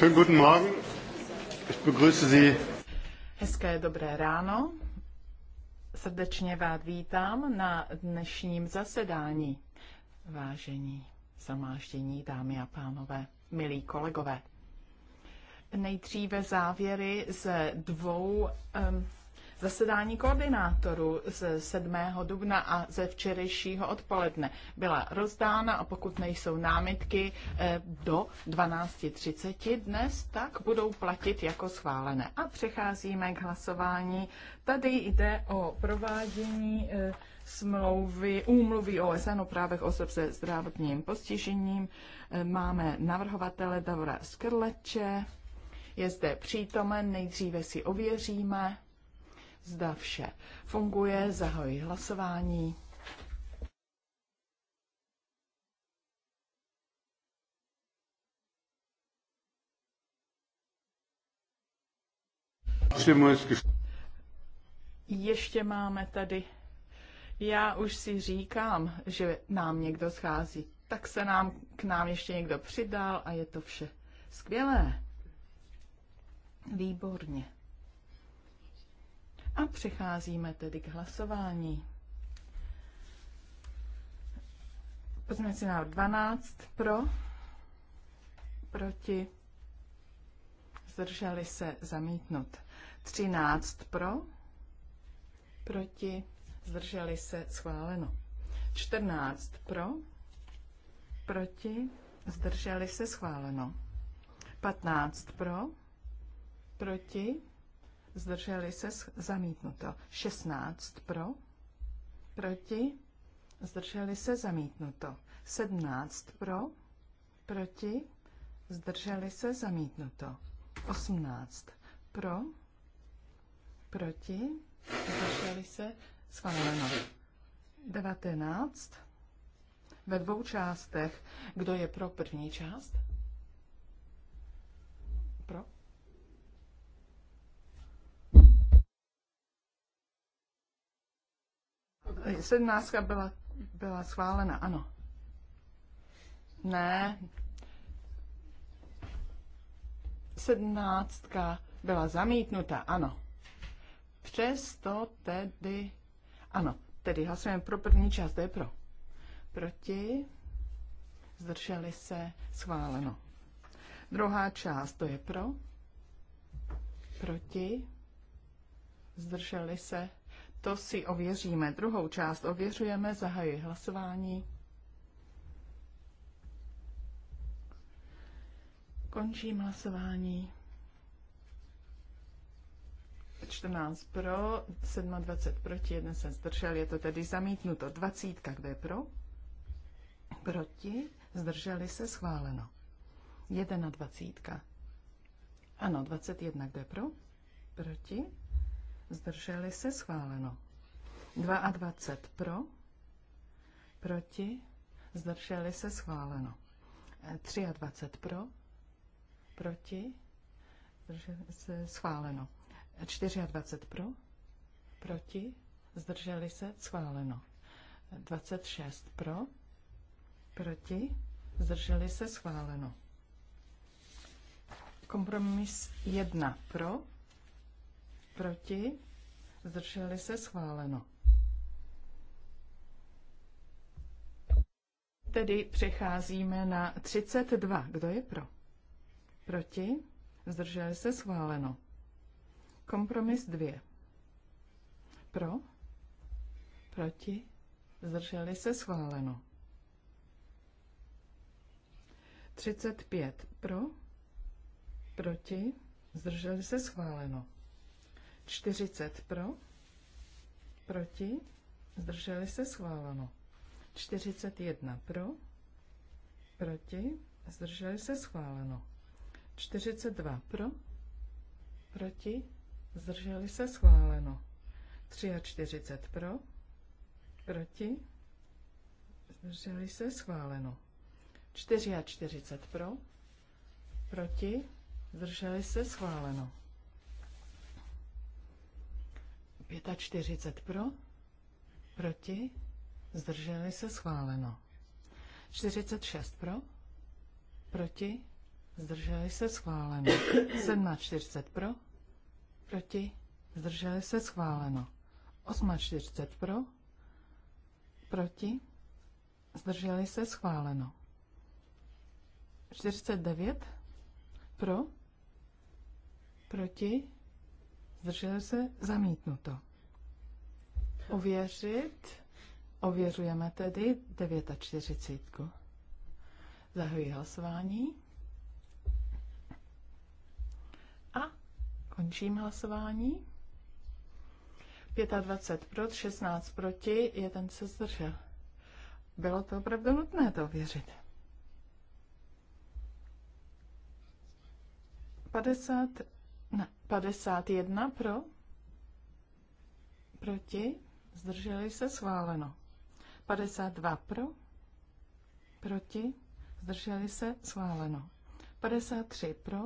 Schönen guten Morgen. Ich begrüße Sie. Hezké dobré ráno. Srdečně vás vítám na dnešním zasedání. Vážení zamáždění, dámy a pánové, milí kolegové. Nejdříve závěry ze dvou um, Zasedání koordinátorů z 7. dubna a ze včerejšího odpoledne byla rozdána a pokud nejsou námitky eh, do 12.30 dnes, tak budou platit jako schválené. A přecházíme k hlasování. Tady jde o provádění eh, smlouvy, úmluvy OSN o právech osob se zdravotním postižením. Eh, máme navrhovatele Davora Skrleče, je zde přítomen, nejdříve si ověříme zda vše funguje, zahoji hlasování. Ještě máme tady. Já už si říkám, že nám někdo schází. Tak se nám k nám ještě někdo přidal a je to vše skvělé. Výborně. A přecházíme tedy k hlasování. Pozměňovací návrh 12 pro, proti, zdrželi se zamítnut. 13 pro, proti, zdrželi se schváleno. 14 pro, proti, zdrželi se schváleno. 15 pro, proti, zdrželi se zamítnuto. 16 pro, proti, zdrželi se zamítnuto. 17 pro, proti, zdrželi se zamítnuto. 18 pro, proti, zdrželi se schváleno. 19 ve dvou částech. Kdo je pro první část? 17 byla, byla schválena, ano. Ne. 17 byla zamítnuta, ano. Přesto tedy, ano, tedy hlasujeme pro první část, to je pro. Proti, zdrželi se, schváleno. Druhá část, to je pro. Proti, zdrželi se, to si ověříme. Druhou část ověřujeme, zahajuji hlasování. Končím hlasování. 14 pro, 27 proti, 1 se zdržel, je to tedy zamítnuto. 20, kdo je pro? Proti, zdrželi se, schváleno. 21. Ano, 21, kdo je pro? Proti, zdrželi se schváleno. 22 pro, proti, zdrželi se schváleno. 23 eh, pro, proti, zdrželi se schváleno. 24 eh, pro, proti, zdrželi se schváleno. 26 eh, pro, proti, zdrželi se schváleno. Kompromis 1 pro, Proti? Zdrželi se schváleno. Tedy přecházíme na 32. Kdo je pro? Proti? Zdrželi se schváleno. Kompromis 2. Pro? Proti? Zdrželi se schváleno. 35. Pro? Proti? Zdrželi se schváleno. 40 pro, proti, zdrželi se schváleno. 41 pro, proti, zdrželi se schváleno. 42 pro, proti, zdrželi se schváleno. 43 pro, proti, zdrželi se schváleno. 44 pro, proti, zdrželi se schváleno. 45 pro, proti, zdrželi se schváleno. 46 pro, proti, zdrželi se schváleno. 47 pro, proti, zdrželi se schváleno. 48 pro, proti, zdrželi se schváleno. 49 pro, proti, zdržel se, zamítnuto. Ověřit, ověřujeme tedy 49. Zahajuji hlasování. A končím hlasování. 25 pro, 16 proti, jeden se zdržel. Bylo to opravdu nutné to ověřit. 50 ne, 51 pro, proti, zdrželi se, schváleno. 52 pro, proti, zdrželi se, schváleno. 53 pro,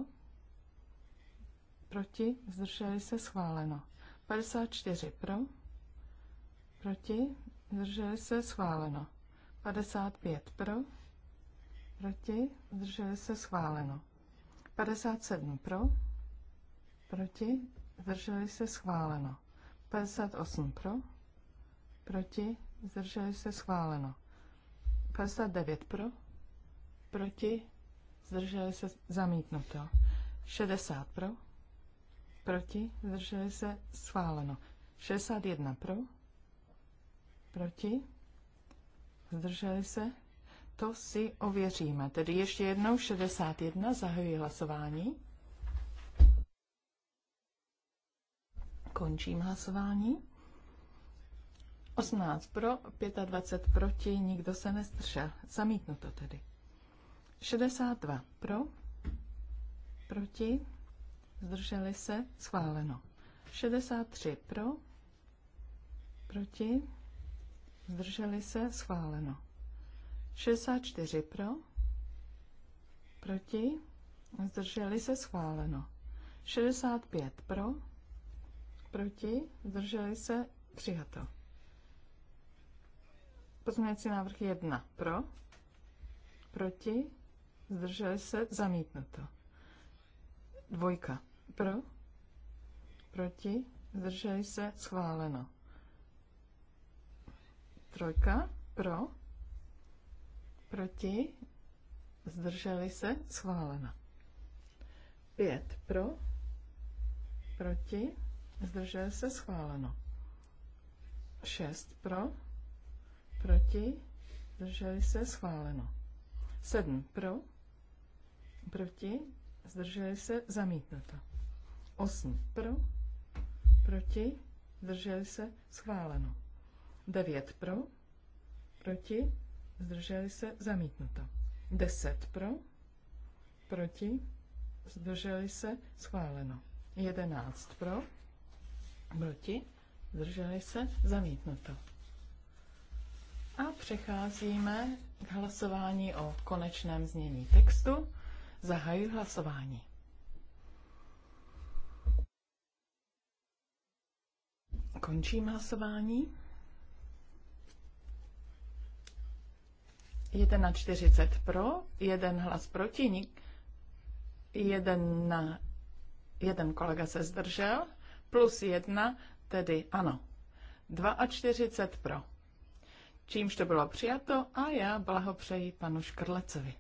proti, zdrželi se, schváleno. 54 pro, proti, zdrželi se, schváleno. 55 pro, proti, zdrželi se, schváleno. 57 pro, proti, zdrželi se schváleno. 58 pro, proti, zdrželi se schváleno. 59 pro, proti, zdrželi se zamítnuto. 60 pro, proti, zdrželi se schváleno. 61 pro, proti, zdrželi se, to si ověříme. Tedy ještě jednou 61 zahajuji hlasování. Končím hlasování. 18 pro, 25 proti, nikdo se nestržel. to tedy. 62 pro, proti, zdrželi se, schváleno. 63 pro, proti, zdrželi se, schváleno. 64 pro, proti, zdrželi se, schváleno. 65 pro, Proti? Zdrželi se? Přijato. Pozměňovací návrh 1. Pro? Proti? Zdrželi se? Zamítnuto. Dvojka. Pro? Proti? Zdrželi se? Schváleno. Trojka. Pro? Proti? Zdrželi se? Schváleno. Pět. Pro? Proti? zdržel se schváleno. 6 pro, proti, zdrželi se schváleno. 7 pro, proti, zdrželi se zamítnuto. 8 pro, proti, zdrželi se schváleno. 9 pro, proti, zdrželi se zamítnuto. 10 pro, proti, zdrželi se schváleno. 11 pro, Proti? Zdrželi se? Zamítnuto. A přecházíme k hlasování o konečném znění textu. Zahajuji hlasování. Končím hlasování. Jeden na 40 pro, jeden hlas proti, jeden, na, jeden kolega se zdržel plus 1, tedy ano. 42 pro. Čímž to bylo přijato a já blahopřeji panu Škrlecovi.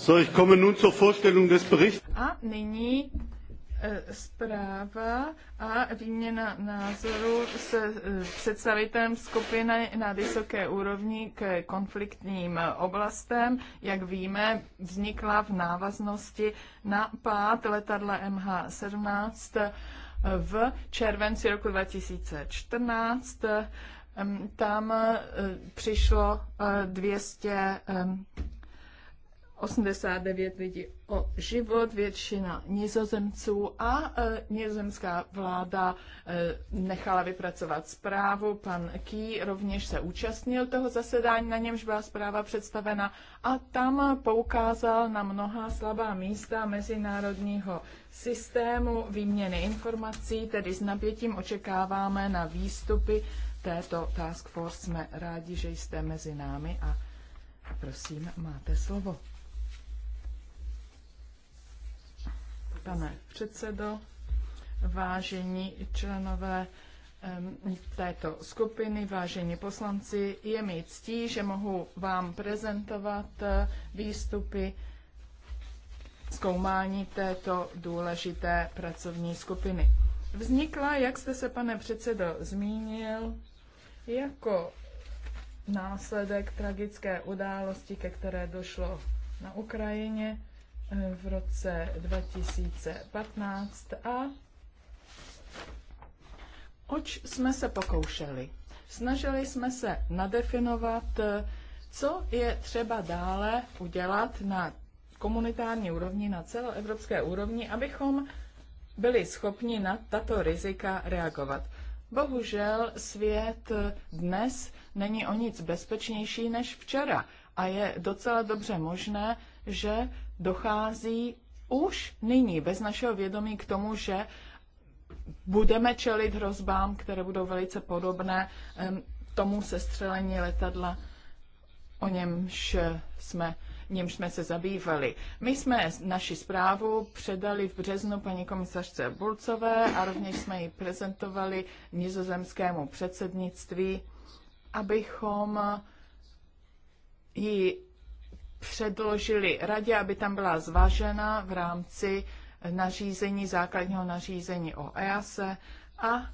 So, ich komme nun zur Vorstellung des Berichts. A nyní e, zpráva a výměna názoru s e, představitelem skupiny na vysoké úrovni k konfliktním oblastem. Jak víme, vznikla v návaznosti na pád letadla MH17 e, v červenci roku 2014. Tam přišlo 200 89 lidí o život, většina nizozemců a e, nizozemská vláda e, nechala vypracovat zprávu. Pan Ký rovněž se účastnil toho zasedání, na němž byla zpráva představena a tam poukázal na mnoha slabá místa mezinárodního systému výměny informací, tedy s napětím očekáváme na výstupy této task force. Jsme rádi, že jste mezi námi a prosím, máte slovo. pane předsedo, vážení členové této skupiny, vážení poslanci, je mi ctí, že mohu vám prezentovat eh, výstupy zkoumání této důležité pracovní skupiny. Vznikla, jak jste se, pane předsedo, zmínil, jako následek tragické události, ke které došlo na Ukrajině v roce 2015 a oč jsme se pokoušeli? Snažili jsme se nadefinovat, co je třeba dále udělat na komunitární úrovni, na celoevropské úrovni, abychom byli schopni na tato rizika reagovat. Bohužel svět dnes není o nic bezpečnější než včera a je docela dobře možné, že dochází už nyní bez našeho vědomí k tomu, že budeme čelit hrozbám, které budou velice podobné tomu sestřelení letadla, o němž jsme němž jsme se zabývali. My jsme naši zprávu předali v březnu paní komisařce Bulcové a rovněž jsme ji prezentovali nizozemskému předsednictví, abychom ji předložili radě, aby tam byla zvažena v rámci nařízení, základního nařízení o EASE e. a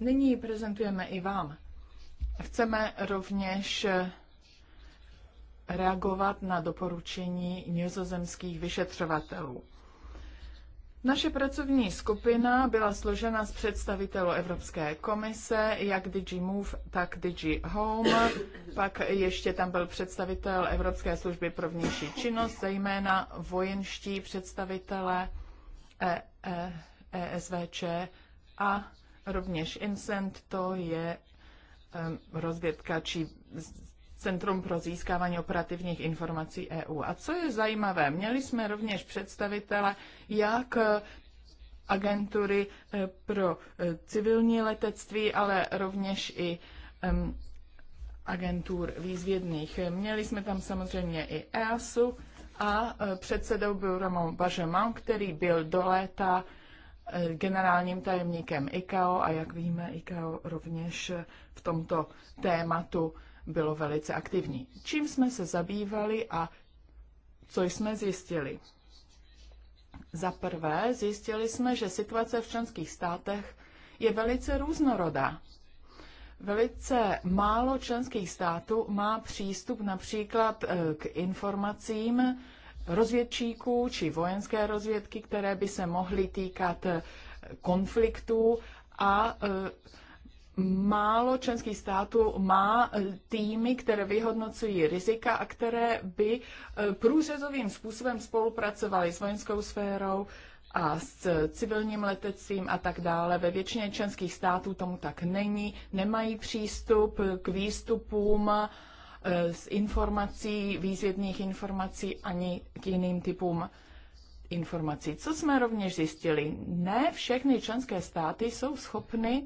nyní ji prezentujeme i vám. Chceme rovněž reagovat na doporučení nizozemských vyšetřovatelů. Naše pracovní skupina byla složena z představitelů Evropské komise, jak Digi Move, tak Digi Home. Pak ještě tam byl představitel Evropské služby pro vnější činnost, zejména vojenští představitele e, e, ESVČ a rovněž INCENT, to je e, rozvědka či Centrum pro získávání operativních informací EU. A co je zajímavé, měli jsme rovněž představitele, jak eh, agentury eh, pro eh, civilní letectví, ale rovněž i agentur výzvědných. Měli jsme tam samozřejmě i EASu a předsedou byl Ramon Bažeman, který byl do léta generálním tajemníkem ICAO a jak víme, ICAO rovněž v tomto tématu bylo velice aktivní. Čím jsme se zabývali a co jsme zjistili? Za prvé zjistili jsme, že situace v členských státech je velice různorodá. Velice málo členských států má přístup například eh, k informacím rozvědčíků či vojenské rozvědky, které by se mohly týkat eh, konfliktů a eh, málo členských států má e, týmy, které vyhodnocují rizika a které by e, průřezovým způsobem spolupracovaly s vojenskou sférou a s e, civilním letectvím a tak dále. Ve většině členských států tomu tak není, nemají přístup k výstupům z informací, výzvědných informací ani k jiným typům informací. Co jsme rovněž zjistili? Ne všechny členské státy jsou schopny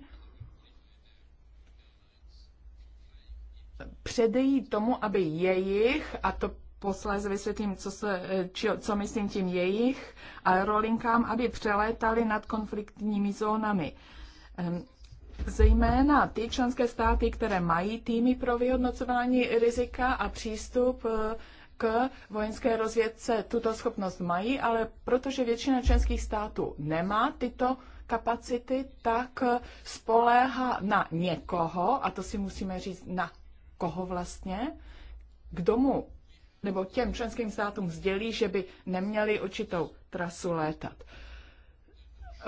Předejí tomu, aby jejich, a to posléze vysvětlím, co, se, či, co myslím tím jejich, a rolinkám, aby přelétali nad konfliktními zónami. Ehm, zejména ty členské státy, které mají týmy pro vyhodnocování rizika a přístup eh, k vojenské rozvědce, tuto schopnost mají, ale protože většina členských států nemá tyto kapacity, tak eh, spoléhá na někoho, a to si musíme říct, na koho vlastně, k domu nebo těm členským státům sdělí, že by neměli určitou trasu létat.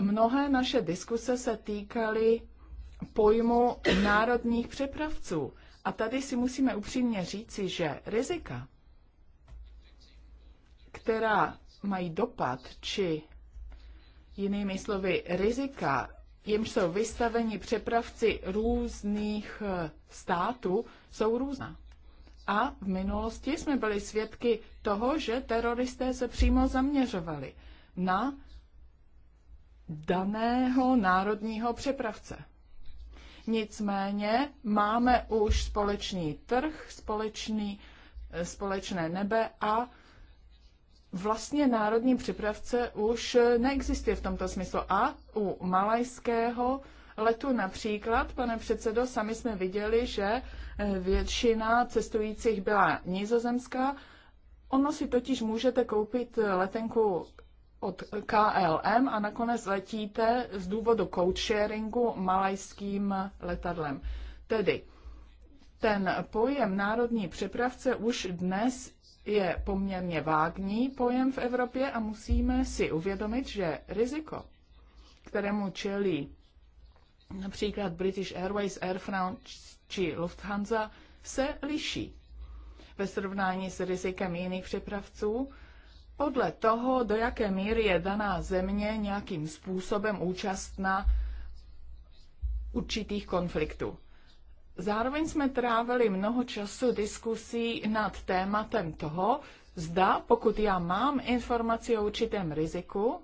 Mnohé naše diskuse se týkaly pojmu národních přepravců. A tady si musíme upřímně říci, že rizika, která mají dopad, či jinými slovy rizika, jimž jsou vystaveni přepravci různých eh, států, jsou různá. A v minulosti jsme byli svědky toho, že teroristé se přímo zaměřovali na daného národního přepravce. Nicméně máme už společný trh, společný, eh, společné nebe a vlastně národní připravce už neexistuje v tomto smyslu. A u malajského letu například, pane předsedo, sami jsme viděli, že eh, většina cestujících byla nizozemská. Ono si totiž můžete koupit letenku od KLM a nakonec letíte z důvodu sharingu malajským letadlem. Tedy ten pojem národní přepravce už dnes je poměrně vágní pojem v Evropě a musíme si uvědomit, že riziko, kterému čelí například British Airways, Air France či Lufthansa, se liší ve srovnání s rizikem jiných přepravců podle toho, do jaké míry je daná země nějakým způsobem účastna určitých konfliktů. Zároveň jsme trávili mnoho času diskusí nad tématem toho, zda pokud já mám informaci o určitém riziku,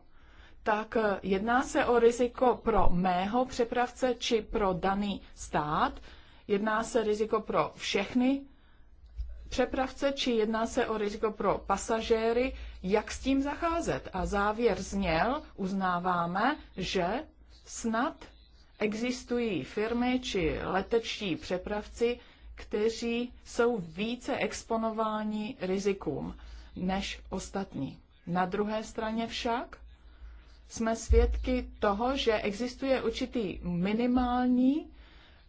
tak eh, jedná se o riziko pro mého přepravce či pro daný stát, jedná se riziko pro všechny přepravce, či jedná se o riziko pro pasažéry, jak s tím zacházet. A závěr zněl, uznáváme, že snad existují firmy či letečtí přepravci, kteří jsou více exponováni rizikům než ostatní. Na druhé straně však jsme svědky toho, že existuje určitý minimální,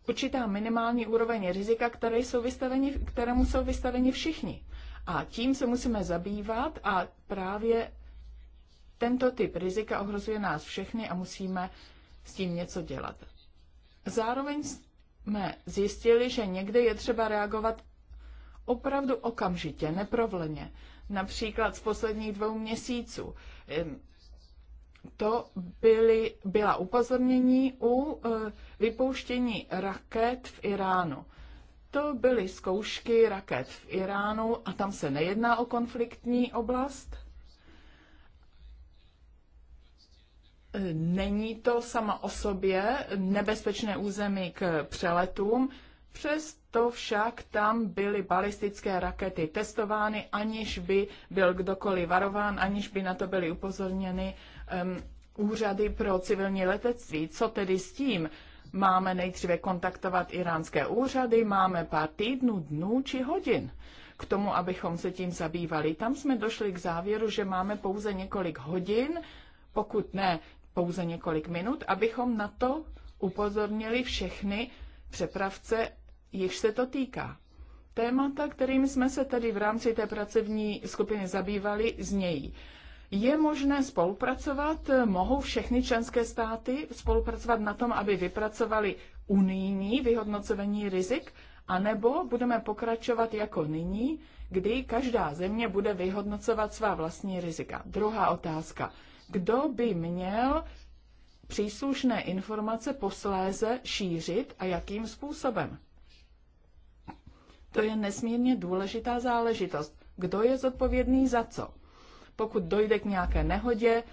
určitá minimální úroveň rizika, které jsou vystaveni, kterému jsou vystaveni všichni. A tím se musíme zabývat a právě tento typ rizika ohrozuje nás všechny a musíme s tím něco dělat. Zároveň jsme zjistili, že někde je třeba reagovat opravdu okamžitě, neprovleně. Například z posledních dvou měsíců. To byly, byla upozornění u e, vypouštění raket v Iránu. To byly zkoušky raket v Iránu a tam se nejedná o konfliktní oblast, Není to sama o sobě nebezpečné území k přeletům, přesto však tam byly balistické rakety testovány, aniž by byl kdokoliv varován, aniž by na to byly upozorněny um, úřady pro civilní letectví. Co tedy s tím? Máme nejdříve kontaktovat iránské úřady, máme pár týdnů, dnů či hodin k tomu, abychom se tím zabývali. Tam jsme došli k závěru, že máme pouze několik hodin, pokud ne pouze několik minut, abychom na to upozornili všechny přepravce, již se to týká. Témata, kterými jsme se tedy v rámci té pracovní skupiny zabývali, znějí. Je možné spolupracovat, mohou všechny členské státy spolupracovat na tom, aby vypracovali unijní vyhodnocování rizik, anebo budeme pokračovat jako nyní, kdy každá země bude vyhodnocovat svá vlastní rizika. Druhá otázka kdo by měl příslušné informace posléze šířit a jakým způsobem. To je nesmírně důležitá záležitost. Kdo je zodpovědný za co? Pokud dojde k nějaké nehodě,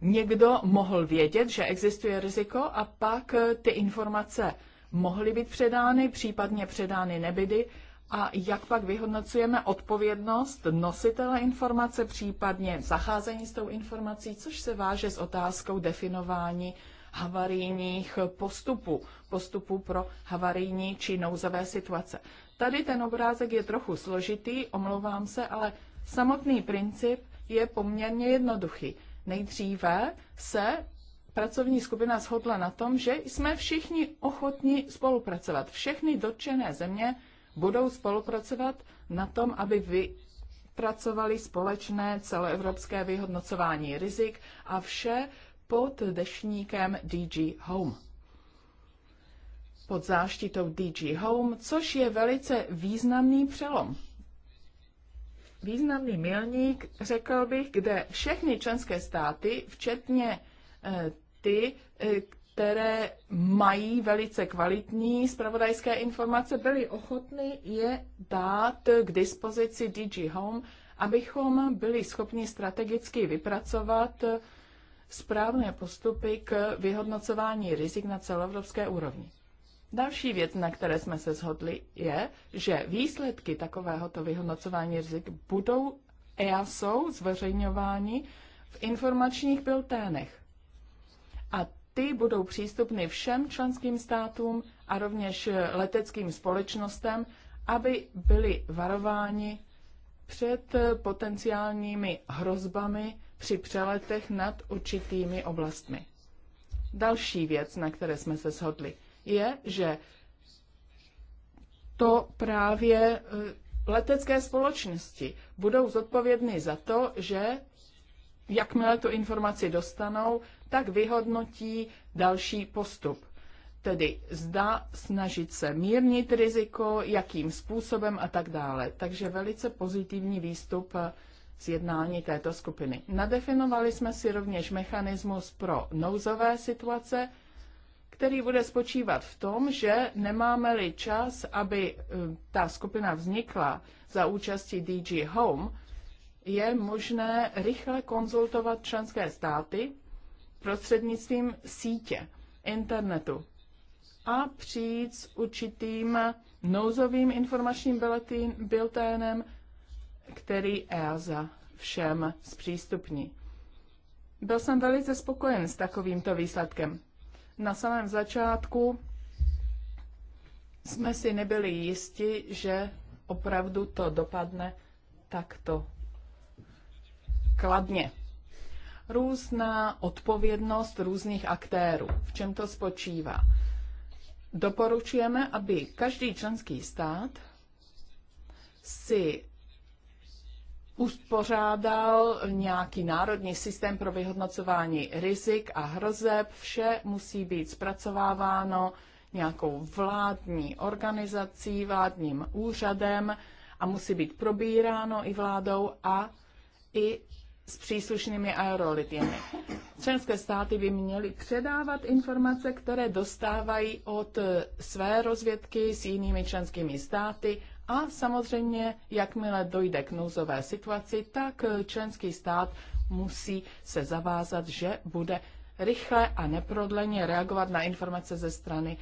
někdo mohl vědět, že existuje riziko a pak ty informace mohly být předány, případně předány nebyly a jak pak vyhodnocujeme odpovědnost nositele informace, případně zacházení s tou informací, což se váže s otázkou definování havarijních postupů, postupů pro havarijní či nouzové situace. Tady ten obrázek je trochu složitý, omlouvám se, ale samotný princip je poměrně jednoduchý. Nejdříve se pracovní skupina shodla na tom, že jsme všichni ochotní spolupracovat. Všechny dotčené země budou spolupracovat na tom, aby vypracovali společné celoevropské vyhodnocování rizik a vše pod dešníkem DG Home pod záštitou DG Home, což je velice významný přelom. Významný milník, řekl bych, kde všechny členské státy, včetně eh, ty, eh, které mají velice kvalitní zpravodajské informace, byli ochotny je dát k dispozici DG Home, abychom byli schopni strategicky vypracovat správné postupy k vyhodnocování rizik na celoevropské úrovni. Další věc, na které jsme se shodli, je, že výsledky takovéhoto vyhodnocování rizik budou EASO zveřejňováni v informačních bilténech. A ty budou přístupny všem členským státům a rovněž leteckým společnostem, aby byli varováni před potenciálními hrozbami při přeletech nad určitými oblastmi. Další věc, na které jsme se shodli, je, že to právě eh, letecké společnosti budou zodpovědny za to, že jakmile tu informaci dostanou, tak vyhodnotí další postup. Tedy zda snažit se mírnit riziko, jakým způsobem a tak dále. Takže velice pozitivní výstup eh, z jednání této skupiny. Nadefinovali jsme si rovněž mechanismus pro nouzové situace, který bude spočívat v tom, že nemáme-li čas, aby eh, ta skupina vznikla za účasti DG Home, je možné rychle konzultovat členské státy prostřednictvím sítě, internetu a přijít s určitým nouzovým informačním bilténem, který EASA všem zpřístupní. Byl jsem velice spokojen s takovýmto výsledkem. Na samém začátku jsme si nebyli jisti, že opravdu to dopadne takto kladně. Různá odpovědnost různých aktérů. V čem to spočívá? Doporučujeme, aby každý členský stát si uspořádal nějaký národní systém pro vyhodnocování rizik a hrozeb. Vše musí být zpracováváno nějakou vládní organizací, vládním úřadem a musí být probíráno i vládou a i s příslušnými aerolitiemi. Členské státy by měly předávat informace, které dostávají od své rozvědky s jinými členskými státy a samozřejmě, jakmile dojde k nouzové situaci, tak členský stát musí se zavázat, že bude rychle a neprodleně reagovat na informace ze strany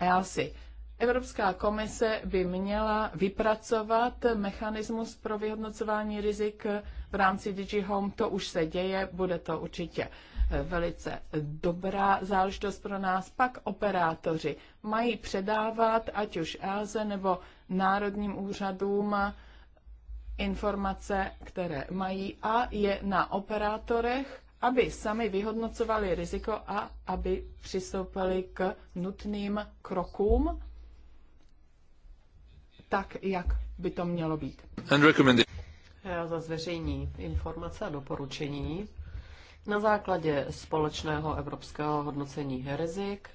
EASI. Evropská komise by měla vypracovat mechanismus pro vyhodnocování rizik v rámci DigiHome. To už se děje, bude to určitě eh, velice dobrá záležitost pro nás. Pak operátoři mají předávat, ať už EASE nebo národním úřadům, informace, které mají a je na operátorech, aby sami vyhodnocovali riziko a aby přistoupili k nutným krokům tak, jak by to mělo být za zveřejní informace a doporučení na základě společného evropského hodnocení rizik.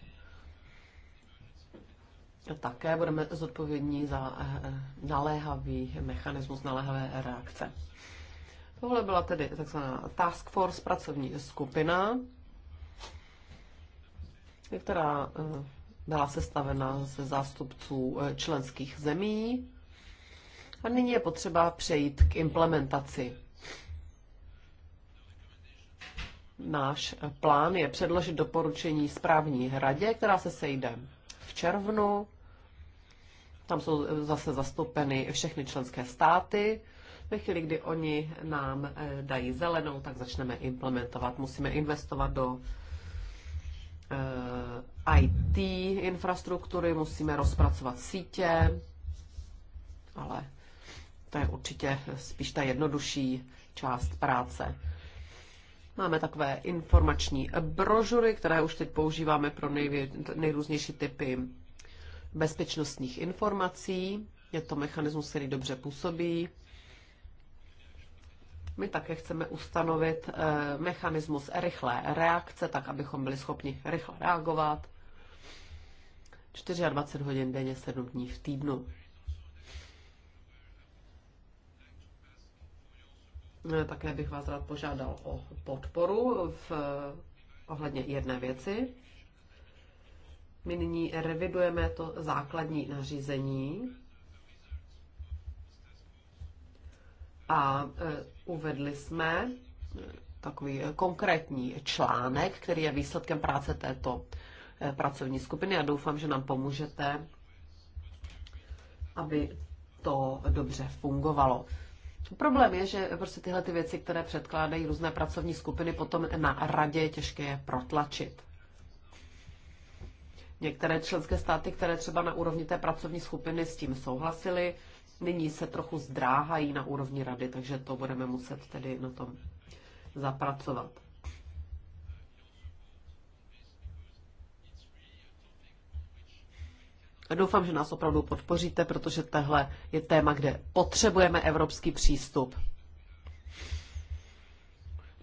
Také budeme zodpovědní za eh, naléhavý mechanismus naléhavé reakce. Tohle byla tedy takzvaná task force, pracovní skupina, která eh, byla sestavena ze zástupců eh, členských zemí, a nyní je potřeba přejít k implementaci. Náš plán je předložit doporučení správní hradě, která se sejde v červnu. Tam jsou zase zastoupeny všechny členské státy. Ve chvíli, kdy oni nám eh, dají zelenou, tak začneme implementovat. Musíme investovat do eh, IT infrastruktury, musíme rozpracovat sítě, ale to je určitě spíš ta jednodušší část práce. Máme takové informační brožury, které už teď používáme pro nejvě- nejrůznější typy bezpečnostních informací. Je to mechanismus, který dobře působí. My také chceme ustanovit eh, mechanismus rychlé reakce, tak abychom byli schopni rychle reagovat. 24 hodin denně, 7 dní v týdnu. Eh, také bych vás rád požádal o podporu v eh, ohledně jedné věci. My nyní revidujeme to základní nařízení a eh, uvedli jsme takový konkrétní článek, který je výsledkem práce této pracovní skupiny a doufám, že nám pomůžete, aby to dobře fungovalo. Problém je, že prostě tyhle ty věci, které předkládají různé pracovní skupiny, potom na radě je těžké je protlačit. Některé členské státy, které třeba na úrovni té pracovní skupiny s tím souhlasily, nyní se trochu zdráhají na úrovni rady, takže to budeme muset tedy na tom zapracovat. Doufám, že nás opravdu podpoříte, protože tohle je téma, kde potřebujeme evropský přístup.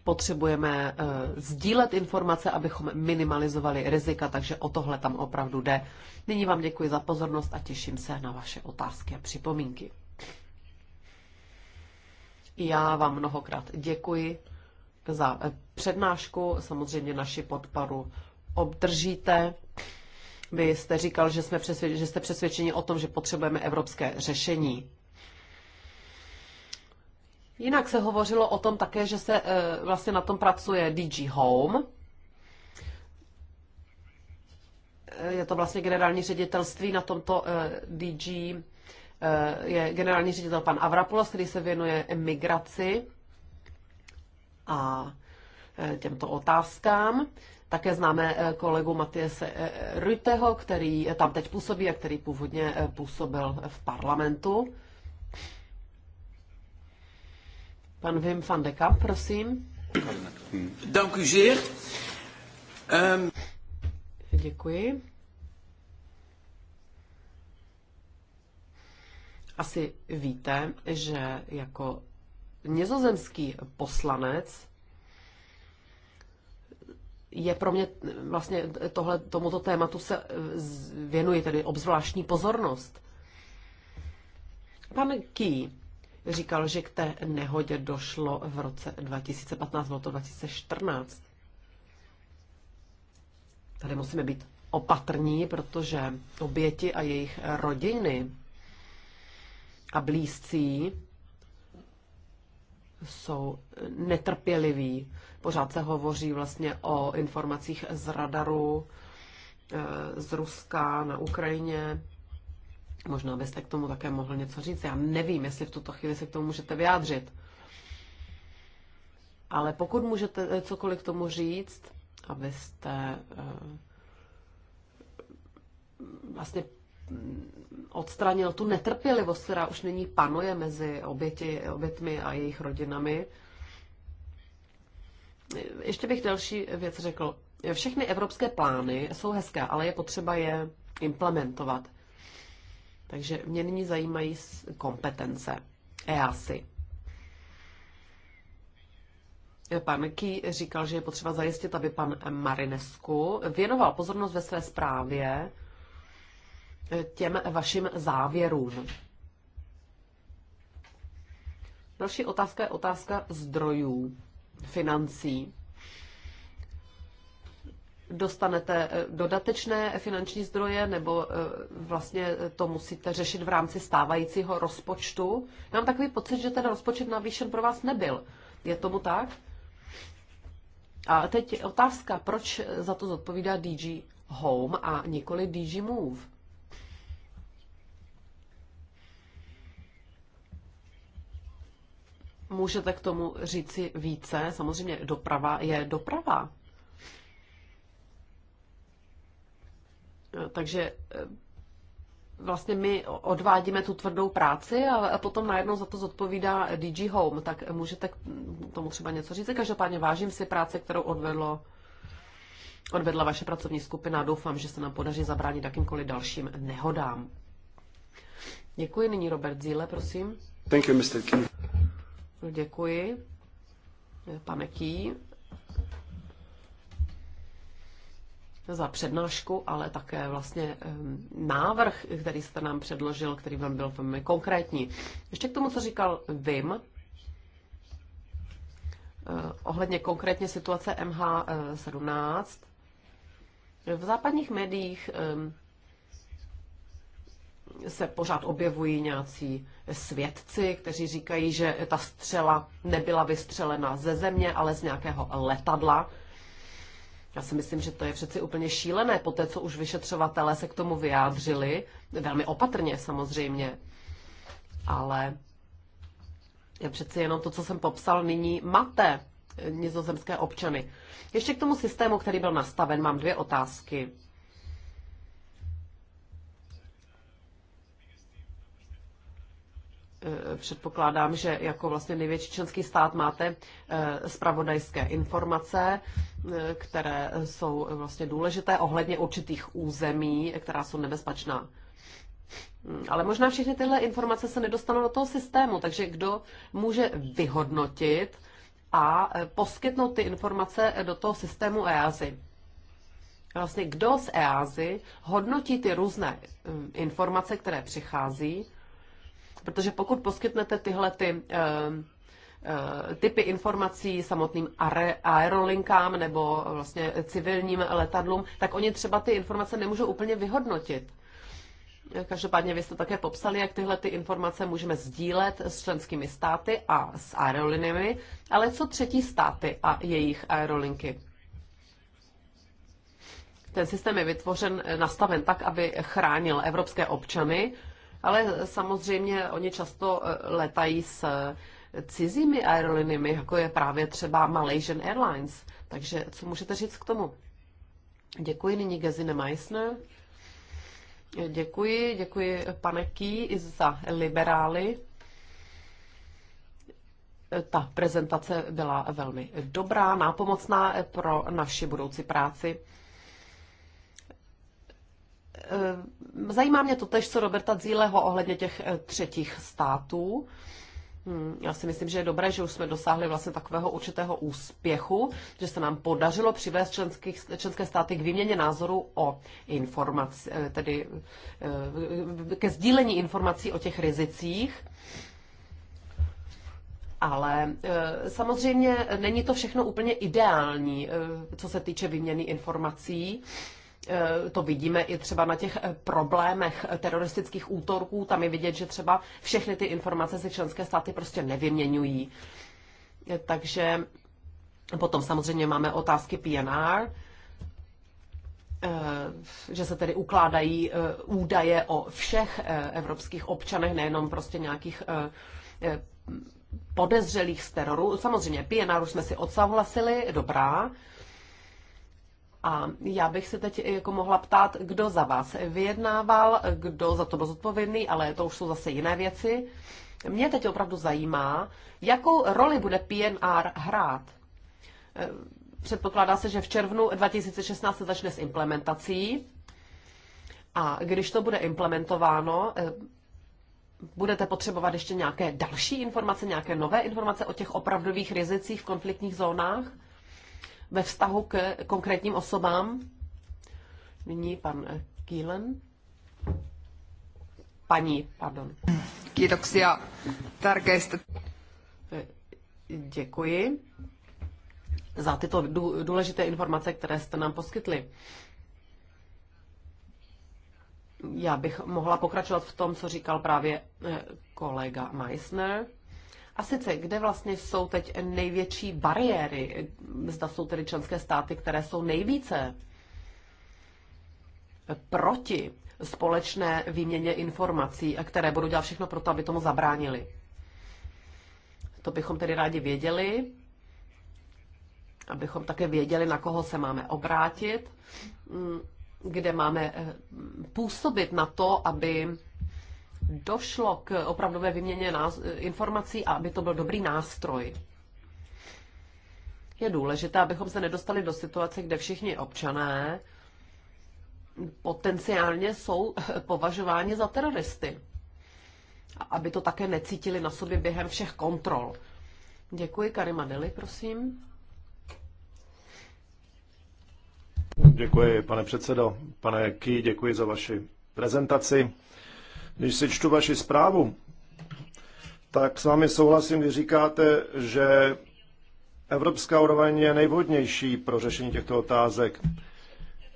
Potřebujeme uh, sdílet informace, abychom minimalizovali rizika, takže o tohle tam opravdu jde. Nyní vám děkuji za pozornost a těším se na vaše otázky a připomínky. Já vám mnohokrát děkuji za eh, přednášku. Samozřejmě naši podporu obdržíte. Vy jste říkal, že, jsme přesvědčeni, že jste přesvědčeni o tom, že potřebujeme evropské řešení. Jinak se hovořilo o tom také, že se e, vlastně na tom pracuje DG Home. E, je to vlastně generální ředitelství na tomto e, DG. Je generální ředitel pan Avrapulos, který se věnuje emigraci a těmto otázkám. Také známe eh, kolegu Matiese eh, Ruteho, který eh, tam teď působí a který původně působil v parlamentu. Pan Wim van de Kamp, prosím. Dank u zeer. Um... Děkuji. Asi víte, že jako nizozemský poslanec je pro mě eh, vlastně eh, tohle, tomuto tématu se eh, věnuje tedy obzvláštní pozornost. Pan Ký říkal, že k té nehodě došlo v roce 2015, bylo to 2014. Tady musíme být opatrní, protože oběti a jejich rodiny a blízcí jsou netrpěliví. Pořád se hovoří vlastně o informacích z radaru eh, z Ruska na Ukrajině. Možná byste k tomu také mohl něco říct. Já nevím, jestli v tuto chvíli se k tomu můžete vyjádřit. Ale pokud můžete eh, cokoliv k tomu říct, abyste eh, vlastně odstranil tu netrpělivost, která už není panuje mezi oběti, obětmi a jejich rodinami. Ještě bych další věc řekl. Všechny evropské plány jsou hezké, ale je potřeba je implementovat. Takže mě nyní zajímají kompetence EASI. Pan Ký říkal, že je potřeba zajistit, aby pan Marinesku věnoval pozornost ve své zprávě těm vašim závěrům. Další otázka je otázka zdrojů, financí. Dostanete eh, dodatečné finanční zdroje nebo eh, vlastně to musíte řešit v rámci stávajícího rozpočtu? Já mám takový pocit, že ten rozpočet navýšen pro vás nebyl. Je tomu tak? A teď otázka, proč za to zodpovídá DG Home a nikoli DG Move? Můžete k tomu říci více? Samozřejmě doprava je doprava. Eh, takže eh, vlastně my odvádíme tu tvrdou práci a potom najednou za to zodpovídá DG Home, tak můžete k tomu třeba něco říct. Každopádně vážím si práce, kterou odvedlo, odvedla vaše pracovní skupina. Doufám, že se nám podaří zabránit jakýmkoliv dalším nehodám. Děkuji. Nyní Robert Zíle, prosím. Thank you, Mr. King. Děkuji. Pameký za přednášku, ale také vlastně návrh, který jste nám předložil, který vám byl velmi konkrétní. Ještě k tomu, co říkal Vim, eh, ohledně konkrétně situace MH17. V západních médiích se pořád objevují nějací svědci, kteří říkají, že ta střela nebyla vystřelena ze země, ale z nějakého letadla. Já si myslím, že to je přeci úplně šílené, po té, co už vyšetřovatelé se k tomu vyjádřili, velmi opatrně samozřejmě, ale je přeci jenom to, co jsem popsal nyní, mate nizozemské občany. Ještě k tomu systému, který byl nastaven, mám dvě otázky. Eh, předpokládám, že jako vlastně největší členský stát máte spravodajské eh, informace, eh, které jsou vlastně důležité ohledně určitých území, která jsou nebezpečná. Hmm, ale možná všechny tyhle informace se nedostanou do toho systému, takže kdo může vyhodnotit a poskytnout ty informace do toho systému EASY? Vlastně kdo z EASY hodnotí ty různé hm, informace, které přichází Protože pokud poskytnete tyhle ty eh, eh, typy informací samotným aerolinkám nebo vlastně civilním letadlům, tak oni třeba ty informace nemůžou úplně vyhodnotit. Každopádně vy jste také popsali, jak tyhle ty informace můžeme sdílet s členskými státy a s aerolinemi, ale co třetí státy a jejich aerolinky? Ten systém je vytvořen, nastaven tak, aby chránil evropské občany, ale samozřejmě oni často eh, letají s eh, cizími aerolinimy, jako je právě třeba Malaysian Airlines. Takže co můžete říct k tomu? Děkuji nyní Gezine Meissner. Děkuji, děkuji pane Ký i za liberály. Ta prezentace byla velmi dobrá, nápomocná pro naši budoucí práci. Eh, zajímá mě to tež, co Roberta Zíleho ohledně těch eh, třetích států. Hmm, já si myslím, že je dobré, že už jsme dosáhli vlastně takového určitého úspěchu, že se nám podařilo přivést členských, členské státy k výměně názoru o informaci, eh, tedy ke sdílení informací o těch rizicích. Ale samozřejmě není to všechno úplně ideální, co se týče výměny informací. Eh, to vidíme i třeba na těch eh, problémech teroristických útorků tam je vidět, že třeba všechny ty informace si členské státy prostě nevyměňují. Eh, takže potom samozřejmě máme otázky PNR, že se tedy ukládají údaje o všech evropských občanech, nejenom prostě nějakých podezřelých z teroru. Samozřejmě PNR už jsme si odsouhlasili, dobrá, a já bych se teď jako mohla ptát, kdo za vás vyjednával, kdo za to byl zodpovědný, ale to už jsou zase jiné věci. Mě teď opravdu zajímá, jakou roli bude PNR hrát. Eh, předpokládá se, že v červnu 2016 se začne s implementací. A když to bude implementováno, eh, budete potřebovat ještě nějaké další informace, nějaké nové informace o těch opravdových rizicích v konfliktních zónách? ve vztahu k konkrétním osobám. Nyní pan Kýlen. Paní, pardon. Kiitoksia tärkeistä. Děkuji za tyto důležité informace, které jste nám poskytli. Já bych mohla pokračovat v tom, co říkal právě eh, kolega Meissner. A sice, kde vlastně jsou teď největší bariéry? Zda jsou tedy členské státy, které jsou nejvíce proti společné výměně informací, které budou dělat všechno pro to, aby tomu zabránili. To bychom tedy rádi věděli, abychom také věděli, na koho se máme obrátit, mm, kde máme eh, působit na to, aby došlo k opravdové vyměně informací a aby to byl dobrý nástroj. Je důležité, abychom se nedostali do situace, kde všichni občané potenciálně jsou považováni za teroristy. A aby to také necítili na sobě během všech kontrol. Děkuji, Karima Deli, prosím. Děkuji, pane předsedo. Pane Ký, děkuji za vaši prezentaci. Když si čtu vaši zprávu, tak s vámi souhlasím, když říkáte, že evropská úroveň je nejvhodnější pro řešení těchto otázek.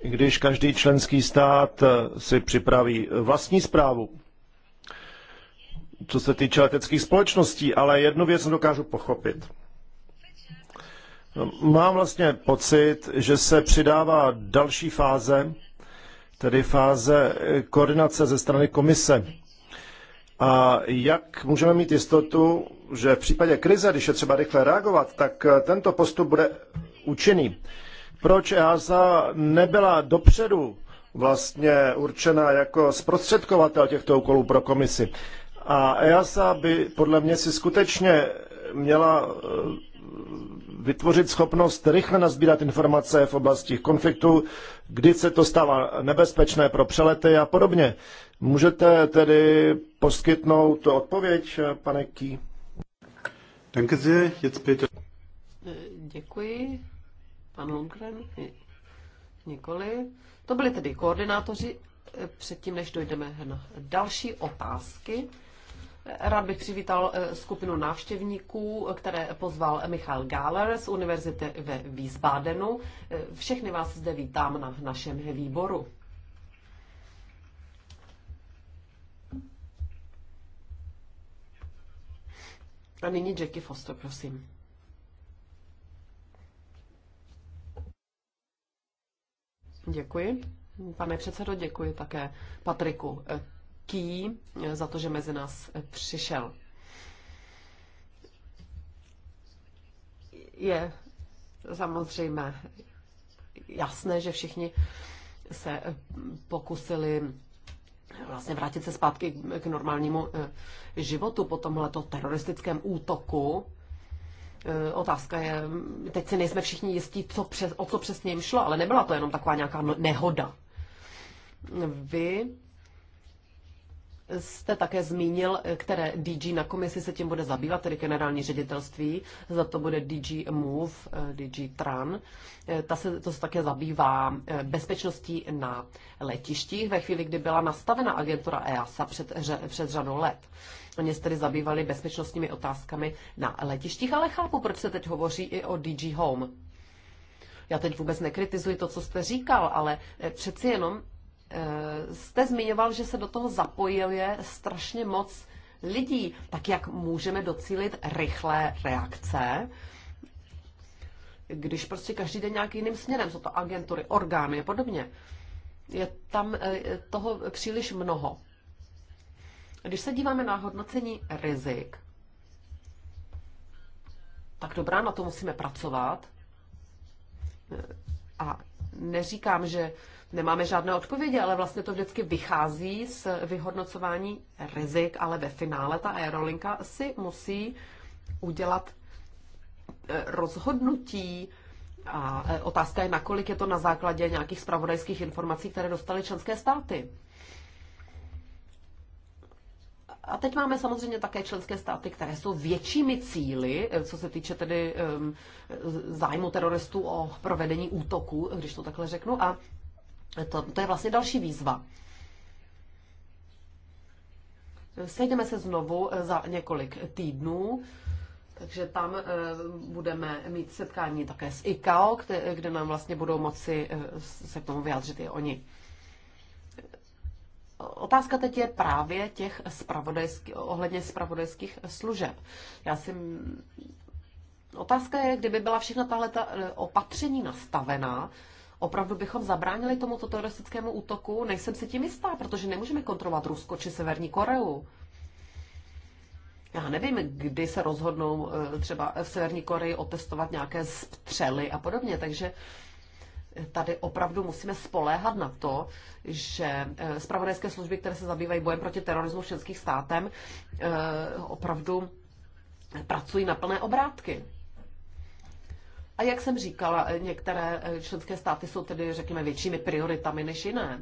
Když každý členský stát si připraví vlastní zprávu, co se týče leteckých společností, ale jednu věc dokážu pochopit. Mám vlastně pocit, že se přidává další fáze tedy fáze eh, koordinace ze strany komise. A jak můžeme mít jistotu, že v případě krize, když je třeba rychle reagovat, tak eh, tento postup bude účinný? Proč EASA nebyla dopředu vlastně určena jako zprostředkovatel těchto úkolů pro komisi? A EASA by podle mě si skutečně měla eh, vytvořit schopnost rychle nazbírat informace v oblasti konfliktu, kdy se to stává nebezpečné pro přelety a podobně. Můžete tedy poskytnout to odpověď, pane Ký? Děkuji. Děkuji. Pan Lundgren? Nikoli. To byli tedy koordinátoři. Předtím, než dojdeme na další otázky, Rád bych přivítal eh, skupinu návštěvníků, které pozval Michal Gáler z Univerzity ve Wiesbadenu. Eh, všechny vás zde vítám na našem výboru. A nyní Jackie Foster, prosím. Děkuji. Pane předsedo, děkuji také Patriku eh, Ký za to, že mezi nás přišel. Je samozřejmě jasné, že všichni se pokusili vlastně vrátit se zpátky k normálnímu eh, životu po tomhleto teroristickém útoku. Eh, otázka je, teď si nejsme všichni jistí, co přes, o co přesně jim šlo, ale nebyla to jenom taková nějaká nehoda. Vy jste také zmínil, které DG na komisi se tím bude zabývat, tedy generální ředitelství, za to bude DG Move, eh, DG Tran. Eh, ta se, to se také zabývá eh, bezpečností na letištích ve chvíli, kdy byla nastavena agentura EASA před, před řadou let. Oni se tedy zabývali bezpečnostními otázkami na letištích, ale chápu, proč se teď hovoří i o DG Home. Já teď vůbec nekritizuji to, co jste říkal, ale přeci jenom Eh, jste zmiňoval, že se do toho zapojuje strašně moc lidí. Tak jak můžeme docílit rychlé reakce, když prostě každý den nějakým jiným směrem, jsou to agentury, orgány a podobně. Je tam eh, toho příliš mnoho. Když se díváme na hodnocení rizik, tak dobrá, na to musíme pracovat. Eh, a neříkám, že nemáme žádné odpovědi, ale vlastně to vždycky vychází z vyhodnocování rizik, ale ve finále ta aerolinka si musí udělat eh, rozhodnutí a eh, otázka je, nakolik je to na základě nějakých spravodajských informací, které dostaly členské státy. A teď máme samozřejmě také členské státy, které jsou většími cíly, eh, co se týče tedy um, zájmu teroristů o provedení útoku, když to takhle řeknu. A to, to je vlastně další výzva. Sejdeme se znovu eh, za několik týdnů. Takže tam eh, budeme mít setkání také s ICAO, kde, kde nám vlastně budou moci se k tomu vyjádřit i oni. Otázka teď je právě těch spravodajský, ohledně spravodajských služeb. Já si Otázka je, kdyby byla všechna tahle ta e, opatření nastavená, opravdu bychom zabránili tomuto teroristickému útoku? Nejsem si tím jistá, protože nemůžeme kontrolovat Rusko či Severní Koreu. Já nevím, kdy se rozhodnou e, třeba v Severní Koreji otestovat nějaké střely a podobně, takže uh, tady opravdu musíme spoléhat na to, že spravodajské eh, služby, které se zabývají bojem proti terorismu v státem, eh, opravdu pracují na plné obrátky. A jak jsem říkala, eh, některé členské státy jsou tedy, řekněme, většími prioritami než jiné.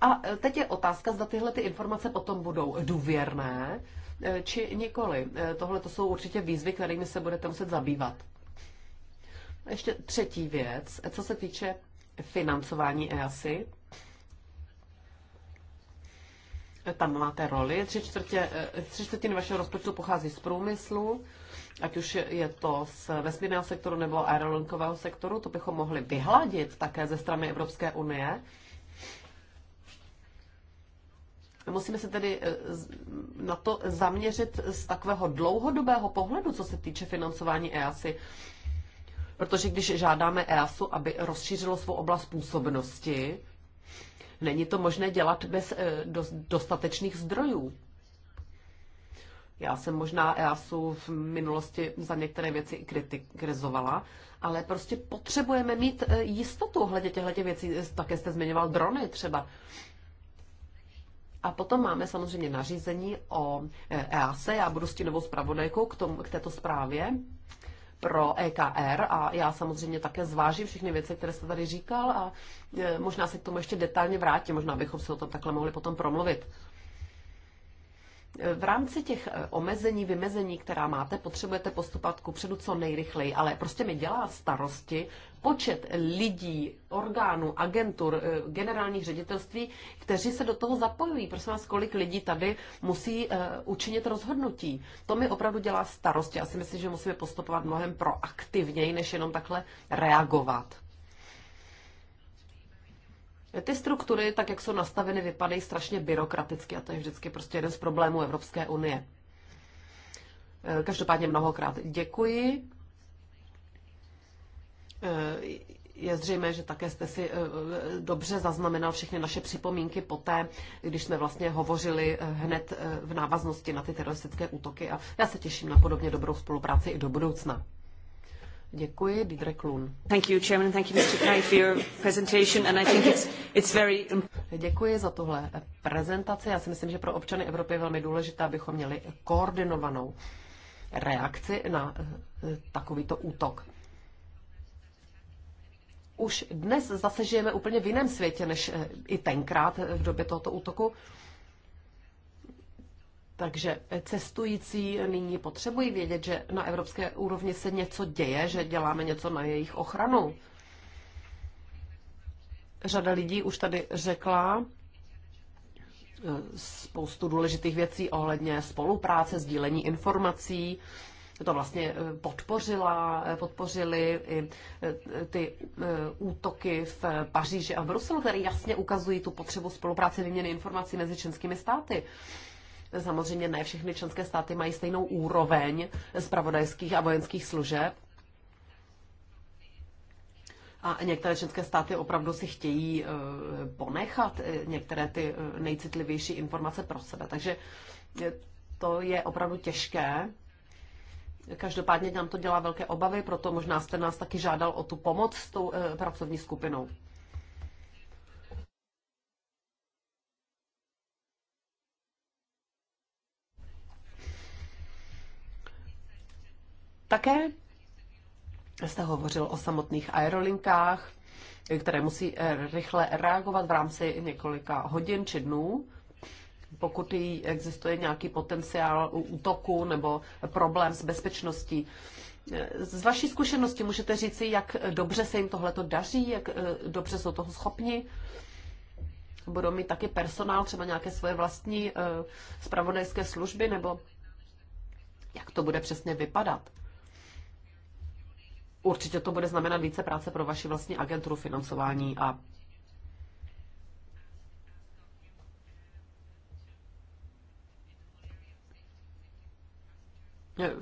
A teď je otázka, zda tyhle ty informace potom budou důvěrné, či nikoli. Tohle to jsou určitě výzvy, kterými se budete muset zabývat. Ještě třetí věc, co se týče financování EASY. Tam máte roli. Tři, čtvrtě, eh, tři čtvrtiny vašeho rozpočtu pochází z průmyslu, ať už je to z vesmírného sektoru nebo aerolinkového sektoru. To bychom mohli vyhladit také ze strany Evropské unie. Musíme se tedy eh, na to zaměřit z takového dlouhodobého pohledu, co se týče financování EASY. Protože když žádáme EASu, aby rozšířilo svou oblast působnosti, není to možné dělat bez eh, dostatečných zdrojů. Já jsem možná EASu v minulosti za některé věci kritizovala, ale prostě potřebujeme mít eh, jistotu ohledně těchto věcí. Také jste zmiňoval drony třeba. A potom máme samozřejmě nařízení o eh, EASE, já budu s tím novou zpravodajkou k, tomu, k této zprávě pro EKR a já samozřejmě také zvážím všechny věci, které jste tady říkal a e, možná se k tomu ještě detailně vrátím, možná bychom se o tom takhle mohli potom promluvit. V rámci těch eh, omezení, vymezení, která máte, potřebujete postupovat ku předu co nejrychleji, ale prostě mi dělá starosti počet lidí, orgánů, agentur, eh, generálních ředitelství, kteří se do toho zapojují. Prosím vás, kolik lidí tady musí eh, učinit rozhodnutí. To mi opravdu dělá starosti. Asi myslím, že musíme postupovat mnohem proaktivněji, než jenom takhle reagovat. Ty struktury, tak jak jsou nastaveny, vypadají strašně byrokraticky a to je vždycky prostě jeden z problémů Evropské unie. E, každopádně mnohokrát děkuji. E, je zřejmé, že také jste si e, dobře zaznamenal všechny naše připomínky poté, když jsme vlastně hovořili hned v návaznosti na ty teroristické útoky a já se těším na podobně dobrou spolupráci i do budoucna. Děkuji, Didre Klun. Thank you, Chairman, thank you, Mr. Kai, for your presentation, and I think it's, it's very... Děkuji za tuhle prezentaci. Já si myslím, že pro občany Evropy je velmi důležité, abychom měli koordinovanou reakci na eh, takovýto útok. Už dnes zase žijeme úplně v jiném světě, než eh, i tenkrát eh, v době tohoto útoku. Takže cestující nyní potřebují vědět, že na evropské úrovni se něco děje, že děláme něco na jejich ochranu. Řada lidí už tady řekla eh, spoustu důležitých věcí ohledně spolupráce, sdílení informací. To vlastně eh, podpořila, eh, podpořili i ty útoky v Paříži a v Bruselu, které jasně ukazují tu potřebu spolupráce výměny informací mezi členskými státy. Samozřejmě ne všechny členské státy mají stejnou úroveň zpravodajských a vojenských služeb. A některé české státy opravdu si chtějí e, ponechat e, některé ty e, nejcitlivější informace pro sebe. Takže to je opravdu těžké. Každopádně nám to dělá velké obavy, proto možná jste nás taky žádal o tu pomoc s tou pracovní skupinou. Také jste hovořil o samotných aerolinkách, které musí eh, rychle reagovat v rámci několika hodin či dnů, pokud jí existuje nějaký potenciál útoku nebo problém s bezpečností. Eh, z vaší zkušenosti můžete říci, jak dobře se jim tohleto daří, jak eh, dobře jsou toho schopni? Budou mít taky personál, třeba nějaké svoje vlastní spravodajské služby, nebo jak to bude přesně vypadat? určitě to bude znamenat více práce pro vaši vlastní agenturu financování a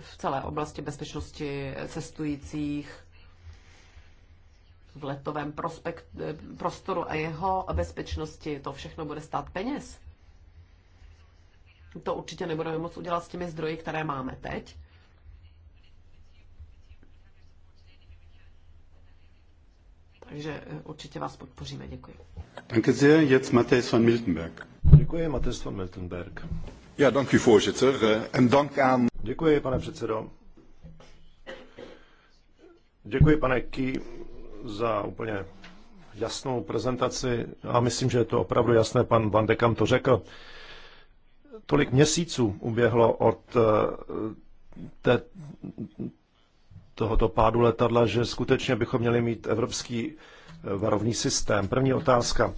v celé oblasti bezpečnosti cestujících v letovém prospekt, prostoru a jeho bezpečnosti. To všechno bude stát peněz. To určitě nebudeme moc udělat s těmi zdroji, které máme teď. Takže eh, určitě vás podpoříme. Děkuji. Danke sehr. Jetzt Matthijs van Miltenberg. Děkuji, Matthijs van Miltenberg. Ja, dank u voorzitter. Eh, en dank Děkuji, pane předsedo. Děkuji, pane Ký, za úplně jasnou prezentaci a myslím, že je to opravdu jasné, pan Van de Kam to řekl. Tolik měsíců uběhlo od eh, té tohoto pádu letadla, že skutečně bychom měli mít evropský eh, varovný systém. První otázka.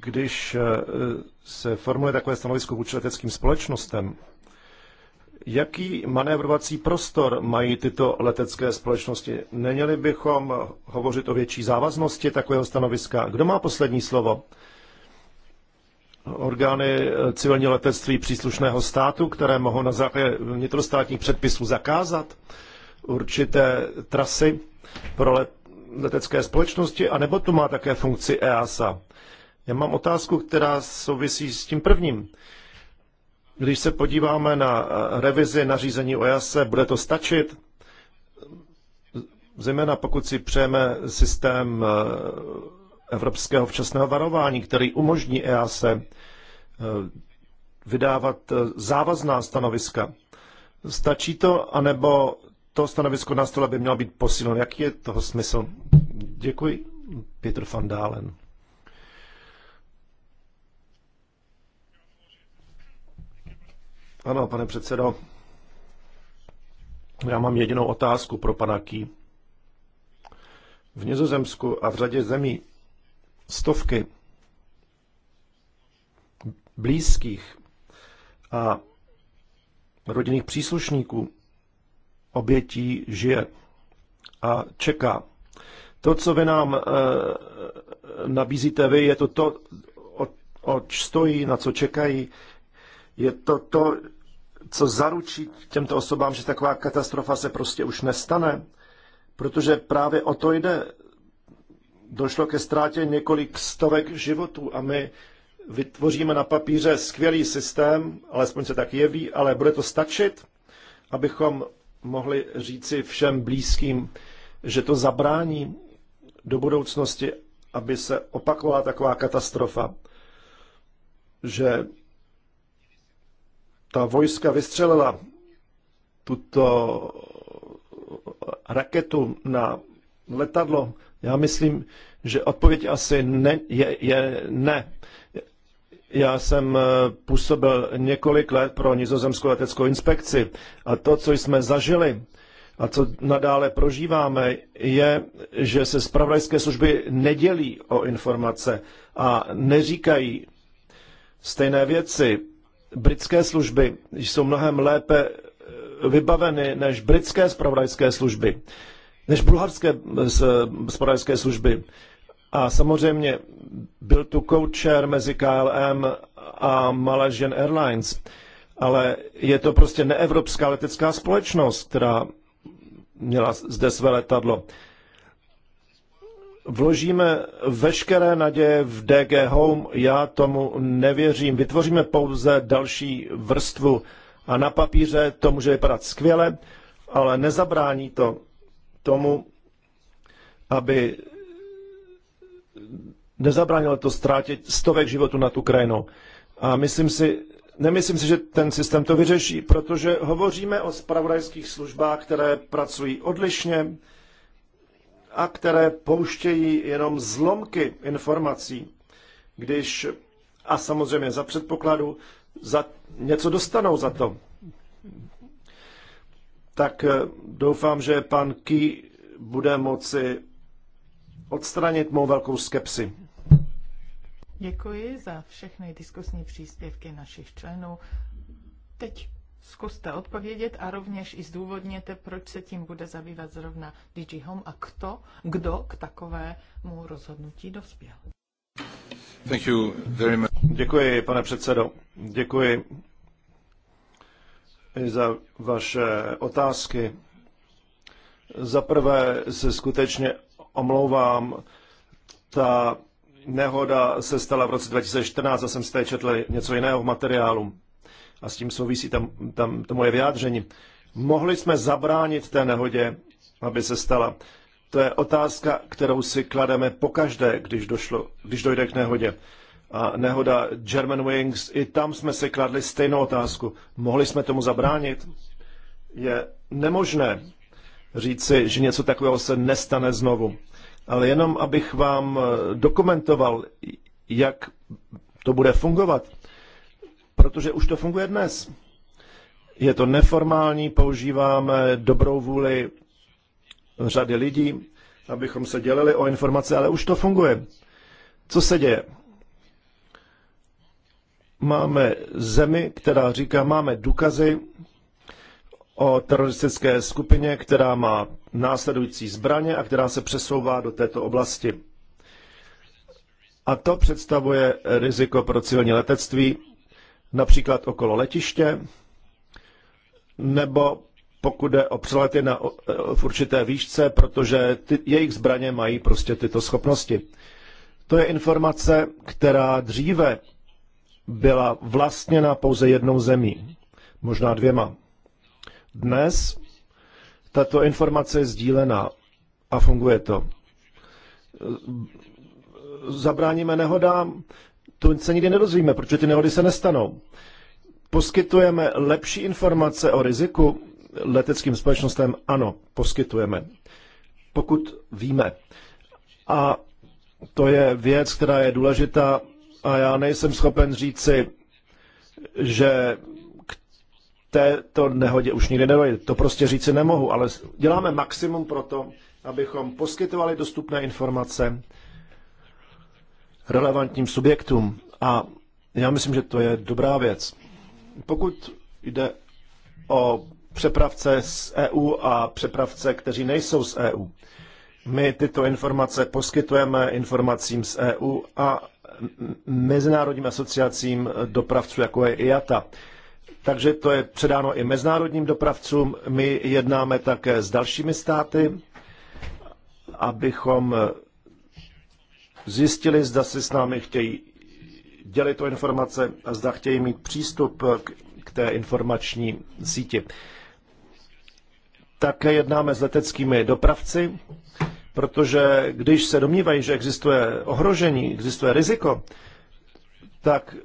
Když eh, se formuluje takové stanovisko vůči leteckým společnostem, jaký manévrovací prostor mají tyto letecké společnosti? Neměli bychom hovořit o větší závaznosti takového stanoviska? Kdo má poslední slovo? orgány eh, civilního letectví příslušného státu, které mohou na základě vnitrostátních předpisů zakázat určité trasy pro letecké společnosti, anebo to má také funkci EASA. Já mám otázku, která souvisí s tím prvním. Když se podíváme na eh, revizi nařízení o EASA, bude to stačit? Zejména pokud si přejeme systém eh, evropského včasného varování, který umožní EASE eh, vydávat závazná stanoviska. Stačí to, anebo to stanovisko na stole by mělo být posíleno. Jaký je toho smysl? Děkuji, Petr van Dálen. Ano, pane předsedo, já mám jedinou otázku pro pana Ký. V Nizozemsku a v řadě zemí stovky blízkých a rodinných příslušníků obětí žije a čeká. To, co vy nám e, nabízíte vy, je to to, o, oč stojí, na co čekají. Je to to, co zaručí těmto osobám, že taková katastrofa se prostě už nestane. Protože právě o to jde. Došlo ke ztrátě několik stovek životů a my vytvoříme na papíře skvělý systém, alespoň se tak jeví, ale bude to stačit, abychom mohli říci všem blízkým, že to zabrání do budoucnosti, aby se opakovala taková katastrofa, že ta vojska vystřelila tuto raketu na letadlo, já myslím, že odpověď asi ne, je, je ne. Já jsem eh, působil několik let pro nizozemskou leteckou inspekci a to, co jsme zažili a co nadále prožíváme, je, že se zpravodajské služby nedělí o informace a neříkají stejné věci. Britské služby jsou mnohem lépe eh, vybaveny než britské zpravodajské služby, než bulharské eh, zpravodajské služby. A samozřejmě byl tu co mezi KLM a Malaysian Airlines, ale je to prostě neevropská letecká společnost, která měla zde své letadlo. Vložíme veškeré naděje v DG Home, já tomu nevěřím. Vytvoříme pouze další vrstvu a na papíře to může vypadat skvěle, ale nezabrání to tomu, aby nezabránilo to ztrátit stovek životů nad Ukrajinou. A myslím si, nemyslím si, že ten systém to vyřeší, protože hovoříme o spravodajských službách, které pracují odlišně a které pouštějí jenom zlomky informací, když a samozřejmě za předpokladu, za něco dostanou za to. Tak eh, doufám, že pan Ký bude moci odstranit mou velkou skepsi. Děkuji za všechny diskusní příspěvky našich členů. Teď zkuste odpovědět a rovněž i zdůvodněte, proč se tím bude zabývat zrovna DG Home a kdo, kdo k takovému rozhodnutí dospěl. Thank you very much. Děkuji, pane předsedo. Děkuji za vaše otázky. Za prvé se skutečně omlouvám, ta nehoda se stala v roce 2014 a jsem z té četl něco jiného v materiálu. A s tím souvisí tam, tam to moje vyjádření. Mohli jsme zabránit té nehodě, aby se stala. To je otázka, kterou si klademe pokaždé, když, došlo, když dojde k nehodě. A nehoda German Wings, i tam jsme si kladli stejnou otázku. Mohli jsme tomu zabránit? Je nemožné říci, že něco takového se nestane znovu ale jenom abych vám eh, dokumentoval, jak to bude fungovat, protože už to funguje dnes. Je to neformální, používáme dobrou vůli řady lidí, abychom se dělili o informace, ale už to funguje. Co se děje? Máme zemi, která říká, máme důkazy, o teroristické skupině, která má následující zbraně a která se přesouvá do této oblasti. A to představuje riziko pro civilní letectví, například okolo letiště, nebo pokud jde o přelety na, v určité výšce, protože ty, jejich zbraně mají prostě tyto schopnosti. To je informace, která dříve byla vlastněna pouze jednou zemí, možná dvěma. Dnes tato informace je sdílená a funguje to. Zabráníme nehodám, to se nikdy nedozvíme, protože ty nehody se nestanou. Poskytujeme lepší informace o riziku leteckým společnostem? Ano, poskytujeme. Pokud víme. A to je věc, která je důležitá a já nejsem schopen říci, že této nehodě už nikdy nedojde. To prostě říci nemohu, ale děláme maximum pro to, abychom poskytovali dostupné informace relevantním subjektům. A já myslím, že to je dobrá věc. Pokud jde o přepravce z EU a přepravce, kteří nejsou z EU, my tyto informace poskytujeme informacím z EU a mezinárodním asociacím dopravců, jako je IATA. Takže to je předáno i mezinárodním dopravcům. My jednáme také s dalšími státy, abychom zjistili, zda si s námi chtějí dělit to informace a zda chtějí mít přístup k té informační síti. Také jednáme s leteckými dopravci, protože když se domnívají, že existuje ohrožení, existuje riziko, tak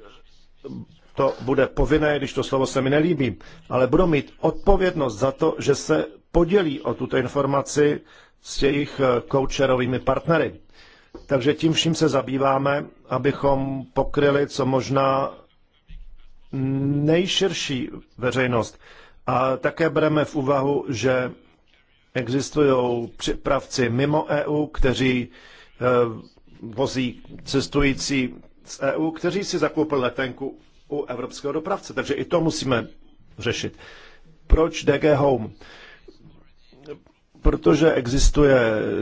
to bude povinné, když to slovo se mi nelíbí, ale budou mít odpovědnost za to, že se podělí o tuto informaci s jejich eh, koučerovými partnery. Takže tím vším se zabýváme, abychom pokryli co možná nejširší veřejnost. A také bereme v úvahu, že existují připravci mimo EU, kteří eh, vozí cestující z EU, kteří si zakoupili letenku u evropského dopravce, takže i to musíme řešit. Proč DG Home? Protože existuje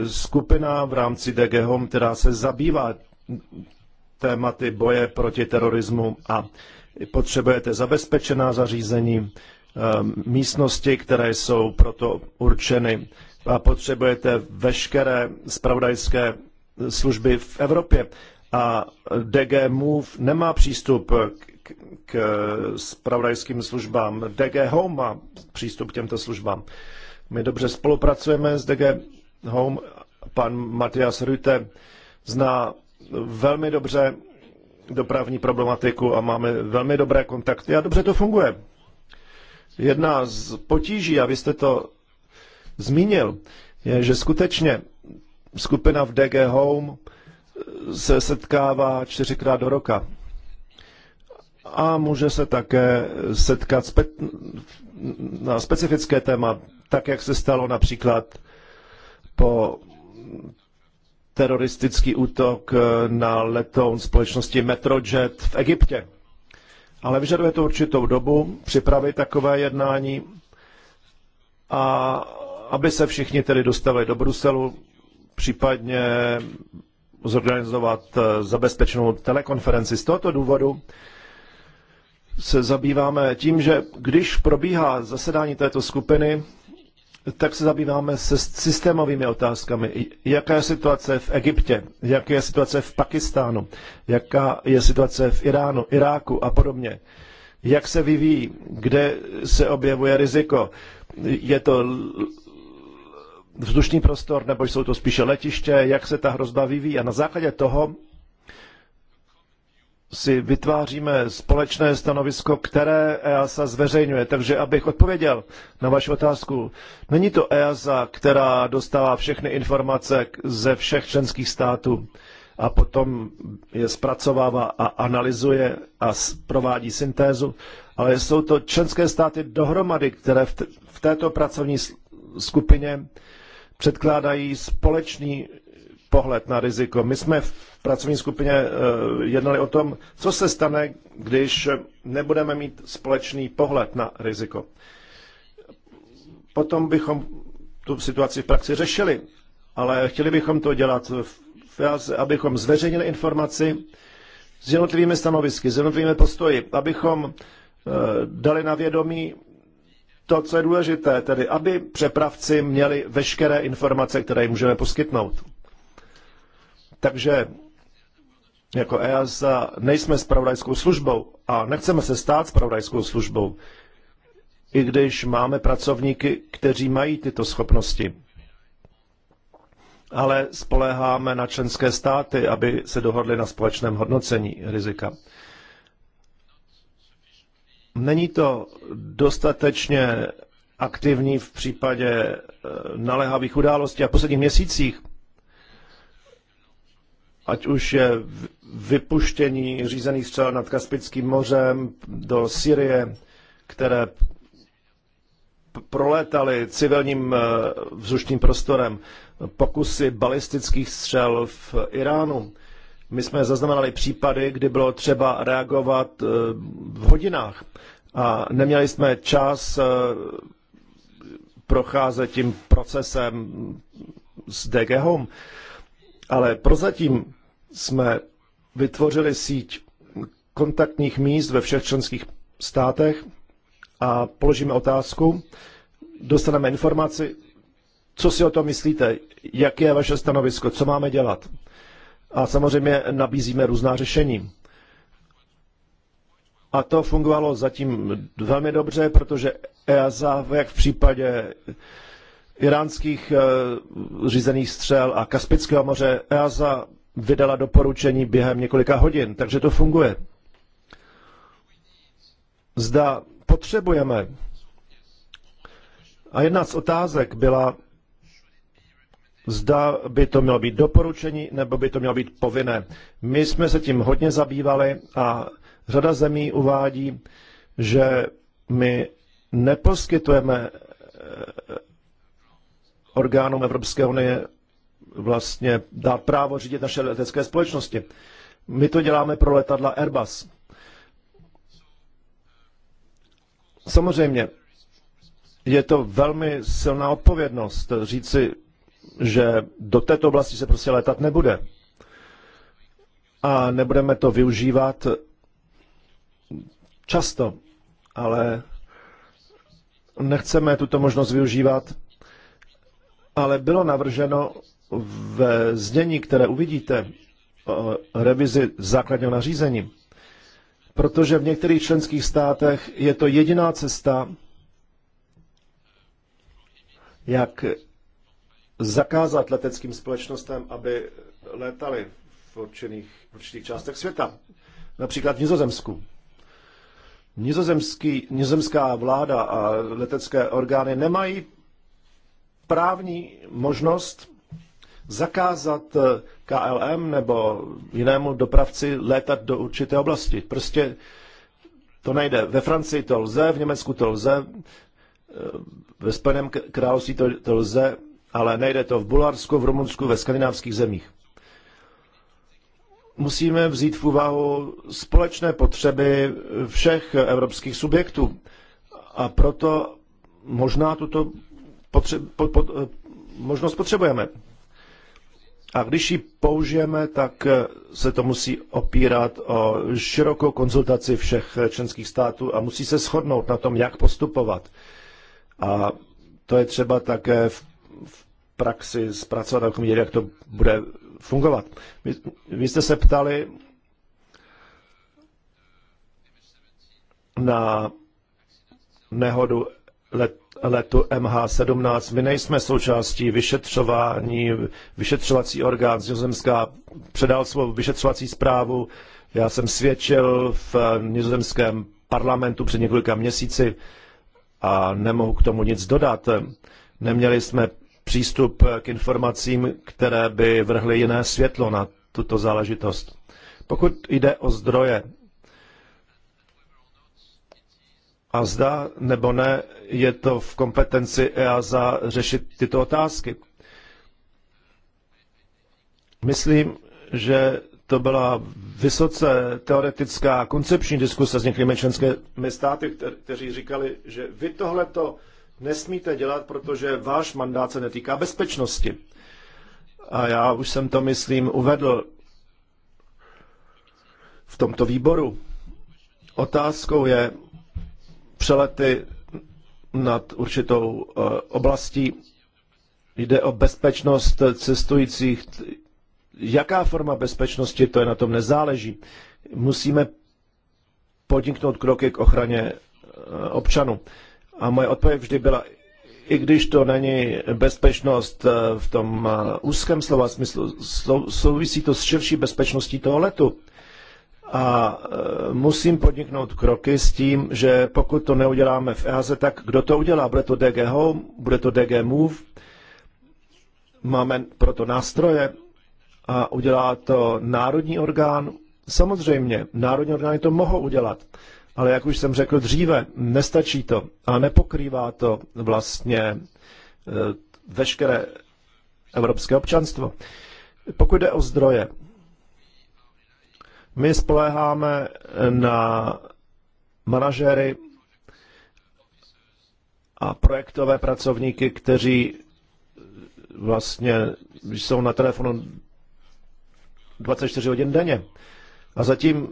skupina v rámci DG Home, která se zabývá tématy boje proti terorismu a potřebujete zabezpečená zařízení, eh, místnosti, které jsou proto určeny a potřebujete veškeré spravodajské služby v Evropě. A DG Move nemá přístup k spravodajským službám. DG Home a přístup k těmto službám. My dobře spolupracujeme s DG Home. Pan Matias Rüte zná velmi dobře dopravní problematiku a máme velmi dobré kontakty a dobře to funguje. Jedna z potíží, a vy jste to zmínil, je, že skutečně skupina v DG Home se setkává čtyřikrát do roka a může se také setkat spe, na specifické téma, tak jak se stalo například po teroristický útok na letoun společnosti Metrojet v Egyptě. Ale vyžaduje to určitou dobu připravit takové jednání a aby se všichni tedy dostali do Bruselu, případně zorganizovat eh, zabezpečenou telekonferenci. Z tohoto důvodu se zabýváme tím, že když probíhá zasedání této skupiny, tak se zabýváme se systémovými otázkami. Jaká je situace v Egyptě, jaká je situace v Pakistánu, jaká je situace v Iránu, Iráku a podobně. Jak se vyvíjí, kde se objevuje riziko. Je to vzdušný prostor, nebo jsou to spíše letiště, jak se ta hrozba vyvíjí. A na základě toho si vytváříme společné stanovisko, které EASA zveřejňuje. Takže abych odpověděl na vaši otázku, není to EASA, která dostává všechny informace ze všech členských států a potom je zpracovává a analyzuje a provádí syntézu, ale jsou to členské státy dohromady, které v, v této pracovní skupině předkládají společný pohled na riziko. My jsme v pracovní skupině eh, jednali o tom, co se stane, když nebudeme mít společný pohled na riziko. Potom bychom tu situaci v praxi řešili, ale chtěli bychom to dělat v abychom zveřejnili informaci s jednotlivými stanovisky, s jednotlivými postoji, abychom eh, dali na vědomí to, co je důležité, tedy aby přepravci měli veškeré informace, které jim můžeme poskytnout. Takže jako EASA nejsme spravodajskou službou a nechceme se stát spravodajskou službou, i když máme pracovníky, kteří mají tyto schopnosti. Ale spoléháme na členské státy, aby se dohodly na společném hodnocení rizika. Není to dostatečně aktivní v případě eh, naléhavých událostí a v posledních měsících ať už je vypuštění řízených střel nad Kaspickým mořem do Syrie, které prolétaly civilním eh, vzdušním prostorem, pokusy balistických střel v Iránu. My jsme zaznamenali případy, kdy bylo třeba reagovat eh, v hodinách a neměli jsme čas eh, procházet tím procesem s DG Home. Ale prozatím jsme vytvořili síť kontaktních míst ve všech členských státech a položíme otázku, dostaneme informaci, co si o tom myslíte, jaké je vaše stanovisko, co máme dělat. A samozřejmě nabízíme různá řešení. A to fungovalo zatím velmi dobře, protože EASA, jak v případě iránských eh, řízených střel a Kaspického moře, EASA vydala doporučení během několika hodin, takže to funguje. Zda potřebujeme. A jedna z otázek byla, zda by to mělo být doporučení, nebo by to mělo být povinné. My jsme se tím hodně zabývali a řada zemí uvádí, že my neposkytujeme eh, orgánům Evropské unie vlastně dát právo řídit naše letecké společnosti. My to děláme pro letadla Airbus. Samozřejmě, je to velmi silná odpovědnost říci, že do této oblasti se prostě letat nebude. A nebudeme to využívat často, ale nechceme tuto možnost využívat. Ale bylo navrženo ve znění, které uvidíte, eh, revizi základního nařízení, protože v některých členských státech je to jediná cesta, jak zakázat leteckým společnostem, aby létali v určených, v určitých částech světa. Například v Nizozemsku. Nizozemský, nizozemská vláda a letecké orgány nemají právní možnost zakázat eh, KLM nebo jinému dopravci létat do určité oblasti. Prostě to nejde. Ve Francii to lze, v Německu to lze, eh, ve Spojeném království to, to lze, ale nejde to v Bulharsku, v Rumunsku, ve skandinávských zemích. Musíme vzít v úvahu společné potřeby všech evropských subjektů a proto možná tuto potře- po- po- eh, možnost potřebujeme. A když ji použijeme, tak eh, se to musí opírat o širokou konzultaci všech eh, členských států a musí se shodnout na tom, jak postupovat. A to je třeba také v, v praxi zpracovat, abychom věděli, jak to bude fungovat. Vy, vy jste se ptali na nehodu let, letu MH17. My nejsme součástí vyšetřování, vyšetřovací orgán z Nizozemská předal svou vyšetřovací zprávu. Já jsem svědčil v nizozemském parlamentu před několika měsíci a nemohu k tomu nic dodat. Neměli jsme přístup k informacím, které by vrhly jiné světlo na tuto záležitost. Pokud jde o zdroje, a zda nebo ne je to v kompetenci EASA řešit tyto otázky. Myslím, že to byla vysoce teoretická koncepční diskuse s některými členskými státy, kteří říkali, že vy tohle to nesmíte dělat, protože váš mandát se netýká bezpečnosti. A já už jsem to, myslím, uvedl v tomto výboru. Otázkou je, přelety nad určitou eh, oblastí. Jde o bezpečnost cestujících. Jaká forma bezpečnosti, to je na tom nezáleží. Musíme podniknout kroky k ochraně eh, občanů. A moje odpověď vždy byla, i když to není bezpečnost eh, v tom úzkém slova smyslu, souvisí to s širší bezpečností toho letu a e, musím podniknout kroky s tím, že pokud to neuděláme v EASE, tak kdo to udělá? Bude to DG Home, bude to DG Move, máme proto nástroje a udělá to národní orgán. Samozřejmě, národní orgány to mohou udělat, ale jak už jsem řekl dříve, nestačí to a nepokrývá to vlastně e, veškeré evropské občanstvo. Pokud jde o zdroje, my spoléháme na manažery a projektové pracovníky, kteří vlastně jsou na telefonu 24 hodin denně. A zatím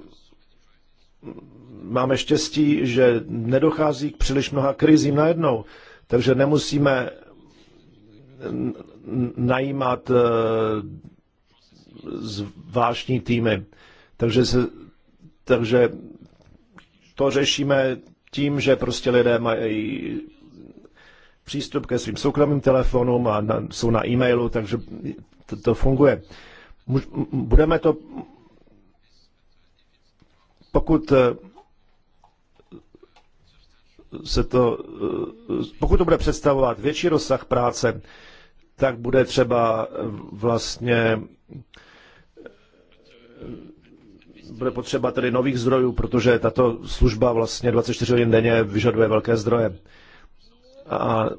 máme štěstí, že nedochází k příliš mnoha krizím najednou, takže nemusíme najímat eh, zvláštní týmy. Takže, se, takže to řešíme tím, že prostě lidé mají přístup ke svým soukromým telefonům a na, jsou na e-mailu, takže to, to funguje. Budeme to, pokud eh, se to, eh, pokud to bude představovat větší rozsah práce, tak bude třeba eh, vlastně bude potřeba tedy nových zdrojů, protože tato služba vlastně 24 hodin denně vyžaduje velké zdroje. A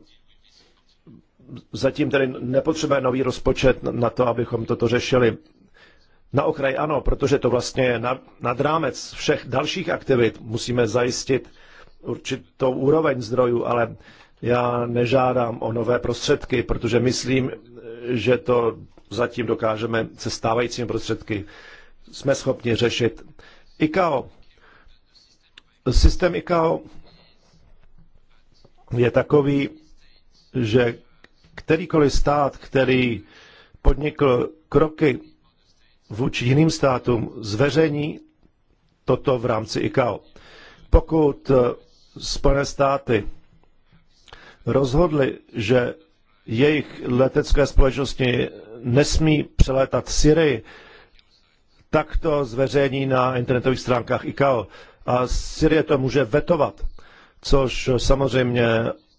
zatím tedy nepotřebujeme nový rozpočet na to, abychom toto řešili. Na okraj ano, protože to vlastně je nad rámec všech dalších aktivit. Musíme zajistit určitou úroveň zdrojů, ale já nežádám o nové prostředky, protože myslím, že to zatím dokážeme se stávajícími prostředky jsme schopni řešit. ICAO. Systém ICAO je takový, že kterýkoliv stát, který podnikl kroky vůči jiným státům, zveřejní toto v rámci ICAO. Pokud eh, Spojené státy rozhodly, že jejich letecké společnosti nesmí přelétat Syrii tak to zveřejní na internetových stránkách ICAO. A Syrie to může vetovat, což samozřejmě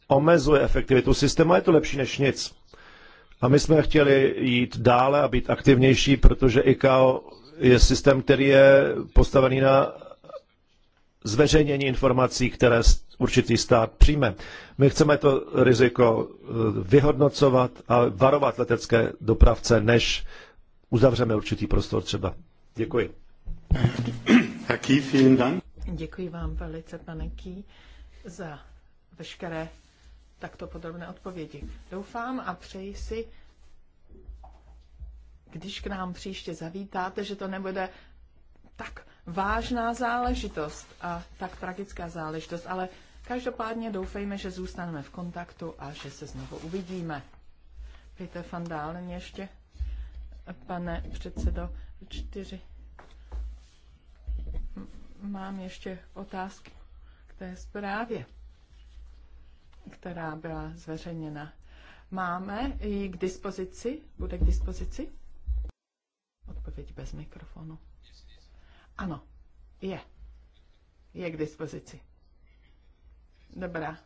omezuje efektivitu systému a je to lepší než nic. A my jsme chtěli jít dále a být aktivnější, protože ICAO je systém, který je postavený na zveřejnění informací, které určitý stát přijme. My chceme to riziko eh, vyhodnocovat a varovat letecké dopravce, než uzavřeme určitý prostor třeba Děkuji. Taký, vielen Dank. Děkuji vám velice, pane Ký, za veškeré takto podrobné odpovědi. Doufám a přeji si, když k nám příště zavítáte, že to nebude tak vážná záležitost a tak tragická záležitost, ale každopádně doufejme, že zůstaneme v kontaktu a že se znovu uvidíme. Peter van Dálen ještě, pane předsedo, čtyři. Mám ještě otázky k té zprávě, která byla zveřejněna. Máme ji k dispozici? Bude k dispozici? Odpověď bez mikrofonu. Ano, je. Je k dispozici. Dobrá.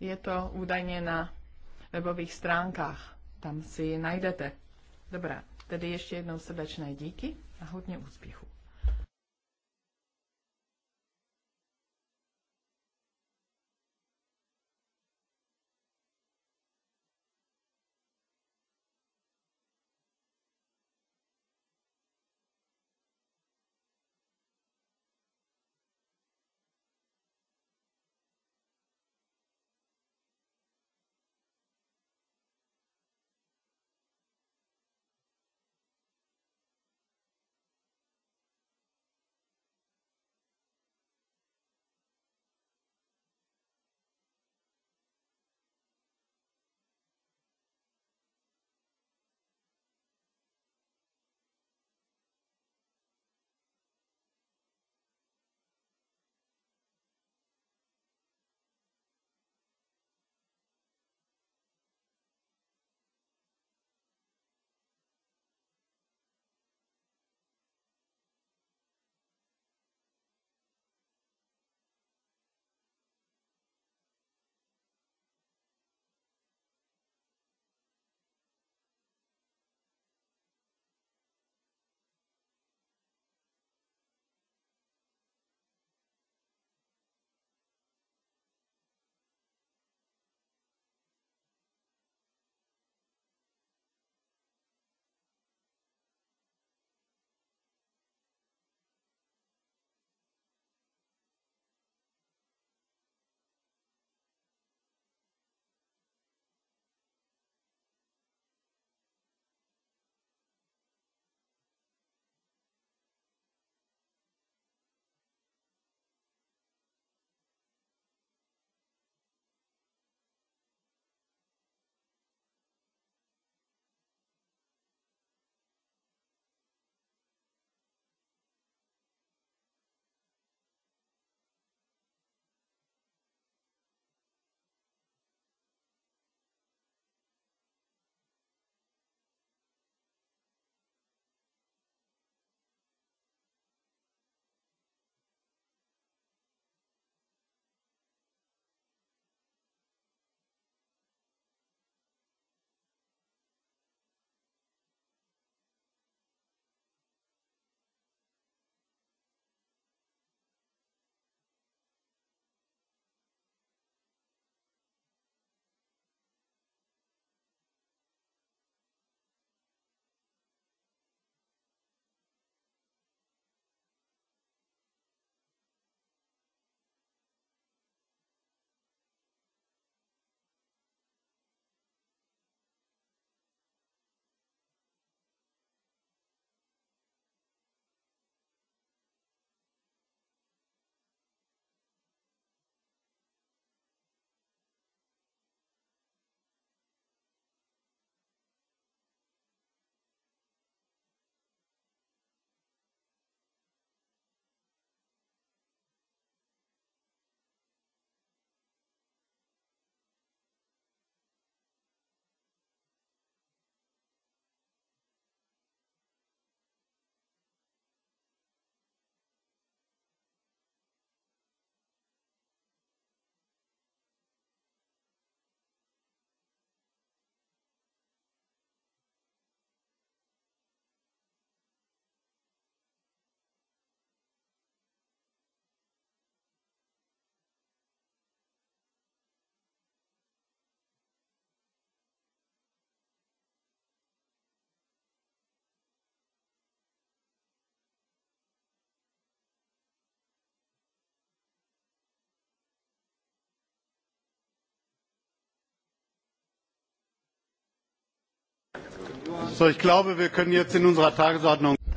Je to údajně na webových stránkách. Tam si ji najdete. Dobrá. Tedy ještě jednou srdečné díky a hodně úspěchů.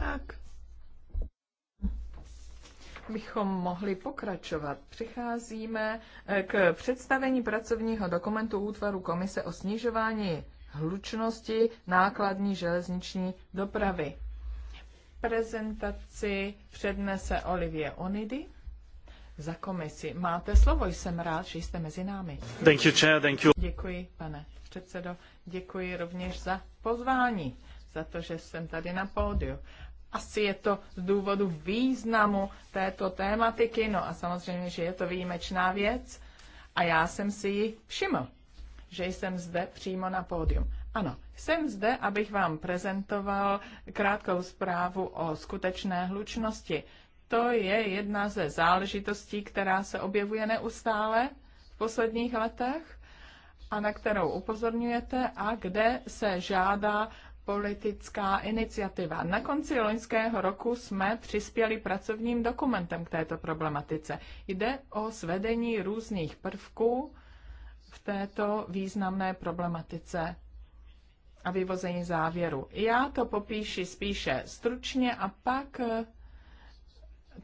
Tak. Bychom mohli pokračovat. Přicházíme eh, k představení pracovního dokumentu útvaru Komise o snižování hlučnosti nákladní železniční dopravy. Prezentaci přednese Olivier Onidy za komisi. Máte slovo, jsem rád, že jste mezi námi. Thank you, chair, thank you. Děkuji, pane předsedo. Děkuji rovněž za pozvání, za to, že jsem tady na pódiu. Asi je to z důvodu významu této tématiky, no a samozřejmě, že je to výjimečná věc a já jsem si ji všiml, že jsem zde přímo na pódium. Ano, jsem zde, abych vám prezentoval krátkou zprávu o skutečné hlučnosti to je jedna ze záležitostí, která se objevuje neustále v posledních letech a na kterou upozorňujete a kde se žádá politická iniciativa. Na konci loňského roku jsme přispěli pracovním dokumentem k této problematice. Jde o svedení různých prvků v této významné problematice a vyvození závěru. Já to popíši spíše stručně a pak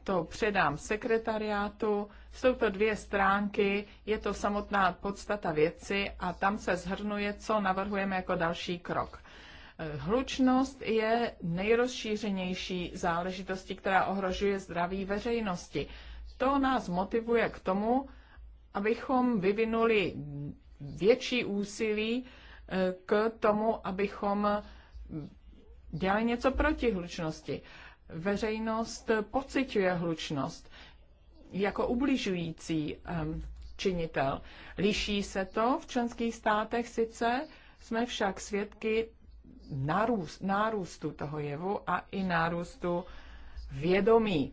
to předám sekretariátu. Jsou to dvě stránky, je to samotná podstata věci a tam se zhrnuje, co navrhujeme jako další krok. Eh, hlučnost je nejrozšířenější záležitostí, která ohrožuje zdraví veřejnosti. To nás motivuje k tomu, abychom vyvinuli větší úsilí eh, k tomu, abychom dělali něco proti hlučnosti veřejnost pociťuje hlučnost jako ubližující ehm, činitel. Liší se to v členských státech sice, jsme však svědky nárůst, nárůstu toho jevu a i nárůstu vědomí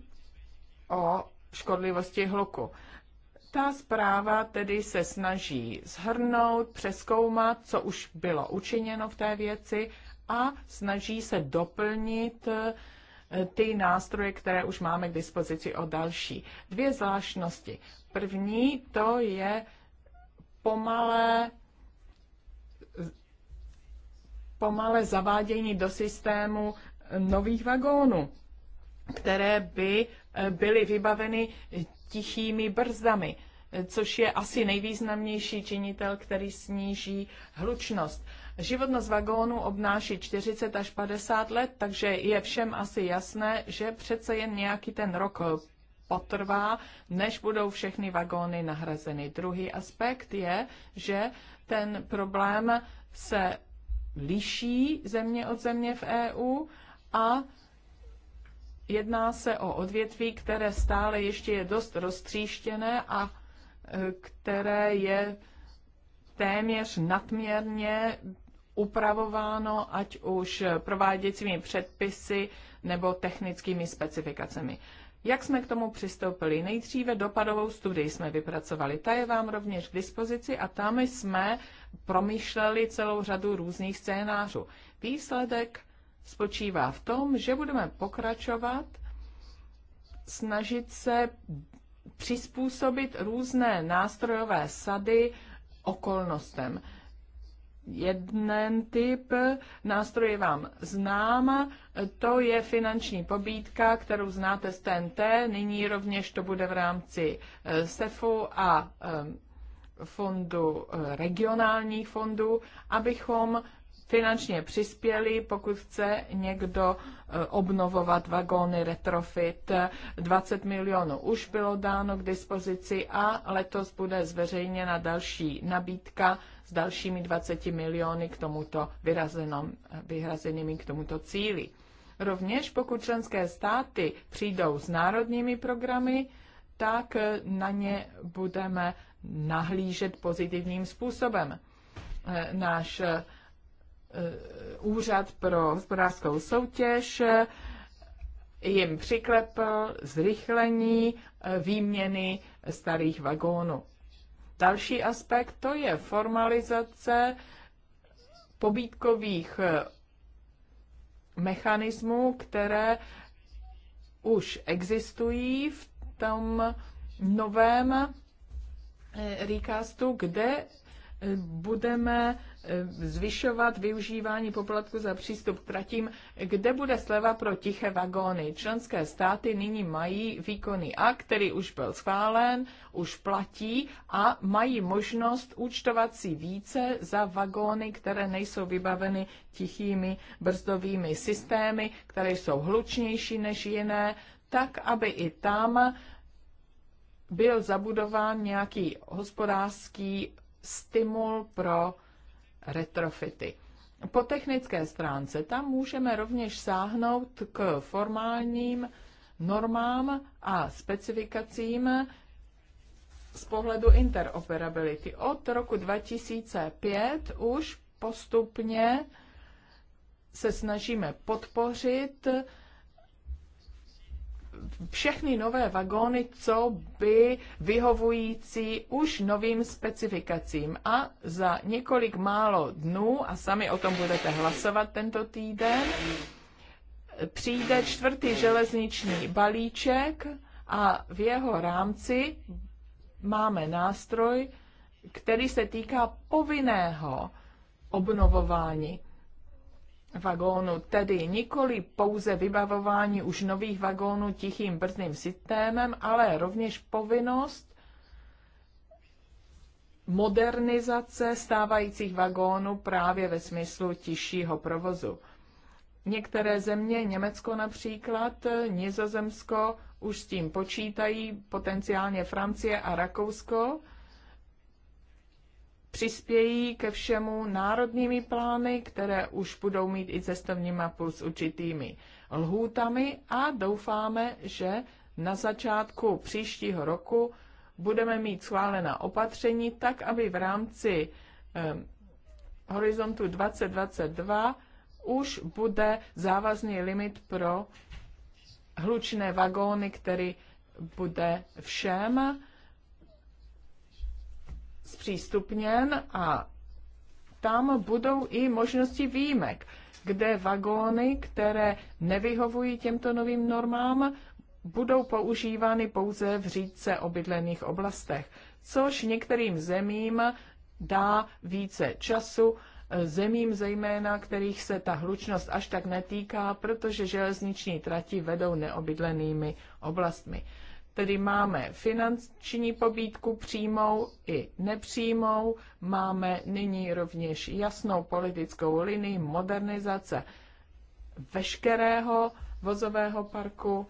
o škodlivosti hluku. Ta zpráva tedy se snaží zhrnout, přeskoumat, co už bylo učiněno v té věci a snaží se doplnit ty nástroje, které už máme k dispozici o další. Dvě zvláštnosti. První to je pomalé pomalé zavádění do systému nových vagónů, které by eh, byly vybaveny tichými brzdami, což je asi nejvýznamnější činitel, který sníží hlučnost. Životnost vagónu obnáší 40 až 50 let, takže je všem asi jasné, že přece jen nějaký ten rok eh, potrvá, než budou všechny vagóny nahrazeny. Druhý aspekt je, že ten problém se liší země od země v EU a jedná se o odvětví, které stále ještě je dost roztříštěné a eh, které je téměř nadměrně upravováno ať už prováděcími předpisy nebo technickými specifikacemi. Jak jsme k tomu přistoupili? Nejdříve dopadovou studii jsme vypracovali. Ta je vám rovněž k dispozici a tam jsme promýšleli celou řadu různých scénářů. Výsledek spočívá v tom, že budeme pokračovat, snažit se přizpůsobit různé nástrojové sady okolnostem jeden typ nástroje vám znám, to je finanční pobídka, kterou znáte z TNT, nyní rovněž to bude v rámci eh, SEFu a eh, fondu, eh, regionálních fondů, abychom finančně přispěli, pokud chce někdo obnovovat vagóny retrofit. 20 milionů už bylo dáno k dispozici a letos bude zveřejněna další nabídka s dalšími 20 miliony k tomuto vyhrazenými k tomuto cíli. Rovněž pokud členské státy přijdou s národními programy, tak na ně budeme nahlížet pozitivním způsobem. Náš eh, eh, úřad pro hospodářskou soutěž eh, jim přiklepl zrychlení výměny starých vagónů. Další aspekt to je formalizace pobídkových eh, mechanismů, které už existují v tom novém eh, recastu, kde eh, budeme Eh, zvyšovat využívání poplatku za přístup k tratím, kde bude sleva pro tiché vagóny. Členské státy nyní mají výkonný akt, který už byl schválen, už platí a mají možnost účtovat si více za vagóny, které nejsou vybaveny tichými brzdovými systémy, které jsou hlučnější než jiné, tak aby i tam byl zabudován nějaký hospodářský stimul pro retrofity. Po technické stránce tam můžeme rovněž sáhnout k formálním normám a specifikacím z pohledu interoperability. Od roku 2005 už postupně se snažíme podpořit všechny nové vagóny, co by vyhovující už novým specifikacím. A za několik málo dnů, a sami o tom budete hlasovat tento týden, přijde čtvrtý železniční balíček a v jeho rámci máme nástroj, který se týká povinného obnovování vagónu, tedy nikoli pouze vybavování už nových vagónů tichým brzdným systémem, ale rovněž povinnost modernizace stávajících vagónů právě ve smyslu tišího provozu. Některé země, Německo například, Nizozemsko, už s tím počítají, potenciálně Francie a Rakousko, přispějí ke všemu národními plány, které už budou mít i cestovní mapu s určitými lhůtami a doufáme, že na začátku příštího roku budeme mít schválená opatření tak, aby v rámci eh, horizontu 2022 už bude závazný limit pro hlučné vagóny, který bude všem zpřístupněn a tam budou i možnosti výjimek, kde vagóny, které nevyhovují těmto novým normám, budou používány pouze v řídce obydlených oblastech, což některým zemím dá více času, zemím zejména, kterých se ta hlučnost až tak netýká, protože železniční trati vedou neobydlenými oblastmi. Tedy máme finanční pobídku přímou i nepřímou, máme nyní rovněž jasnou politickou linii modernizace veškerého vozového parku,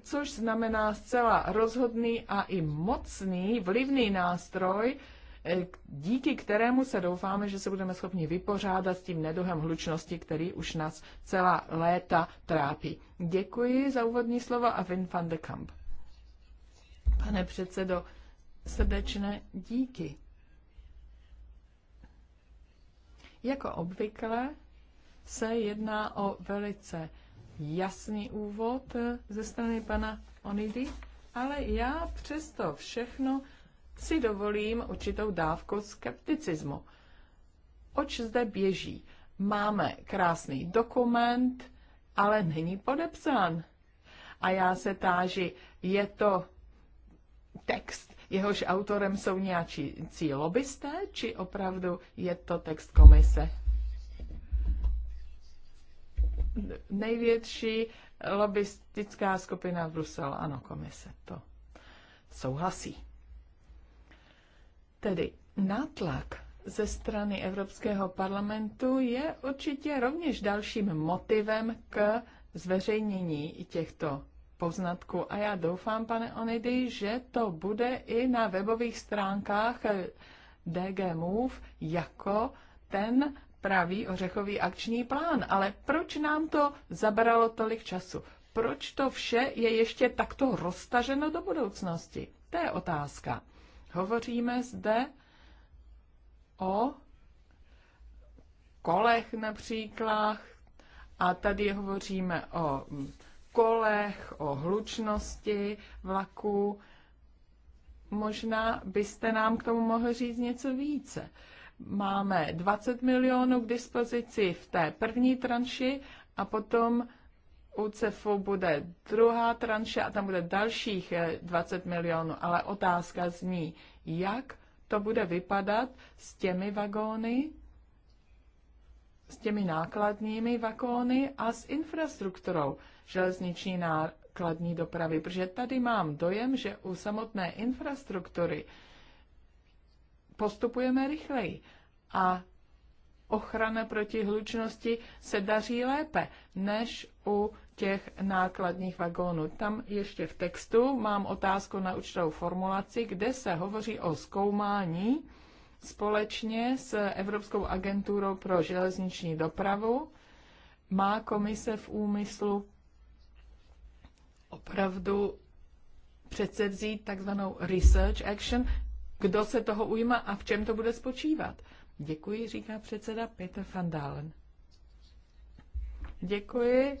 což znamená zcela rozhodný a i mocný, vlivný nástroj, eh, díky kterému se doufáme, že se budeme schopni vypořádat s tím neduhem hlučnosti, který už nás celá léta trápí. Děkuji za úvodní slovo a Vin van de Kamp. Pane předsedo, srdečné díky. Jako obvykle se jedná o velice jasný úvod ze strany pana Onidy, ale já přesto všechno si dovolím určitou dávku skepticismu. Oč zde běží? Máme krásný dokument, ale není podepsán. A já se táži, je to text, jehož autorem jsou nějací lobbysté, či opravdu je to text komise? Největší lobbystická skupina v Bruselu, ano, komise, to souhlasí. Tedy nátlak ze strany Evropského parlamentu je určitě rovněž dalším motivem k zveřejnění těchto poznatku. A já doufám, pane Onidy, že to bude i na webových stránkách eh, DG Move jako ten pravý ořechový akční plán. Ale proč nám to zabralo tolik času? Proč to vše je ještě takto roztaženo do budoucnosti? To je otázka. Hovoříme zde o kolech například a tady hovoříme o kolech, o hlučnosti vlaku. Možná byste nám k tomu mohl říct něco více. Máme 20 milionů k dispozici v té první tranši a potom u CEFu bude druhá tranše a tam bude dalších 20 eh, milionů. Ale otázka zní, jak to bude vypadat s těmi vagóny, s těmi nákladními vagóny a s infrastrukturou železniční nákladní dopravy, protože tady mám dojem, že u samotné infrastruktury postupujeme rychleji a ochrana proti hlučnosti se daří lépe než u těch nákladních vagónů. Tam ještě v textu mám otázku na určitou formulaci, kde se hovoří o zkoumání společně s Evropskou agenturou pro železniční dopravu. Má komise v úmyslu opravdu předsevzít takzvanou research action, kdo se toho ujme a v čem to bude spočívat. Děkuji, říká předseda Peter van Dalen. Děkuji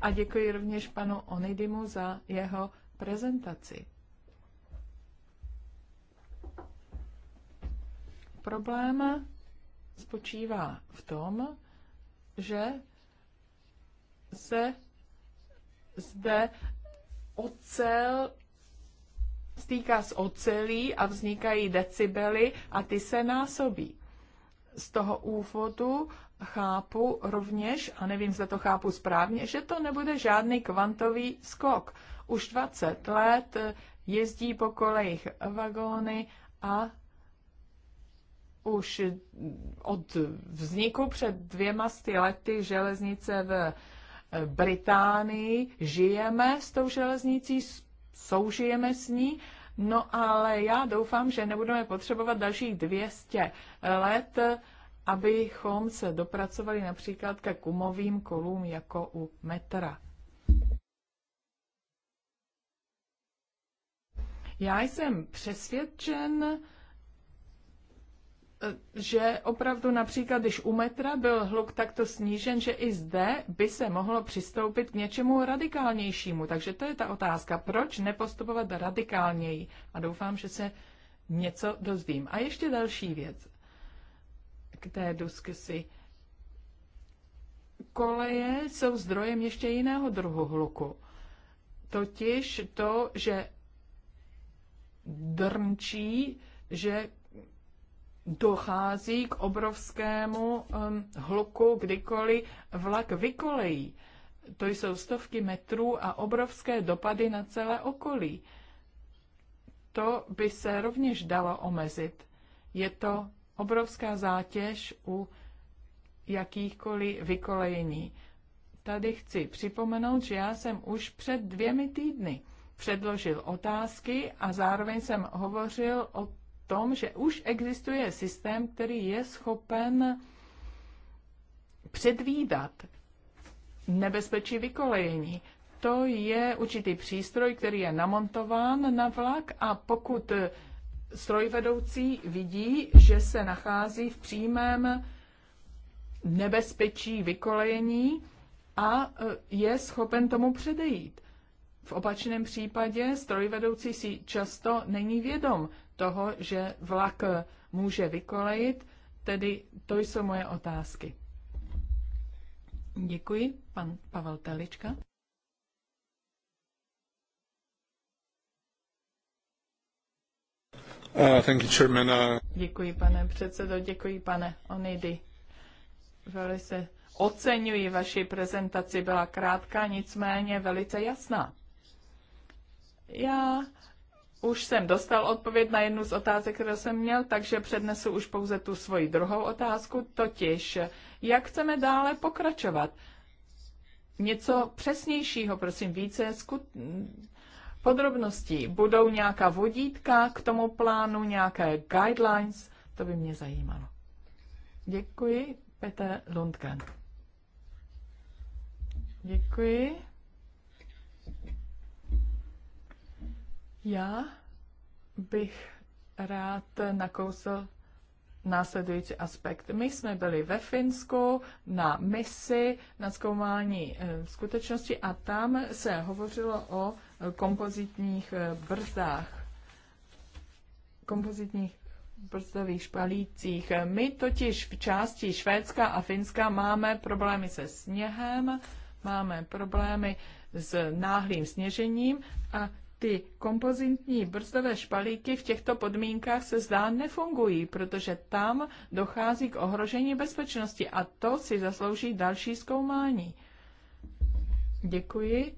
a děkuji rovněž panu Onidimu za jeho prezentaci. Problém spočívá v tom, že se zde ocel stýká s ocelí a vznikají decibely a ty se násobí. Z toho úvodu chápu rovněž, a nevím, zda to chápu správně, že to nebude žádný kvantový skok. Už 20 let jezdí po kolejích vagóny a už od vzniku před dvěma sty lety železnice v Británii, žijeme s tou železnicí, soužijeme s ní, no ale já doufám, že nebudeme potřebovat dalších 200 let, abychom se dopracovali například ke kumovým kolům jako u metra. Já jsem přesvědčen, že opravdu například, když u metra byl hluk takto snížen, že i zde by se mohlo přistoupit k něčemu radikálnějšímu. Takže to je ta otázka, proč nepostupovat radikálněji. A doufám, že se něco dozvím. A ještě další věc k té diskusi. Koleje jsou zdrojem ještě jiného druhu hluku. Totiž to, že drnčí, že dochází k obrovskému um, hluku, kdykoliv vlak vykolejí. To jsou stovky metrů a obrovské dopady na celé okolí. To by se rovněž dalo omezit. Je to obrovská zátěž u jakýchkoliv vykolejení. Tady chci připomenout, že já jsem už před dvěmi týdny předložil otázky a zároveň jsem hovořil o tom, že už existuje systém, který je schopen předvídat nebezpečí vykolejení. To je určitý přístroj, který je namontován na vlak a pokud strojvedoucí vidí, že se nachází v přímém nebezpečí vykolejení a e, je schopen tomu předejít. V opačném případě strojvedoucí si často není vědom toho, že vlak může vykolejit? Tedy to jsou moje otázky. Děkuji, pan Pavel Telička. Uh, thank you, chairman. Uh... Děkuji, pane předsedo, děkuji, pane Onidy. Velice oceňuji vaši prezentaci, byla krátká, nicméně velice jasná. Já už jsem dostal odpověď na jednu z otázek, kterou jsem měl, takže přednesu už pouze tu svoji druhou otázku, totiž jak chceme dále pokračovat. Něco přesnějšího, prosím, více skut... podrobností. Budou nějaká vodítka k tomu plánu, nějaké guidelines? To by mě zajímalo. Děkuji, Petr Lundgren. Děkuji. Já bych rád nakousl následující aspekt. My jsme byli ve Finsku na misi na zkoumání eh, skutečnosti a tam se hovořilo o kompozitních eh, brzdách, kompozitních brzdových špalících. My totiž v části Švédska a Finska máme problémy se sněhem, máme problémy s náhlým sněžením a ty kompozitní brzdové špalíky v těchto podmínkách se zdá nefungují, protože tam dochází k ohrožení bezpečnosti a to si zaslouží další zkoumání. Děkuji.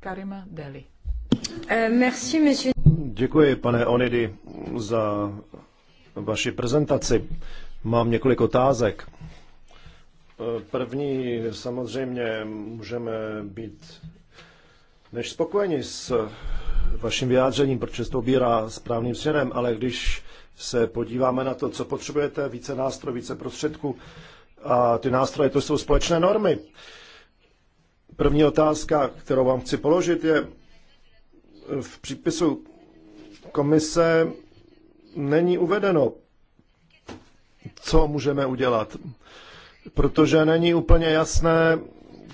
Karima Deli. Eh, merci, monsieur. Děkuji, pane Onidy, za vaši prezentaci. Mám několik otázek. První, samozřejmě můžeme být než spokojeni s vaším vyjádřením, protože se to obírá správným směrem, ale když se podíváme na to, co potřebujete, více nástrojů, více prostředků, a ty nástroje, to jsou společné normy. První otázka, kterou vám chci položit, je v přípisu komise není uvedeno, co můžeme udělat, protože není úplně jasné,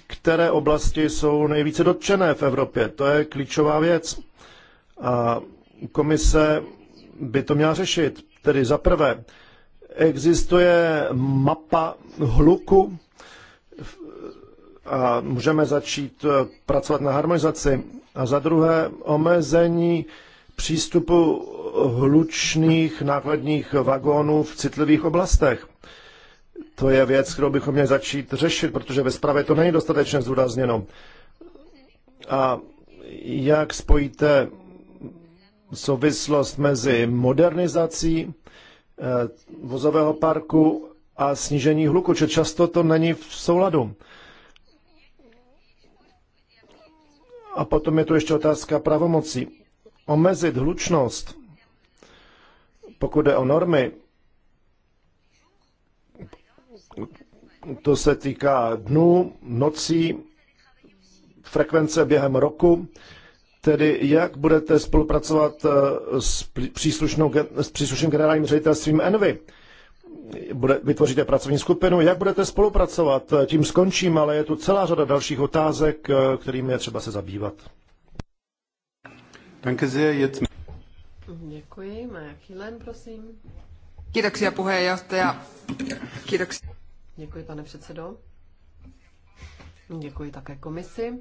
které oblasti jsou nejvíce dotčené v Evropě. To je klíčová věc. A komise by to měla řešit. Tedy za prvé, existuje mapa hluku a můžeme začít eh, pracovat na harmonizaci. A za druhé, omezení přístupu hlučných nákladních vagónů v citlivých oblastech. To je věc, kterou bychom měli začít řešit, protože ve zprávě to není dostatečně zdůrazněno. A jak spojíte souvislost mezi modernizací eh, vozového parku a snížení hluku, že často to není v souladu. A potom je tu ještě otázka pravomocí. Omezit hlučnost, pokud jde o normy, to se týká dnů, nocí, frekvence během roku. Tedy jak budete spolupracovat eh, s, příslušnou, s příslušným generálním ředitelstvím Envy? Bude, vytvoříte pracovní skupinu, jak budete spolupracovat? Eh, tím skončím, ale je tu celá řada dalších otázek, eh, kterými je třeba se zabývat. Danke sehr, jetzt... Děkuji, Maja Kilen, prosím. Kiitoksia puheenjohtaja. Kiitoksia. Děkuji, pane předsedo. Děkuji také komisi.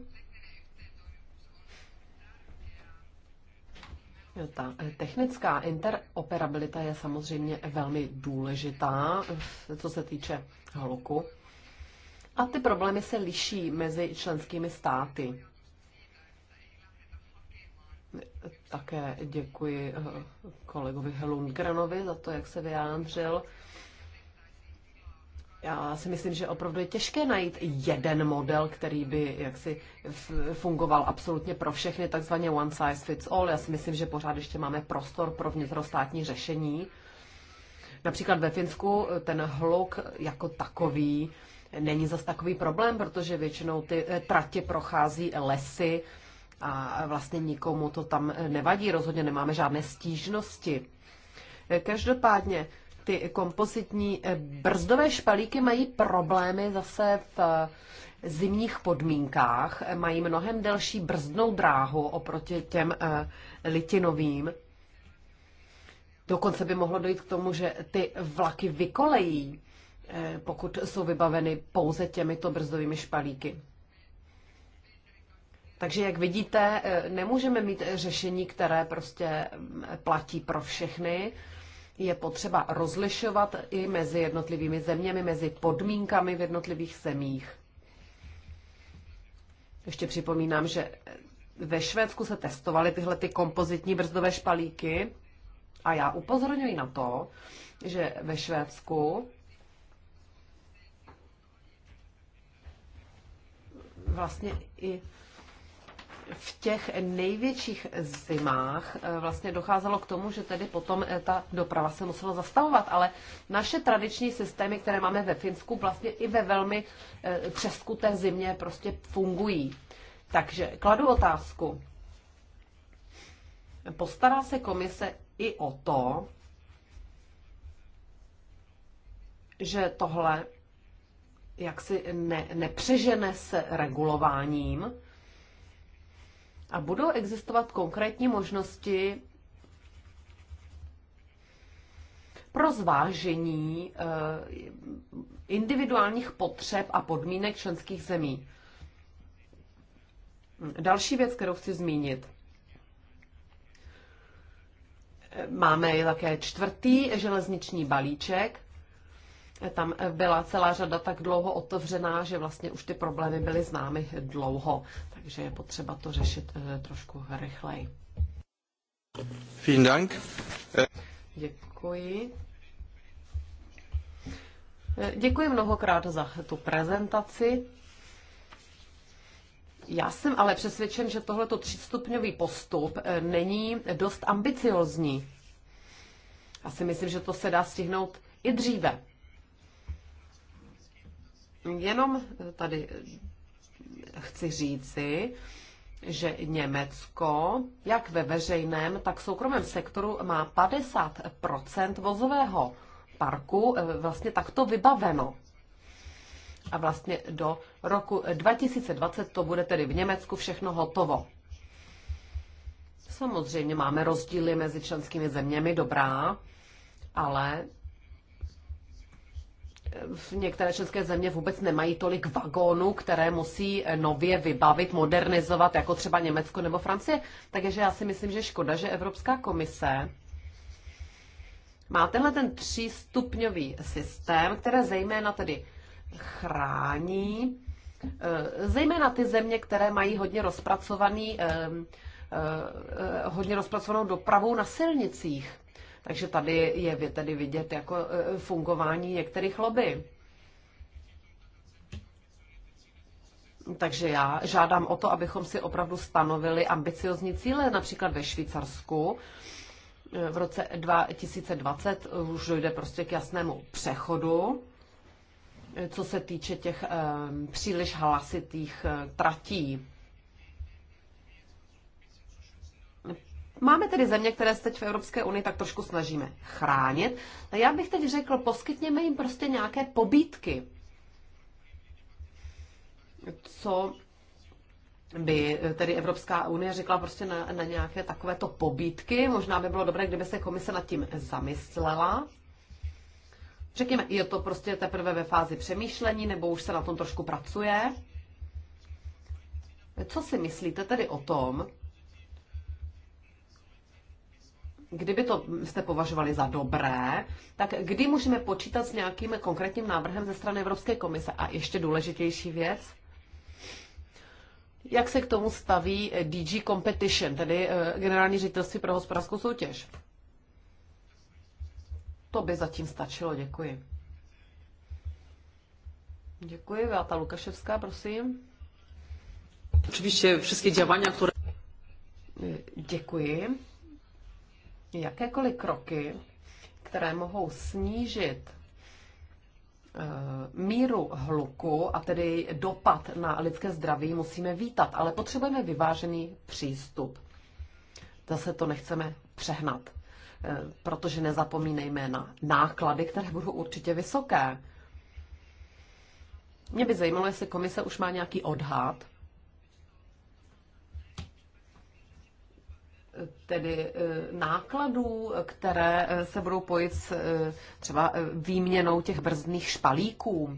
Ta technická interoperabilita je samozřejmě velmi důležitá, co se týče hluku. A ty problémy se liší mezi členskými státy. Také děkuji eh, kolegovi Helungranovi za to, jak se vyjádřil já si myslím, že opravdu je těžké najít jeden model, který by jaksi fungoval absolutně pro všechny, takzvaně one size fits all. Já si myslím, že pořád ještě máme prostor pro vnitrostátní řešení. Například ve Finsku eh, ten hluk jako takový není zas takový problém, protože většinou ty eh, tratě prochází lesy a vlastně nikomu to tam eh, nevadí. Rozhodně nemáme žádné stížnosti. Každopádně ty kompozitní eh, brzdové špalíky mají problémy zase v eh, zimních podmínkách, mají mnohem delší brzdnou dráhu oproti těm eh, litinovým. Dokonce by mohlo dojít k tomu, že ty vlaky vykolejí, pokud jsou vybaveny pouze těmito brzdovými špalíky. Takže jak vidíte, nemůžeme mít řešení, které prostě mm, platí pro všechny je potřeba rozlišovat i mezi jednotlivými zeměmi, mezi podmínkami v jednotlivých zemích. Ještě připomínám, že ve Švédsku se testovaly tyhle ty kompozitní brzdové špalíky a já upozorňuji na to, že ve Švédsku vlastně i v těch největších zimách eh, vlastně docházelo k tomu, že tedy potom eh, ta doprava se musela zastavovat, ale naše tradiční systémy, které máme ve Finsku, vlastně i ve velmi přeskuté eh, zimě prostě fungují. Takže kladu otázku. Postará se komise i o to, že tohle jaksi ne, nepřežene se regulováním, a budou existovat konkrétní možnosti pro zvážení eh, individuálních potřeb a podmínek členských zemí. Další věc, kterou chci zmínit. Máme také čtvrtý železniční balíček. Tam byla celá řada tak dlouho otevřená, že vlastně už ty problémy byly známy dlouho že je potřeba to řešit eh, trošku rychleji. Vielen Dank. Děkuji. Eh, děkuji mnohokrát za tu prezentaci. Já jsem ale přesvědčen, že tohleto třístupňový postup eh, není dost ambiciozní. Já si myslím, že to se dá stihnout i dříve. Jenom tady chci říci, že Německo, jak ve veřejném, tak v soukromém sektoru, má 50 vozového parku e, vlastně takto vybaveno. A vlastně do roku 2020 to bude tedy v Německu všechno hotovo. Samozřejmě máme rozdíly mezi členskými zeměmi, dobrá, ale v některé české země vůbec nemají tolik vagónů, které musí nově vybavit, modernizovat, jako třeba Německo nebo Francie. Takže já si myslím, že škoda, že Evropská komise má tenhle ten třístupňový systém, které zejména tedy chrání eh, zejména ty země, které mají hodně rozpracovaný eh, eh, hodně rozpracovanou dopravu na silnicích. Takže tady je tedy vidět jako e, fungování některých lobby. Takže já žádám o to, abychom si opravdu stanovili ambiciozní cíle, například ve Švýcarsku. E, v roce 2020 už dojde prostě k jasnému přechodu, e, co se týče těch příliš hlasitých tratí. Máme tedy země, které se teď v Evropské unii tak trošku snažíme chránit. A já bych teď řekl, poskytněme jim prostě nějaké pobídky. Co by tedy Evropská unie řekla prostě na, na nějaké takovéto pobídky. Možná by bylo dobré, kdyby se komise nad tím zamyslela. Řekněme, je to prostě teprve ve fázi přemýšlení, nebo už se na tom trošku pracuje. Co si myslíte tedy o tom, kdyby to jste považovali za dobré, tak kdy můžeme počítat s nějakým konkrétním návrhem ze strany Evropské komise? A ještě důležitější věc, jak se k tomu staví DG Competition, tedy eh, Generální ředitelství pro hospodářskou soutěž? To by zatím stačilo, děkuji. Děkuji, Beata Lukaševská, prosím. Oczywiście wszystkie działania, które... Děkuji. Jakékoliv kroky, které mohou snížit eh, míru hluku a tedy dopad na lidské zdraví musíme vítat, ale potřebujeme vyvážený přístup. Zase to nechceme přehnat, eh, protože nezapomínejme na náklady, které budou určitě vysoké. Mě by zajímalo, jestli komise už má nějaký odhad tedy e, nákladů, které e, se budou pojít s e, třeba výměnou těch brzdných špalíků.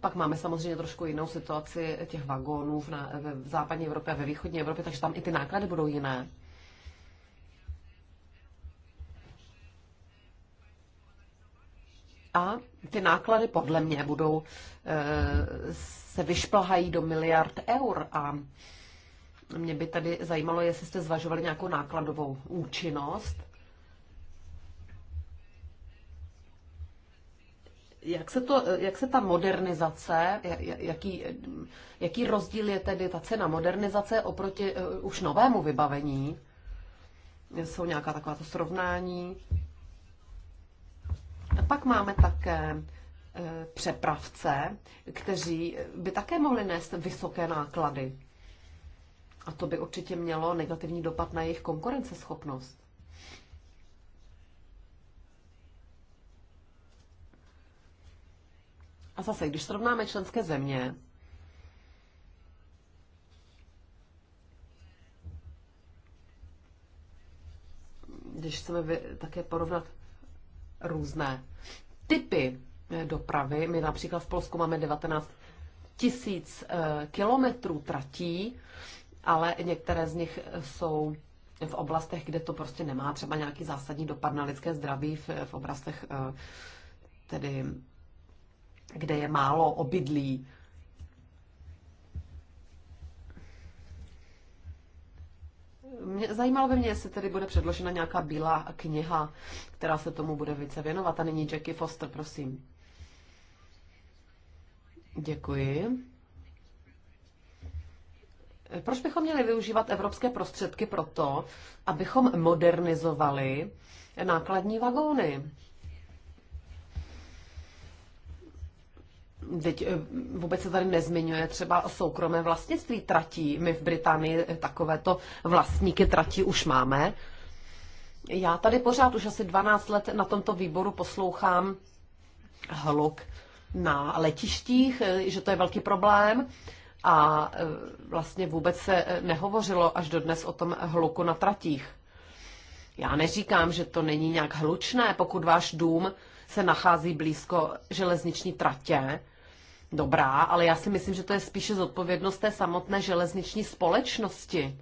Pak máme samozřejmě trošku jinou situaci těch vagónů v, na, v západní Evropě a ve východní Evropě, takže tam i ty náklady budou jiné. a ty náklady podle mě budou eh, se vyšplhají do miliard eur a mě by tady zajímalo, jestli jste zvažovali nějakou nákladovou účinnost. Jak se, to, jak se ta modernizace, jaký, jaký rozdíl je tedy ta cena modernizace oproti eh, už novému vybavení? Jsou nějaká takováto srovnání? Pak máme také eh, přepravce, kteří by také mohli nést vysoké náklady. A to by určitě mělo negativní dopad na jejich konkurenceschopnost. A zase, když srovnáme členské země, když chceme také porovnat různé typy eh, dopravy. My například v Polsku máme 19 tisíc eh, kilometrů tratí, ale některé z nich eh, jsou v oblastech, kde to prostě nemá třeba nějaký zásadní dopad na lidské zdraví, v, v oblastech tedy, kde je málo obydlí. Mě, zajímalo by mě, jestli tedy bude předložena nějaká bílá kniha, která se tomu bude více věnovat. A nyní Jackie Foster, prosím. Děkuji. Proč bychom měli využívat evropské prostředky pro to, abychom modernizovali nákladní vagóny? Teď eh, vůbec se tady nezmiňuje třeba o soukromé vlastnictví tratí. My v Británii takovéto vlastníky tratí už máme. Já tady pořád už asi 12 let na tomto výboru poslouchám hluk na letištích, eh, že to je velký problém a eh, vlastně vůbec se nehovořilo až dodnes o tom hluku na tratích. Já neříkám, že to není nějak hlučné, pokud váš dům se nachází blízko železniční tratě, dobrá, ale já si myslím, že to je spíše zodpovědnost té samotné železniční společnosti.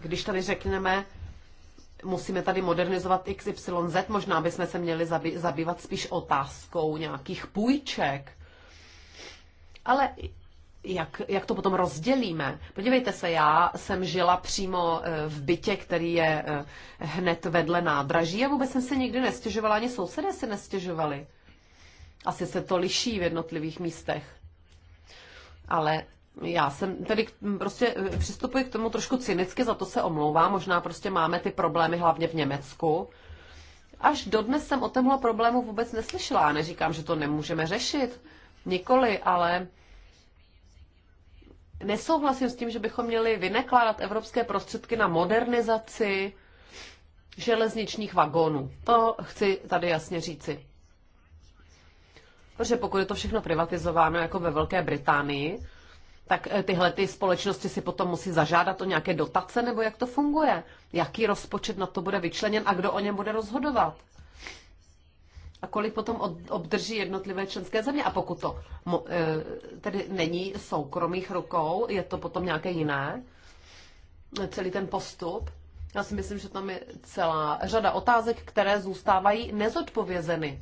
Když tady řekneme, musíme tady modernizovat XYZ, možná bychom se měli zabývat spíš otázkou nějakých půjček. Ale jak, jak to potom rozdělíme? Podívejte se, já jsem žila přímo eh, v bytě, který je eh, hned vedle nádraží a vůbec jsem se nikdy nestěžovala, ani sousedé se nestěžovali. Asi se to liší v jednotlivých místech. Ale já jsem tedy prostě eh, přistupuji k tomu trošku cynicky, za to se omlouvám. Možná prostě máme ty problémy hlavně v Německu. Až dodnes jsem o tomhle problému vůbec neslyšela. Já neříkám, že to nemůžeme řešit. Nikoli, ale nesouhlasím s tím, že bychom měli vynekládat evropské prostředky na modernizaci železničních vagónů. To chci tady jasně říci. Protože pokud je to všechno privatizováno jako ve Velké Británii, tak eh, tyhle ty společnosti si potom musí zažádat o nějaké dotace, nebo jak to funguje? Jaký rozpočet na to bude vyčleněn a kdo o něm bude rozhodovat? A kolik potom obdrží jednotlivé členské země? A pokud to eh, tedy není soukromých rukou, je to potom nějaké jiné? Celý ten postup? Já si myslím, že tam je celá řada otázek, které zůstávají nezodpovězeny.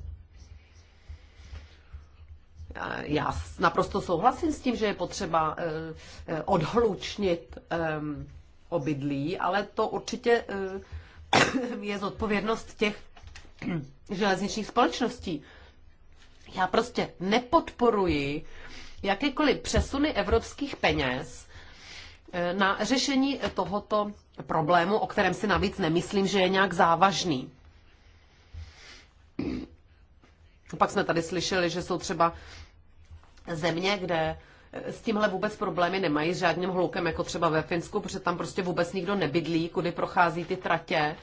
Eh, já naprosto souhlasím s tím, že je potřeba eh, eh, odhlučnit obydlí, ale to určitě je zodpovědnost těch železničních společností. Já prostě nepodporuji jakékoliv přesuny evropských peněz na řešení tohoto problému, o kterém si navíc nemyslím, že je nějak závažný. Pak jsme tady slyšeli, že jsou třeba země, kde s tímhle vůbec problémy nemají s žádným hlukem, jako třeba ve Finsku, protože tam prostě vůbec nikdo nebydlí, kudy prochází ty tratě.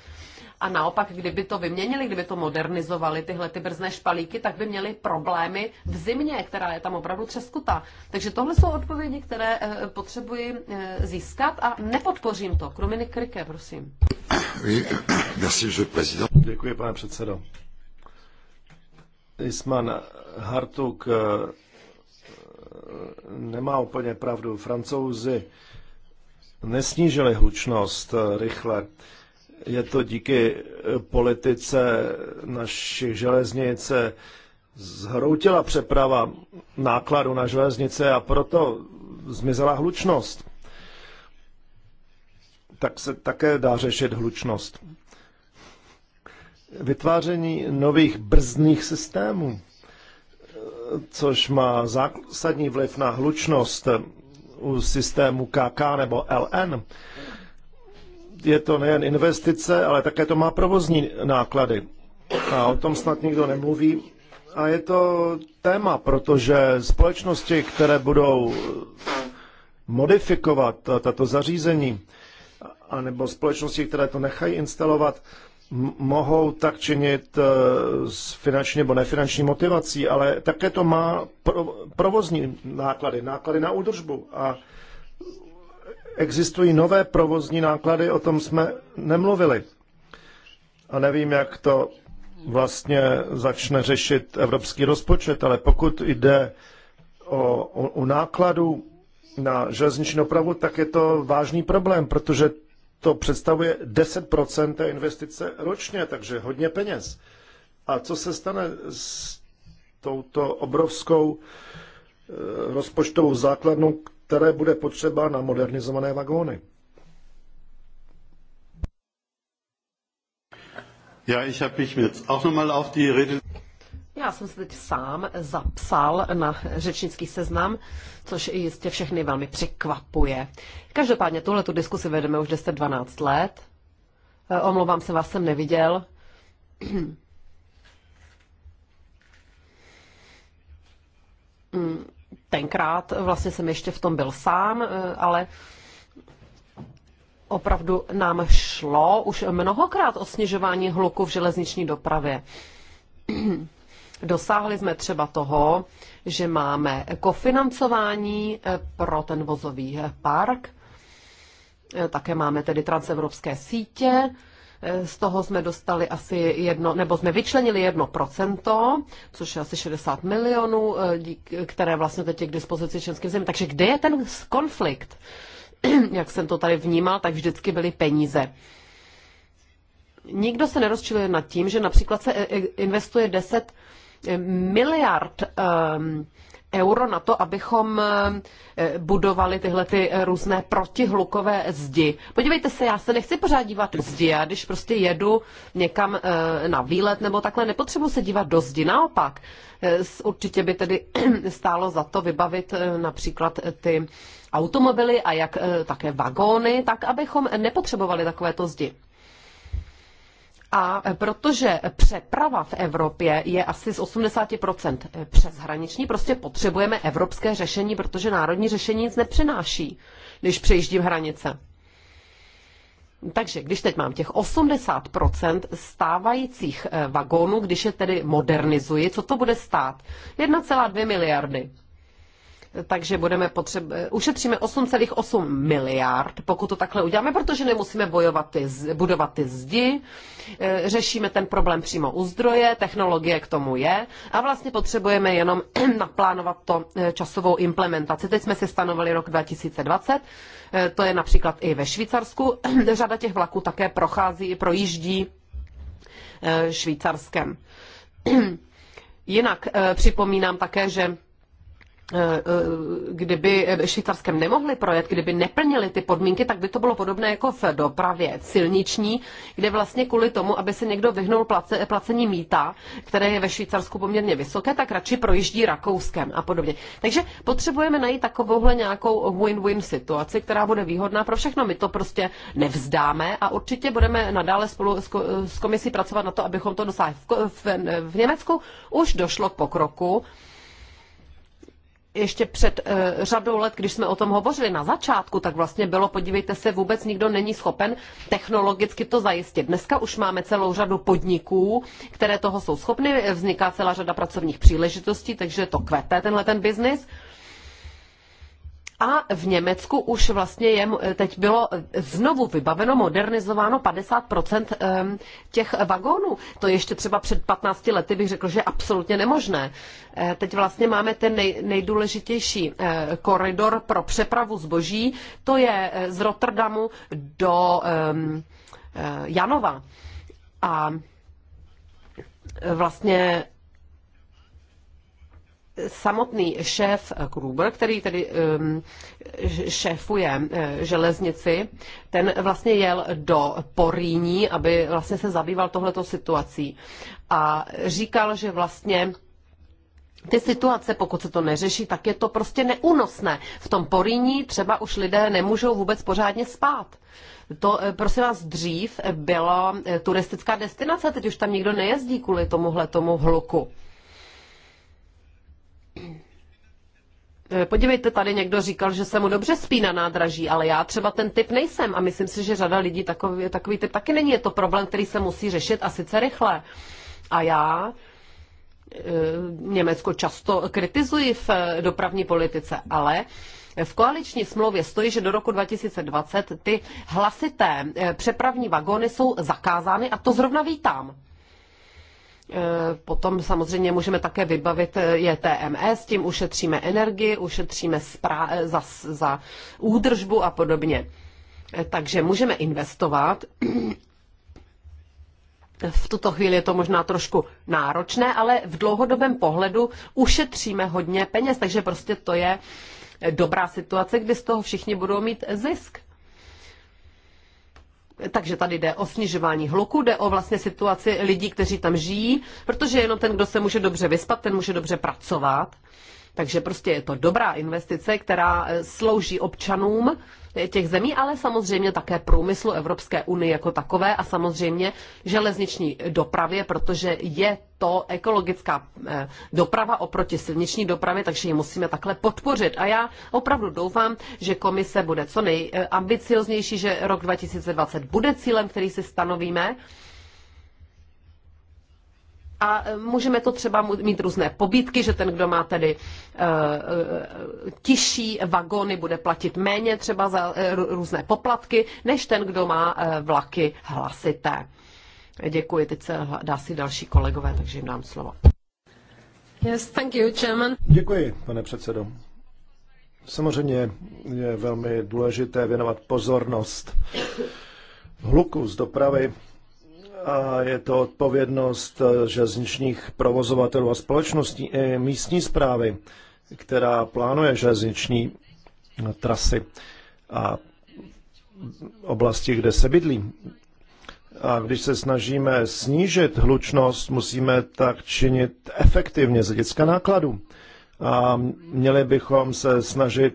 A naopak, kdyby to vyměnili, kdyby to modernizovali, tyhle ty brzné špalíky, tak by měli problémy v zimě, která je tam opravdu třeskutá. Takže tohle jsou odpovědi, které eh, potřebuji eh, získat a nepodpořím to. Kromě Krike, prosím. Děkuji, pane předsedo. Isman Hartuk eh, nemá úplně pravdu. Francouzi nesnížili hlučnost eh, rychle. Je to díky eh, politice našich železnic zhroutila přeprava nákladu na železnice a proto zmizela hlučnost. Tak se také dá řešit hlučnost vytváření nových brzdných systémů, což má zásadní vliv na hlučnost u systému KK nebo LN. Je to nejen investice, ale také to má provozní náklady. A o tom snad nikdo nemluví. A je to téma, protože společnosti, které budou modifikovat tato zařízení, anebo společnosti, které to nechají instalovat, mohou tak činit eh, s finanční nebo nefinanční motivací, ale také to má provozní náklady, náklady na údržbu. A existují nové provozní náklady, o tom jsme nemluvili. A nevím, jak to vlastně začne řešit evropský rozpočet, ale pokud jde o, o, o nákladu na železniční opravu, tak je to vážný problém, protože to představuje 10 té investice ročně, takže hodně peněz. A co se stane s touto obrovskou eh, rozpočtovou základnou, které bude potřeba na modernizované vagóny? Já ich habe mich jetzt auch nochmal auf die Rede... Já jsem se teď sám zapsal na řečnický seznam, což jistě všechny velmi překvapuje. Každopádně tuhle tu diskusi vedeme už 10-12 let. E, omlouvám se, vás jsem neviděl. Tenkrát vlastně jsem ještě v tom byl sám, e, ale opravdu nám šlo už mnohokrát o snižování hluku v železniční dopravě. Dosáhli jsme třeba toho, že máme kofinancování eh, pro ten vozový eh, park, eh, také máme tedy transevropské sítě, z toho jsme dostali asi jedno, nebo jsme vyčlenili jedno procento, což je asi 60 milionů, které vlastně teď je k dispozici českým zemím. Takže kde je ten konflikt? Jak jsem to tady vnímal, tak vždycky byly peníze. Nikdo se nerozčiluje nad tím, že například se investuje 10 miliard ehm, euro na to, abychom eh, budovali tyhle ty eh, různé protihlukové zdi. Podívejte se, já se nechci pořád dívat zdi, já když prostě jedu někam eh, na výlet nebo takhle, nepotřebuji se dívat do zdi, naopak. Určitě by tedy stálo za to vybavit například ty automobily a jak také vagóny, tak abychom nepotřebovali takovéto zdi. A protože přeprava v Evropě je asi z 80% přeshraniční, prostě potřebujeme evropské řešení, protože národní řešení nic nepřináší, když přejíždím hranice. Takže když teď mám těch 80% stávajících eh, vagónů, když je tedy modernizuji, co to bude stát? 1,2 miliardy takže budeme potřeb- ušetříme 8,8 miliard, pokud to takhle uděláme, protože nemusíme bojovat ty, z... budovat ty zdi, eh, řešíme ten problém přímo u zdroje, technologie k tomu je a vlastně potřebujeme jenom naplánovat to eh, časovou implementaci. Teď jsme si stanovili rok 2020, eh, to je například i ve Švýcarsku, řada těch vlaků také prochází i projíždí Švýcarskem. Jinak připomínám také, že Eh, eh, kdyby Švýcarskem nemohli projet, kdyby neplnili ty podmínky, tak by to bylo podobné jako v dopravě silniční, kde vlastně kvůli tomu, aby se někdo vyhnul place, placení míta, které je ve Švýcarsku poměrně vysoké, tak radši projíždí Rakouskem a podobně. Takže potřebujeme najít takovouhle nějakou win-win situaci, která bude výhodná pro všechno. My to prostě nevzdáme a určitě budeme nadále spolu s komisí pracovat na to, abychom to dosáhli. V, v Německu už došlo k pokroku ještě před uh, řadou let, když jsme o tom hovořili na začátku, tak vlastně bylo, podívejte se, vůbec nikdo není schopen technologicky to zajistit. Dneska už máme celou řadu podniků, které toho jsou schopny, vzniká celá řada pracovních příležitostí, takže to kvete tenhle ten biznis. A v Německu už vlastně je, eh, teď bylo eh, znovu vybaveno, modernizováno 50% ehm, těch vagónů. To ještě třeba před 15 lety bych řekl, že je absolutně nemožné. Eh, teď vlastně máme ten nej, nejdůležitější koridor pro přepravu zboží, to je z Rotterdamu do ehm, Janova. A vlastně samotný šéf Kruber, který tedy um, šéfuje uh, železnici, ten vlastně jel do Poríní, aby vlastně se zabýval tohleto situací. A říkal, že vlastně ty situace, pokud se to neřeší, tak je to prostě neúnosné. V tom poríní třeba už lidé nemůžou vůbec pořádně spát. To, eh, prosím vás, dřív byla eh, turistická destinace, teď už tam nikdo nejezdí kvůli tomuhle tomu hluku. Eh, podívejte, tady někdo říkal, že se mu dobře spí na nádraží, ale já třeba ten typ nejsem a myslím si, že řada lidí takový, takový typ taky není. Je to problém, který se musí řešit a sice rychle. A já eh, Německo často kritizuji v eh, dopravní politice, ale v koaliční smlouvě stojí, že do roku 2020 ty hlasité přepravní vagóny jsou zakázány a to zrovna vítám. Eh, potom samozřejmě můžeme také vybavit JTMS, eh, e tím ušetříme energii, ušetříme eh, za, za údržbu a podobně. Takže můžeme investovat. V tuto chvíli je to možná trošku náročné, ale v dlouhodobém pohledu ušetříme hodně peněz, takže prostě to je dobrá situace, kdy z toho všichni budou mít zisk takže tady jde o snižování hluku, jde o vlastně situaci lidí, kteří tam žijí, protože jenom ten, kdo se může dobře vyspat, ten může dobře pracovat. Takže prostě je to dobrá investice, která eh, slouží občanům těch zemí, ale samozřejmě také průmyslu Evropské unie jako takové a samozřejmě železniční dopravě, protože je to ekologická eh, doprava oproti silniční dopravě, takže ji musíme takhle podpořit. A já opravdu doufám, že komise bude co nejambicioznější, eh, že rok 2020 bude cílem, který si stanovíme. A e, můžeme to třeba mít různé pobídky, že ten, kdo má tedy uh, vagony, bude platit méně třeba za různé poplatky, než ten, kdo má vlaky hlasité. Děkuji, teď se dá si další kolegové, takže jim dám slovo. Yes, thank you, chairman. Děkuji, pane předsedo. Samozřejmě je velmi důležité věnovat pozornost hluku z dopravy a je to odpovědnost eh, železničních provozovatelů a společností i eh, místní zprávy, která plánuje železniční eh, trasy a oblasti, kde se bydlí. A když se snažíme snížit hlučnost, musíme tak činit efektivně z hlediska nákladů. A měli bychom se snažit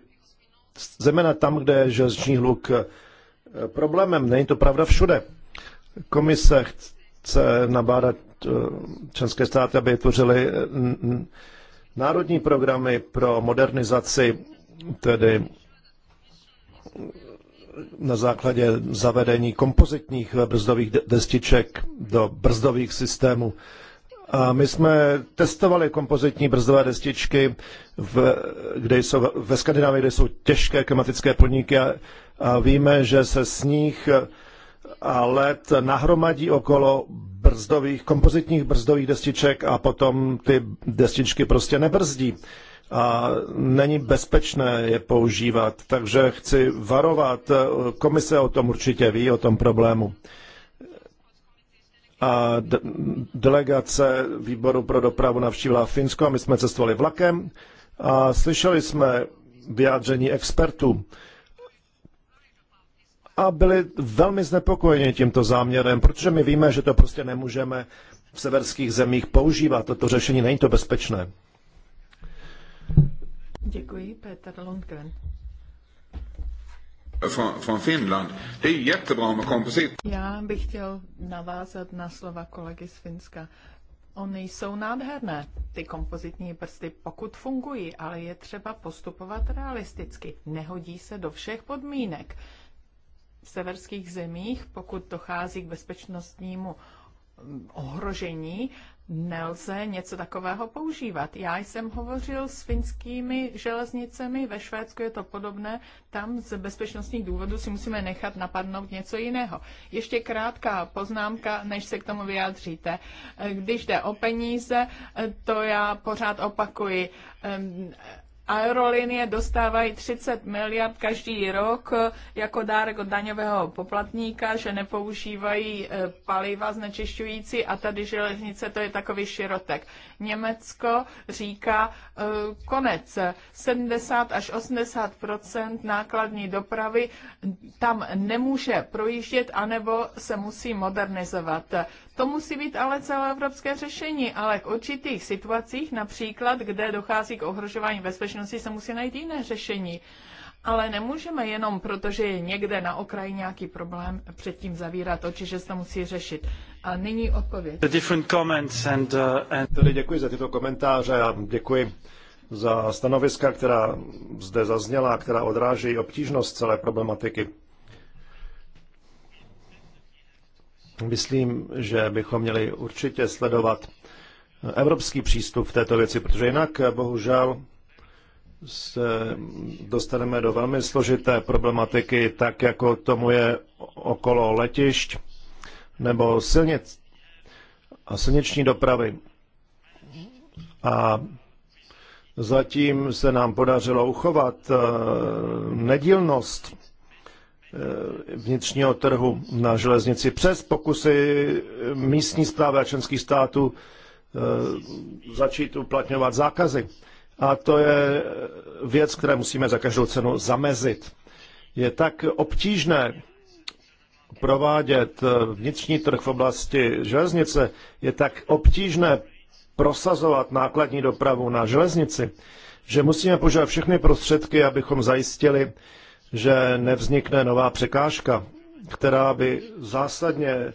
zejména tam, kde je železniční hluk problémem. Není to pravda všude. Komise chce nabádat eh, členské státy, aby vytvořily eh, národní programy pro modernizaci, tedy na základě zavedení kompozitních brzdových destiček do brzdových systémů. A my jsme testovali kompozitní brzdové destičky, v, kde jsou, ve Skandinávii, kde jsou těžké klimatické podniky a, a víme, že se z nich a led nahromadí okolo brzdových, kompozitních brzdových destiček a potom ty destičky prostě nebrzdí. A není bezpečné je používat, takže chci varovat. Komise o tom určitě ví, o tom problému. A delegace výboru pro dopravu navštívila Finsko a my jsme cestovali vlakem a slyšeli jsme vyjádření expertů a byli velmi znepokojeni tímto záměrem, protože my víme, že to prostě nemůžeme v severských zemích používat. Toto řešení není to bezpečné. Děkuji, Peter Lundgren. Er Já bych chtěl navázat na slova kolegy z Finska. Ony jsou nádherné, ty kompozitní prsty, pokud fungují, ale je třeba postupovat realisticky. Nehodí se do všech podmínek v severských zemích, pokud dochází k bezpečnostnímu mm, ohrožení, nelze něco takového používat. Já jsem hovořil s finskými železnicemi, ve Švédsku je to podobné, tam z bezpečnostních důvodů si musíme nechat napadnout něco jiného. Ještě krátká poznámka, než se k tomu vyjádříte. Když jde o peníze, to já pořád opakuji Aerolinie dostávají 30 miliard každý rok jako dárek od daňového poplatníka, že nepoužívají eh, paliva znečišťující a tady železnice to je takový širotek. Německo říká e, konec. 70 až 80 nákladní dopravy tam nemůže projíždět anebo se musí modernizovat. To musí být ale celoevropské řešení, ale k určitých situacích, například kde dochází k ohrožování bezpečnosti, se musí najít jiné řešení ale nemůžeme jenom, protože je někde na okraji nějaký problém, předtím zavírat oči, že se to musí řešit. A nyní odpověď. The different comments and, uh, and... Tady děkuji za tyto komentáře a děkuji za stanoviska, která zde zazněla, která odráží obtížnost celé problematiky. Myslím, že bychom měli určitě sledovat evropský přístup v této věci, protože jinak bohužel se dostaneme do velmi složité problematiky, tak jako tomu je okolo letišť nebo silnic a silniční dopravy. A zatím se nám podařilo uchovat eh, nedílnost eh, vnitřního trhu na železnici přes pokusy místní zprávy a členských států eh, začít uplatňovat zákazy. A to je věc, které musíme za každou cenu zamezit. Je tak obtížné provádět eh, vnitřní trh v oblasti železnice, je tak obtížné prosazovat nákladní dopravu na železnici, že musíme požívat všechny prostředky, abychom zajistili, že nevznikne nová překážka, která by zásadně eh,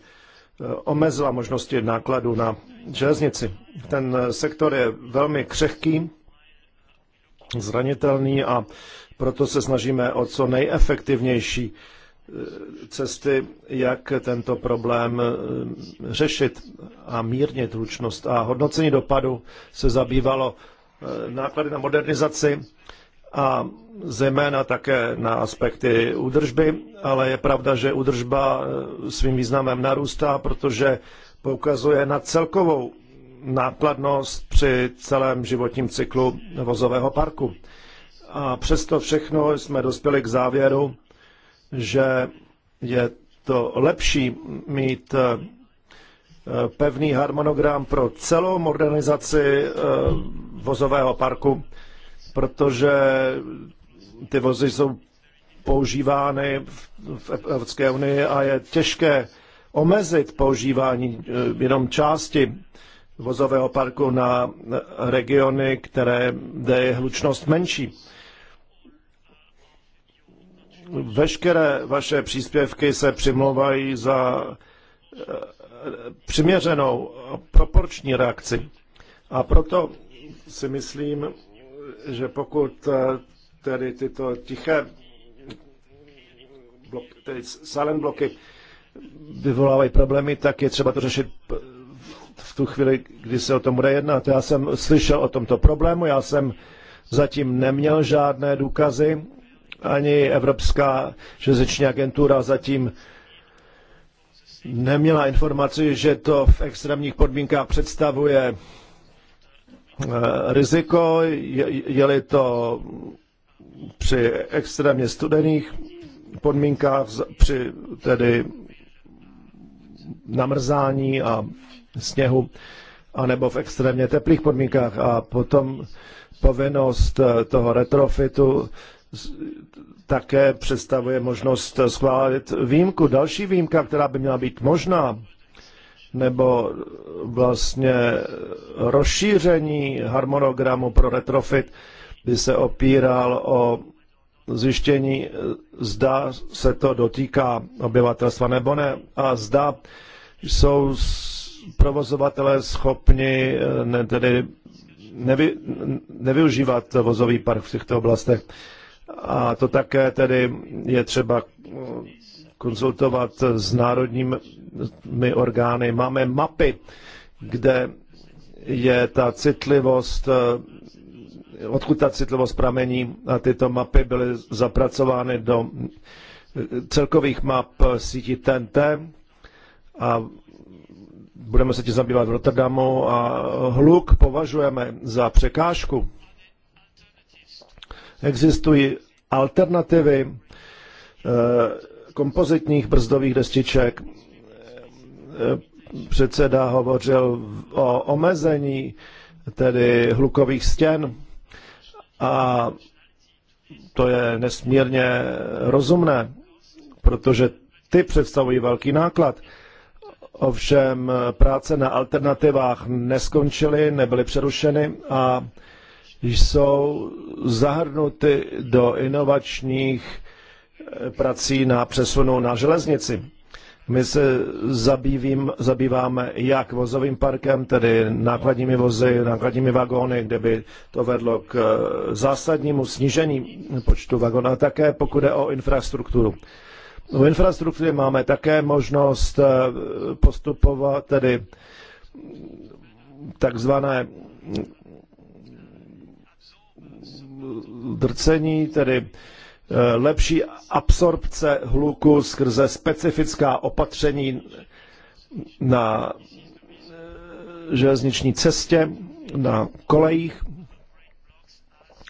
omezila možnosti nákladu na železnici. Ten sektor je velmi křehký zranitelný a proto se snažíme o co nejefektivnější eh, cesty, jak tento problém eh, řešit a mírnit hlučnost. A hodnocení dopadu se zabývalo eh, náklady na modernizaci a zejména také na aspekty údržby, ale je pravda, že údržba svým významem narůstá, protože poukazuje na celkovou nákladnost při celém životním cyklu vozového parku. A přesto všechno jsme dospěli k závěru, že je to lepší mít eh, pevný harmonogram pro celou modernizaci eh, vozového parku, protože ty vozy jsou používány v Evropské unii a je těžké omezit používání eh, jenom části vozového parku na regiony, které, kde je hlučnost menší. Veškeré vaše příspěvky se přimlouvají za eh, přiměřenou proporční reakci. A proto si myslím, že pokud eh, tedy tyto tiché bloky, tedy silent bloky vyvolávají problémy, tak je třeba to řešit eh, v tu chvíli, kdy se o tom bude jednat. Já jsem slyšel o tomto problému, já jsem zatím neměl žádné důkazy, ani Evropská železniční agentura zatím neměla informaci, že to v extrémních podmínkách představuje eh, riziko, je-li to při extrémně studených podmínkách, při tedy namrzání a sněhu anebo v extrémně teplých podmínkách a potom povinnost eh, toho retrofitu také představuje možnost schválit výjimku. Další výjimka, která by měla být možná, nebo vlastně rozšíření harmonogramu pro retrofit, by se opíral o zjištění, eh, zda se to dotýká obyvatelstva nebo ne a zda jsou Provozovatelé schopni eh, ne, tedy nevy, nevyužívat vozový park v těchto oblastech. A to také tedy je třeba eh, konzultovat s národními orgány. Máme mapy, kde je ta citlivost, eh, odkud ta citlivost pramení a tyto mapy byly zapracovány do celkových map sítí TNT a budeme se tím zabývat v Rotterdamu a hluk považujeme za překážku. Existují alternativy eh, kompozitních brzdových destiček. Eh, předseda hovořil o omezení tedy hlukových stěn a to je nesmírně rozumné, protože ty představují velký náklad. Ovšem práce na alternativách neskončily, nebyly přerušeny a jsou zahrnuty do inovačních eh, prací na přesunu na železnici. My se zabývím, zabýváme jak vozovým parkem, tedy nákladními vozy, nákladními vagóny, kde by to vedlo k eh, zásadnímu snížení počtu vagónů, a také pokud jde o infrastrukturu. V infrastruktuře máme také možnost eh, postupovat, tedy takzvané drcení, tedy eh, lepší absorpce hluku skrze specifická opatření na eh, železniční cestě, na kolejích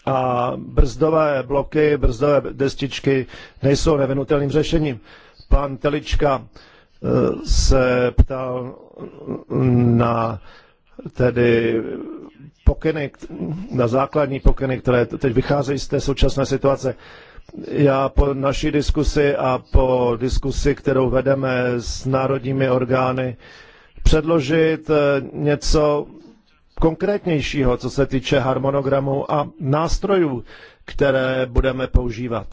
a brzdové bloky, brzdové destičky nejsou nevinutelným řešením. Pan Telička eh, se ptal na tedy pokyny, na základní pokyny, které teď vycházejí z té současné situace. Já po naší diskusi a po diskusi, kterou vedeme s národními orgány, předložit eh, něco, konkrétnějšího, co se týče harmonogramu a nástrojů, které budeme používat.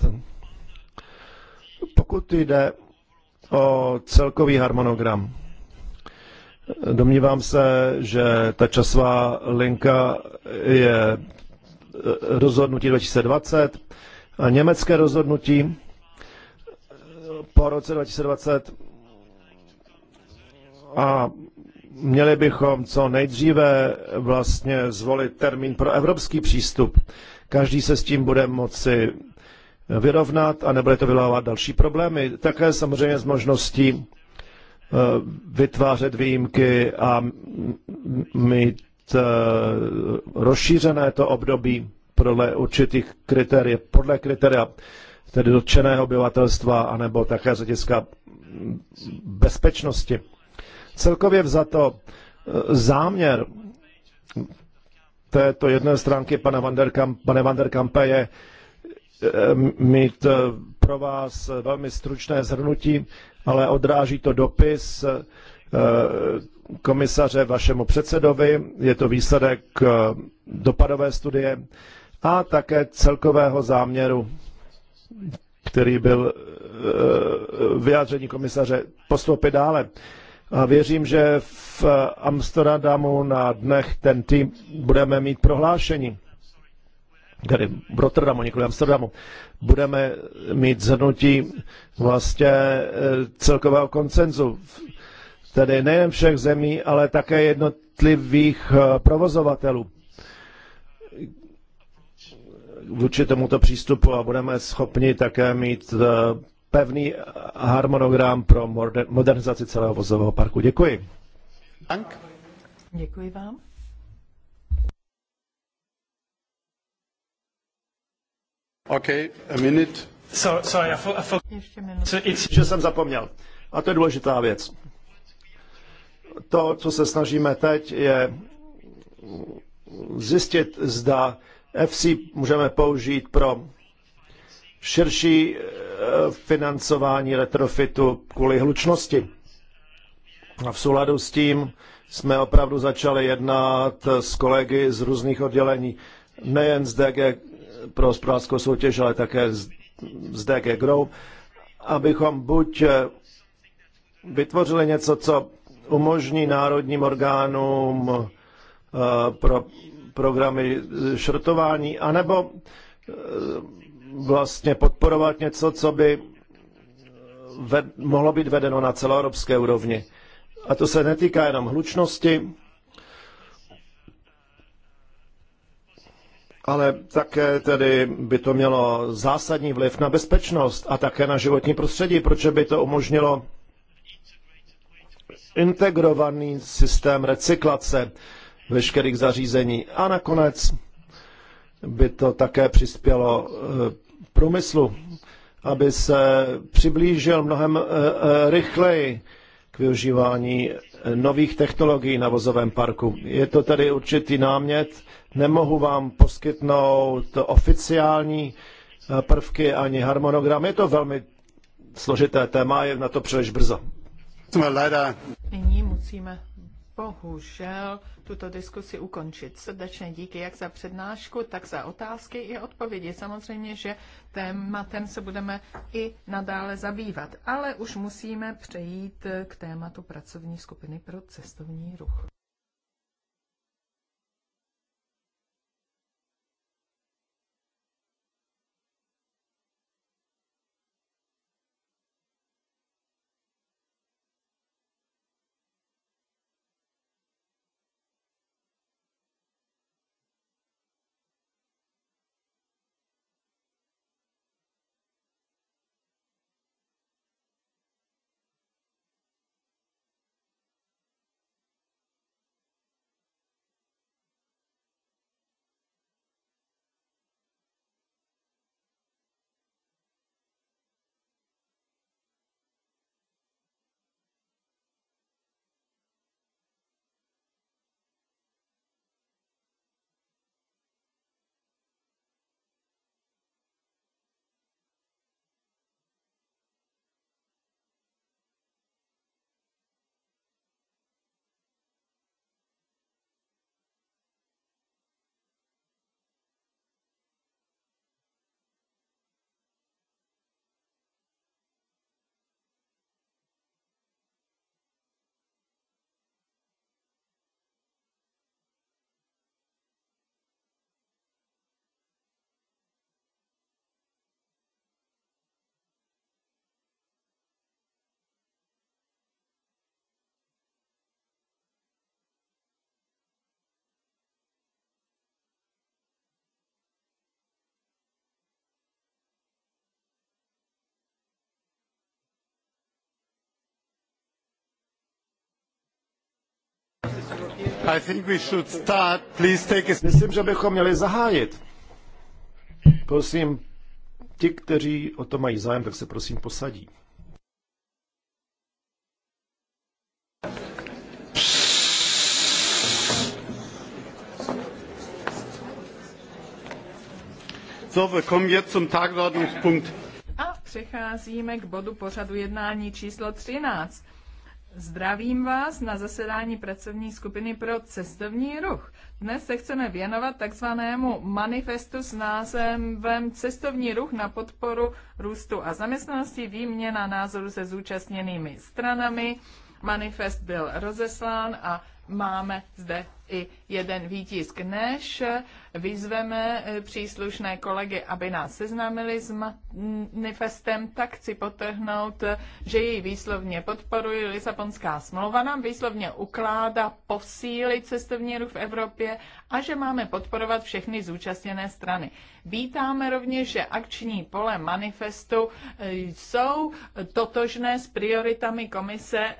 Pokud jde o celkový harmonogram, domnívám se, že ta časová linka je rozhodnutí 2020 a německé rozhodnutí po roce 2020 a Měli bychom co nejdříve vlastně zvolit termín pro evropský přístup. Každý se s tím bude moci vyrovnat a nebude to vyvolávat další problémy. Také samozřejmě s možností eh, vytvářet výjimky a mít eh, rozšířené to období podle určitých kritérií, podle kritéria tedy dotčeného obyvatelstva, anebo také z hlediska bezpečnosti. Celkově vzato e, záměr této jedné stránky pana Van der Kamp, pane Van der Kampe je e, mít e, pro vás velmi stručné zhrnutí, ale odráží to dopis komisaře vašemu předsedovi, je to výsledek dopadové studie a také celkového záměru, který byl vyjádření komisaře postoupit dále. A věřím, že v Amsterdamu na dnech ten tým budeme mít prohlášení, Tady v Rotterdamu, nikoli Amsterdamu, budeme mít zhrnutí vlastně eh, celkového koncenzu, tedy nejen všech zemí, ale také jednotlivých eh, provozovatelů vůči tomuto přístupu a budeme schopni také mít eh, pevný harmonogram pro modernizaci celého vozového parku. Děkuji. Tank. Děkuji vám. Okay, a minute. So, sorry, I for, I for... Ještě So it's... Že jsem zapomněl. A to je důležitá věc. To, co se snažíme teď, je zjistit, zda FC můžeme použít pro širší eh, financování retrofitu kvůli hlučnosti. A v souladu s tím jsme opravdu začali jednat s kolegy z různých oddělení, nejen z DG pro hospodářskou soutěž, ale také z DG Grow, abychom buď eh, vytvořili něco, co umožní národním orgánům eh, pro programy šrotování, anebo vlastně podporovat něco, co by ved, mohlo být vedeno na celoevropské úrovni. A to se netýká jenom hlučnosti, ale také tedy by to mělo zásadní vliv na bezpečnost a také na životní prostředí, protože by to umožnilo integrovaný systém recyklace veškerých zařízení. A nakonec by to také přispělo eh, průmyslu, aby se přiblížil mnohem eh, eh, rychleji k využívání nových technologií na vozovém parku. Je to tady určitý námět, nemohu vám poskytnout oficiální eh, prvky ani harmonogram. Je to velmi složité téma, je na to příliš brzo. Nyní musíme bohužel tuto diskusi ukončit. Srdečně díky jak za přednášku, tak za otázky i odpovědi. Samozřejmě, že tématem se budeme i nadále zabývat, ale už musíme přejít k tématu pracovní skupiny pro cestovní ruch. Myslím, že bychom měli zahájit. Prosím, ti, kteří o to mají zájem, tak se prosím posadí. So, wir kommen jetzt zum Tagesordnungspunkt. A přecházíme k bodu pořadu jednání číslo 13 Zdravím vás na zasedání pracovní skupiny pro cestovní ruch. Dnes se chceme věnovat takzvanému manifestu s názvem Cestovní ruch na podporu růstu a zaměstnanosti výměna názoru se zúčastněnými stranami. Manifest byl rozeslán a máme zde i jeden výtisk. Než vyzveme eh, příslušné kolegy, aby nás seznámili s manifestem, tak chci potrhnout, eh, že jej výslovně podporuje Lisabonská smlouva, nám výslovně ukládá posílit cestovní ruch v Evropě a že máme podporovat všechny zúčastněné strany. Vítáme rovněž, že akční pole manifestu eh, jsou totožné s prioritami komise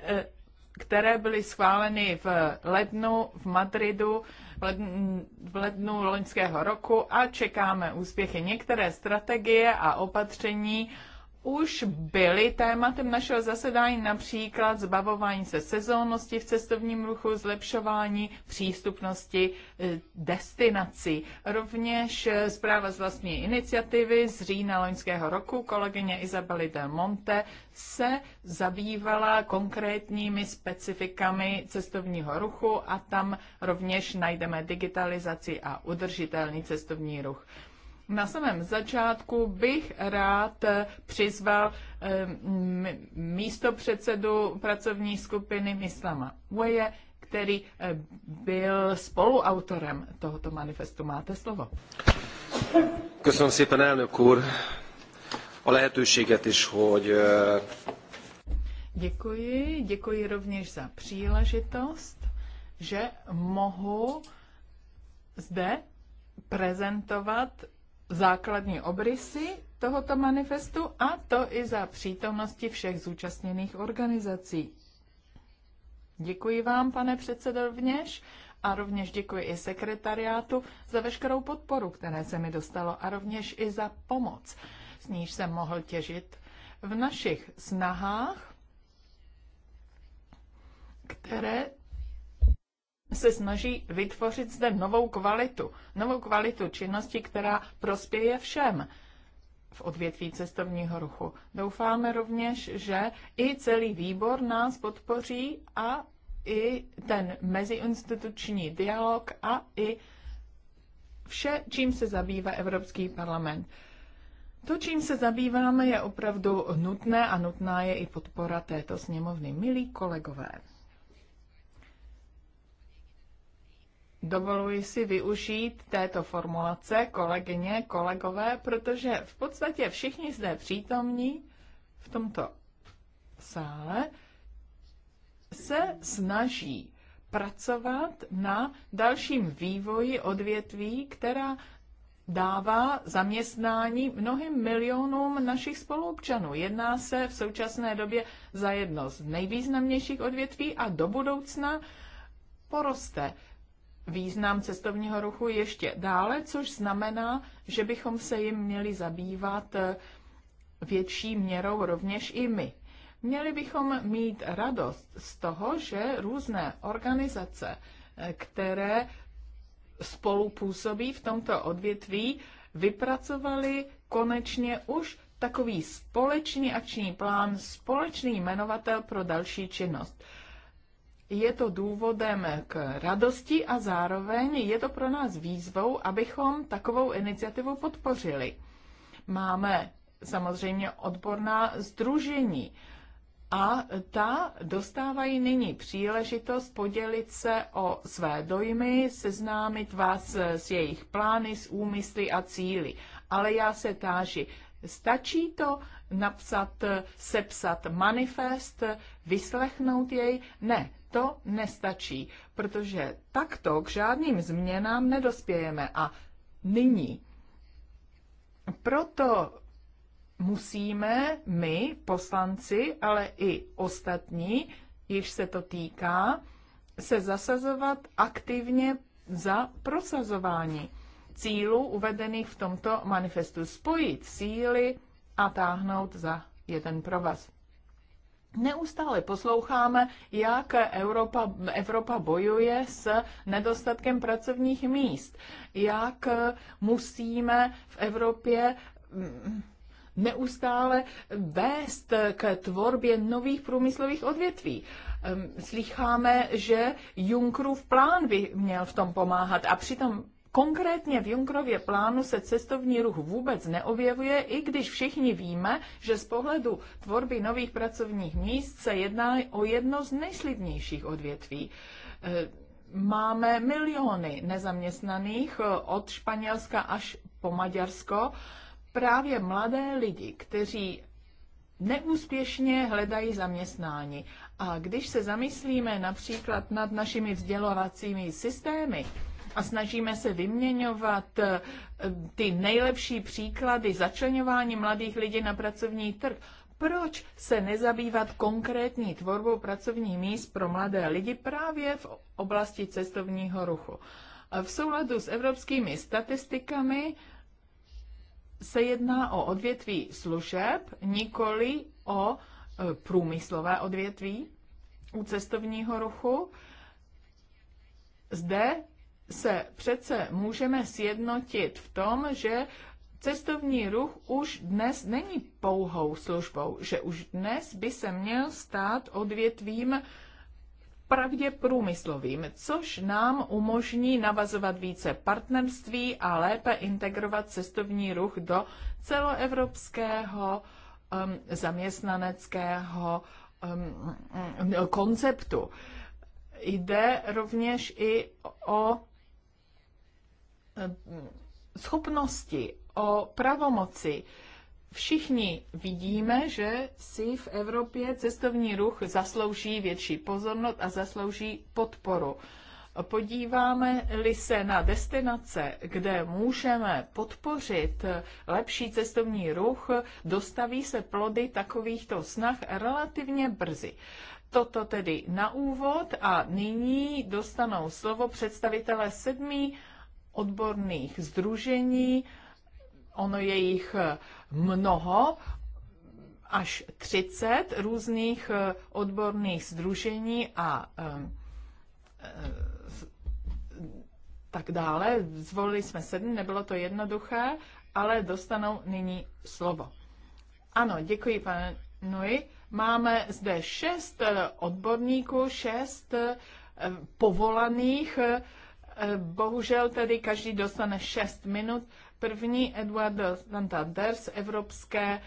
které byly schváleny v lednu v Madridu v lednu, v lednu loňského roku a čekáme úspěchy. Některé strategie a opatření už byly tématem našeho zasedání, například zbavování se sezónnosti v cestovním ruchu, zlepšování přístupnosti eh, destinací. Rovněž eh, zpráva z vlastní iniciativy z října loňského roku kolegyně Izabely del Monte se zabývala konkrétními specifikami cestovního ruchu a tam rovněž najdeme digitalizaci a udržitelný cestovní ruch. Na samém začátku bych rád eh, přizval eh, místo předsedu pracovní skupiny Mislama Uje, který eh, byl spoluautorem tohoto manifestu. Máte slovo. Köszönöm szépen, elnök úr, a lehetőséget is, hogy... Děkuji, děkuji rovněž za příležitost, že mohu zde prezentovat základní obrysy tohoto manifestu a to i za přítomnosti všech zúčastněných organizací. Děkuji vám, pane předsedo, rovněž a rovněž děkuji i sekretariátu za veškerou podporu, které se mi dostalo a rovněž i za pomoc, s níž jsem mohl těžit v našich snahách, které se snaží vytvořit zde novou kvalitu. Novou kvalitu činnosti, která prospěje všem v odvětví cestovního ruchu. Doufáme rovněž, že i celý výbor nás podpoří a i ten meziinstituční dialog a i vše, čím se zabývá Evropský parlament. To, čím se zabýváme, je opravdu nutné a nutná je i podpora této sněmovny. Milí kolegové, Dovoluji si využít této formulace, kolegyně, kolegové, protože v podstatě všichni zde přítomní v tomto sále se snaží pracovat na dalším vývoji odvětví, která dává zaměstnání mnohým milionům našich spoluobčanů. Jedná se v současné době za jedno z nejvýznamnějších odvětví a do budoucna poroste význam cestovního ruchu ještě dále, což znamená, že bychom se jim měli zabývat eh, větší měrou rovněž i my. Měli bychom mít radost z toho, že různé organizace, eh, které spolupůsobí v tomto odvětví, vypracovali konečně už takový společný akční plán, společný jmenovatel pro další činnost je to důvodem k radosti a zároveň je to pro nás výzvou, abychom takovou iniciativu podpořili. Máme samozřejmě odborná združení a ta dostávají nyní příležitost podělit se o své dojmy, seznámit vás s jejich plány, s úmysly a cíly. Ale já se táži, Stačí to napsat, sepsat manifest, vyslechnout jej? Ne, to nestačí, protože takto k žádným změnám nedospějeme. A nyní. Proto musíme my, poslanci, ale i ostatní, již se to týká, se zasazovat aktivně za prosazování cílů uvedených v tomto manifestu, spojit síly a táhnout za jeden provaz. Neustále posloucháme, jak Evropa, Evropa bojuje s nedostatkem pracovních míst, jak musíme v Evropě mm, neustále vést k tvorbě nových průmyslových odvětví. Slycháme, že Junckerův plán by měl v tom pomáhat a přitom Konkrétně v Junkrově plánu se cestovní ruch vůbec neobjevuje, i když všichni víme, že z pohledu tvorby nových pracovních míst se jedná o jedno z nejslibnějších odvětví. Eh, máme miliony nezaměstnaných eh, od Španělska až po Maďarsko. Právě mladé lidi, kteří neúspěšně hledají zaměstnání. A když se zamyslíme například nad našimi vzdělovacími systémy, a snažíme se vyměňovat eh, ty nejlepší příklady začlenování mladých lidí na pracovní trh. Proč se nezabývat konkrétní tvorbou pracovních míst pro mladé lidi právě v oblasti cestovního ruchu? Eh, v souladu s evropskými statistikami se jedná o odvětví služeb, nikoli o eh, průmyslové odvětví u cestovního ruchu. Zde se přece můžeme sjednotit v tom, že cestovní ruch už dnes není pouhou službou, že už dnes by se měl stát odvětvím pravdě průmyslovým, což nám umožní navazovat více partnerství a lépe integrovat cestovní ruch do celoevropského um, zaměstnaneckého um, mm, mm, konceptu. Jde rovněž i o Eh, schopnosti, o pravomoci. Všichni vidíme, že si v Evropě cestovní ruch zaslouží větší pozornost a zaslouží podporu. Podíváme-li se na destinace, kde můžeme podpořit lepší cestovní ruch, dostaví se plody takovýchto snah relativně brzy. Toto tedy na úvod a nyní dostanou slovo představitelé sedmi odborných združení, ono je jich eh, mnoho, až 30 různých eh, odborných združení a eh, tak dále. Zvolili jsme sedm, nebylo to jednoduché, ale dostanou nyní slovo. Ano, děkuji, pane Nui. Máme zde šest odborníků, šest povolaných Bohužel tedy každý dostane 6 minut. První Eduardo Santander z Evropské e,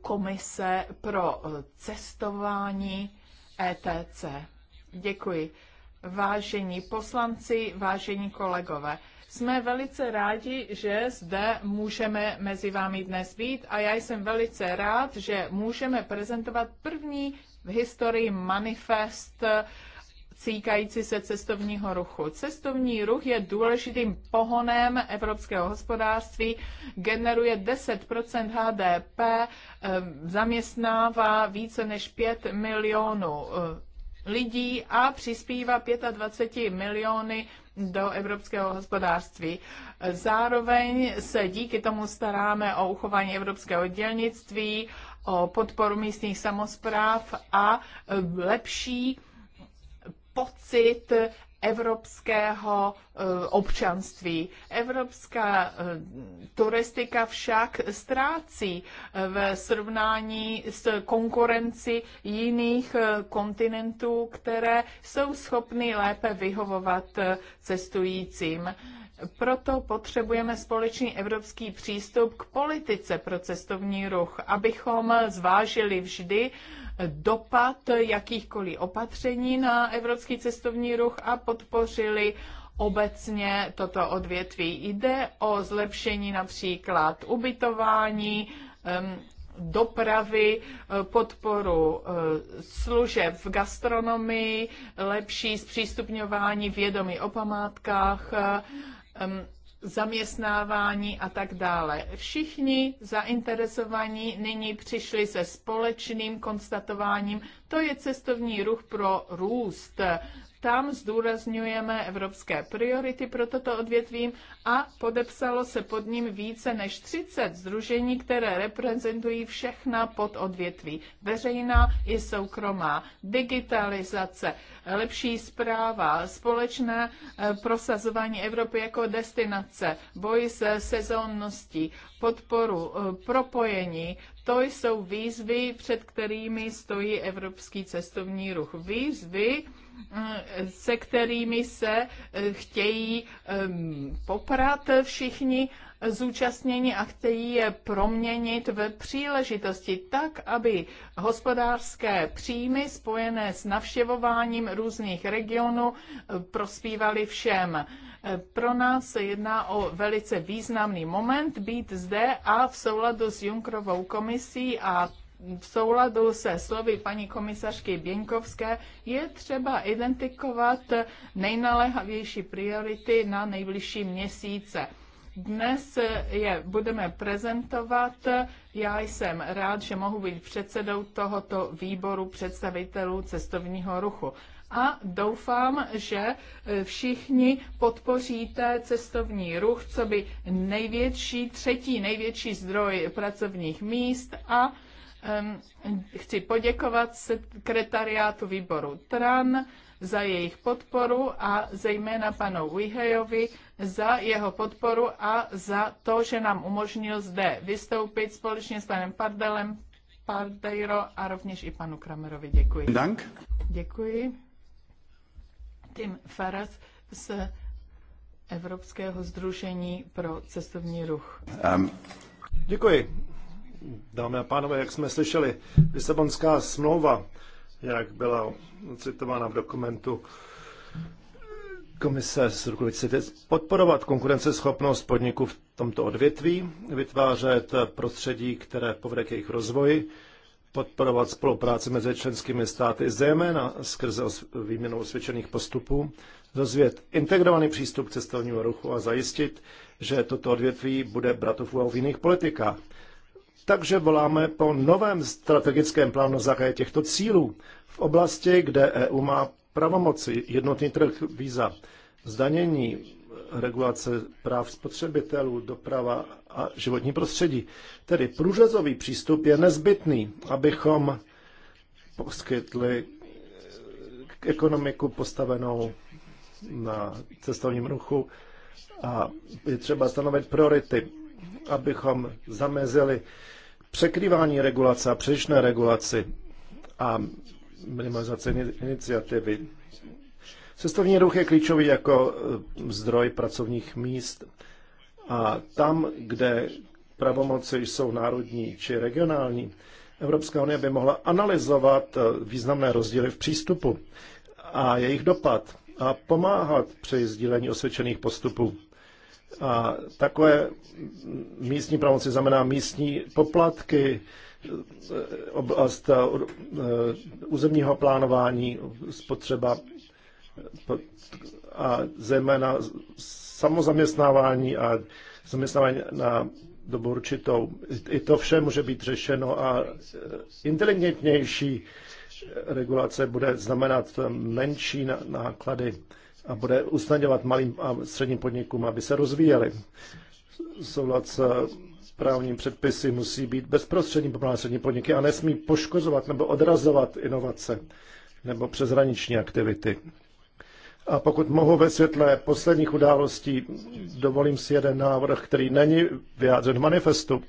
komise pro e, cestování ETC. Děkuji. Vážení poslanci, vážení kolegové, jsme velice rádi, že zde můžeme mezi vámi dnes být a já jsem velice rád, že můžeme prezentovat první v historii manifest uh, cíkající se cestovního ruchu. Cestovní ruch je důležitým pohonem evropského hospodářství, generuje 10 HDP, eh, zaměstnává více než 5 milionů eh, lidí a přispívá 25 miliony do evropského hospodářství. Zároveň se díky tomu staráme o uchování evropského dělnictví, o podporu místních samozpráv a lepší pocit evropského eh, občanství. Evropská eh, turistika však ztrácí eh, v srovnání s konkurenci jiných kontinentů, které jsou schopny lépe vyhovovat cestujícím. Proto potřebujeme společný evropský přístup k politice pro cestovní ruch, abychom zvážili vždy dopad jakýchkoliv opatření na evropský cestovní ruch a podpořili obecně toto odvětví. Jde o zlepšení například ubytování, dopravy, podporu e, služeb v gastronomii, lepší zpřístupňování vědomí o památkách, Um, zaměstnávání a tak dále. Všichni zainteresovaní nyní přišli se společným konstatováním, to je cestovní ruch pro růst. Tam zdůrazňujeme evropské priority pro toto odvětví a podepsalo se pod ním více než 30 združení, které reprezentují všechna pododvětví. Veřejná i soukromá, digitalizace, lepší zpráva, společné eh, prosazování Evropy jako destinace, boj se sezónností, podporu, eh, propojení, to jsou výzvy, před kterými stojí evropský cestovní ruch. Výzvy, se kterými se eh, chtějí ehm, poprat všichni zúčastnění a chtějí je proměnit ve příležitosti tak, aby hospodářské příjmy spojené s navštěvováním různých regionů eh, prospívaly všem. Eh, pro nás se jedná o velice významný moment být zde a v souladu s Junkrovou komisí a v souladu se slovy paní komisařky Běňkovské je třeba identifikovat nejnaléhavější priority na nejbližší měsíce. Dnes je budeme prezentovat. Já jsem rád, že mohu být předsedou tohoto výboru představitelů cestovního ruchu. A doufám, že e, všichni podpoříte cestovní ruch, co by největší, třetí největší zdroj pracovních míst a chci poděkovat sekretariátu výboru TRAN za jejich podporu a zejména panu Uihejovi za jeho podporu a za to, že nám umožnil zde vystoupit společně s panem Pardelem, Pardeiro a rovněž i panu Kramerovi. Děkuji. Dank. Děkuji. Tim Faras z Evropského združení pro cestovní ruch. Um. Děkuji. Dámy a pánové, jak jsme slyšeli, Lisabonská smlouva, jak byla citována v dokumentu Komise z roku 2010, podporovat konkurenceschopnost podniků v tomto odvětví, vytvářet prostředí, které povede k jejich rozvoji, podporovat spolupráci mezi členskými státy, zejména skrze výměnu osvědčených postupů, rozvíjet integrovaný přístup k cestovnímu ruchu a zajistit, že toto odvětví bude brát v jiných politikách. Takže voláme po novém strategickém plánu zahraje těchto cílů v oblasti, kde EU má pravomoci, jednotný trh víza, zdanění, regulace práv spotřebitelů, doprava a životní prostředí. Tedy průřezový přístup je nezbytný, abychom poskytli eh, ekonomiku postavenou na cestovním ruchu a je třeba stanovit priority, abychom zamezili překrývání regulace a přílišné regulaci a minimalizace iniciativy. Cestovní ruch je klíčový jako eh, zdroj pracovních míst a tam, kde pravomoci jsou národní či regionální, Evropská unie by mohla analyzovat eh, významné rozdíly v přístupu a jejich dopad a pomáhat při sdílení osvědčených postupů. A takové místní pravomoci znamená místní poplatky, oblast eh, eh, územního plánování, spotřeba a zejména samozaměstnávání a zaměstnávání na dobu určitou. I to vše může být řešeno a eh, inteligentnější regulace bude znamenat menší náklady a bude usnadňovat malým a středním podnikům, aby se rozvíjeli. Soulad s právním předpisy musí být bezprostřední pro malé střední podniky a nesmí poškozovat nebo odrazovat inovace nebo přeshraniční aktivity. A pokud mohu ve světle posledních událostí, dovolím si jeden návrh, který není vyjádřen v manifestu.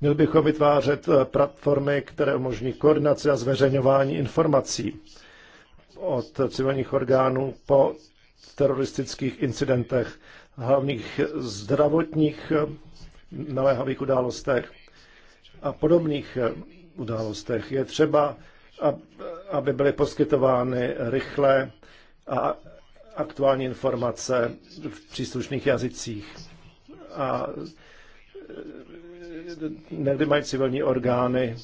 Měl bychom vytvářet eh, platformy, které umožní koordinaci a zveřejňování informací od civilních orgánů po teroristických incidentech, hlavních zdravotních naléhavých událostech a podobných událostech. Je třeba, aby byly poskytovány rychlé a aktuální informace v příslušných jazycích. A e, někdy mají civilní orgány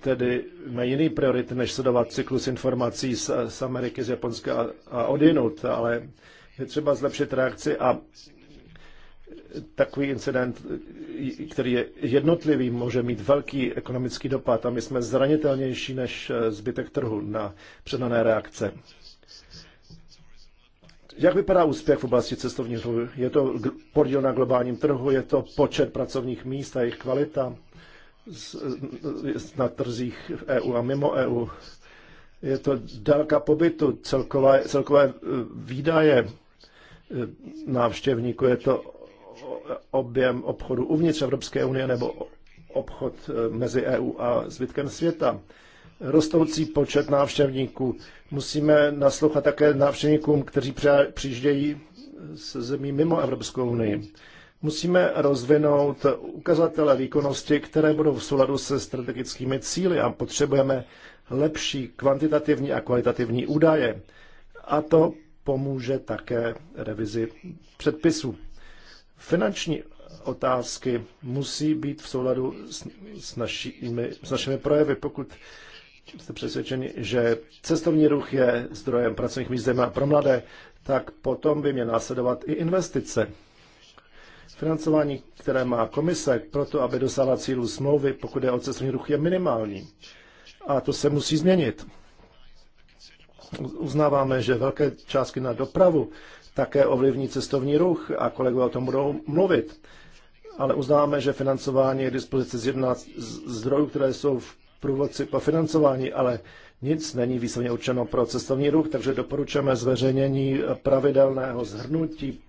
tedy má jiný priority, než sledovat cyklus informací z, z Ameriky, z Japonska a, a odjinut, ale je třeba zlepšit reakci a takový incident, který je jednotlivý, může mít velký ekonomický dopad a my jsme zranitelnější než eh, zbytek trhu na předané reakce. Jak vypadá úspěch v oblasti cestovního Je to podíl na globálním trhu, je to počet pracovních míst a jejich kvalita, na trzích v EU a mimo EU. Je to délka pobytu, celkové, celkové e, výdaje e, návštěvníků, je to objem obchodu uvnitř Evropské unie nebo obchod e, mezi EU a zbytkem světa. Rostoucí počet návštěvníků. Musíme naslouchat také návštěvníkům, kteří přijíždějí z zemí mimo Evropskou unii. Musíme rozvinout ukazatele výkonnosti, které budou v souladu se strategickými cíly a potřebujeme lepší kvantitativní a kvalitativní údaje. A to pomůže také revizi předpisů. Finanční otázky musí být v souladu s, s, našimi, s našimi projevy, pokud jste přesvědčeni, že cestovní ruch je zdrojem pracovních míst zejména pro mladé, tak potom by mě následovat i investice. Financování, které má komise proto, aby dosáhla cílu smlouvy, pokud je o cestovní ruch, je minimální. A to se musí změnit. Uznáváme, že velké částky na dopravu také ovlivní cestovní ruch a kolegové o tom budou mluvit. Ale uznáváme, že financování je k dispozici z 11 zdrojů, které jsou v průvodci po financování, ale nic není výslovně určeno pro cestovní ruch, takže doporučujeme zveřejnění pravidelného zhrnutí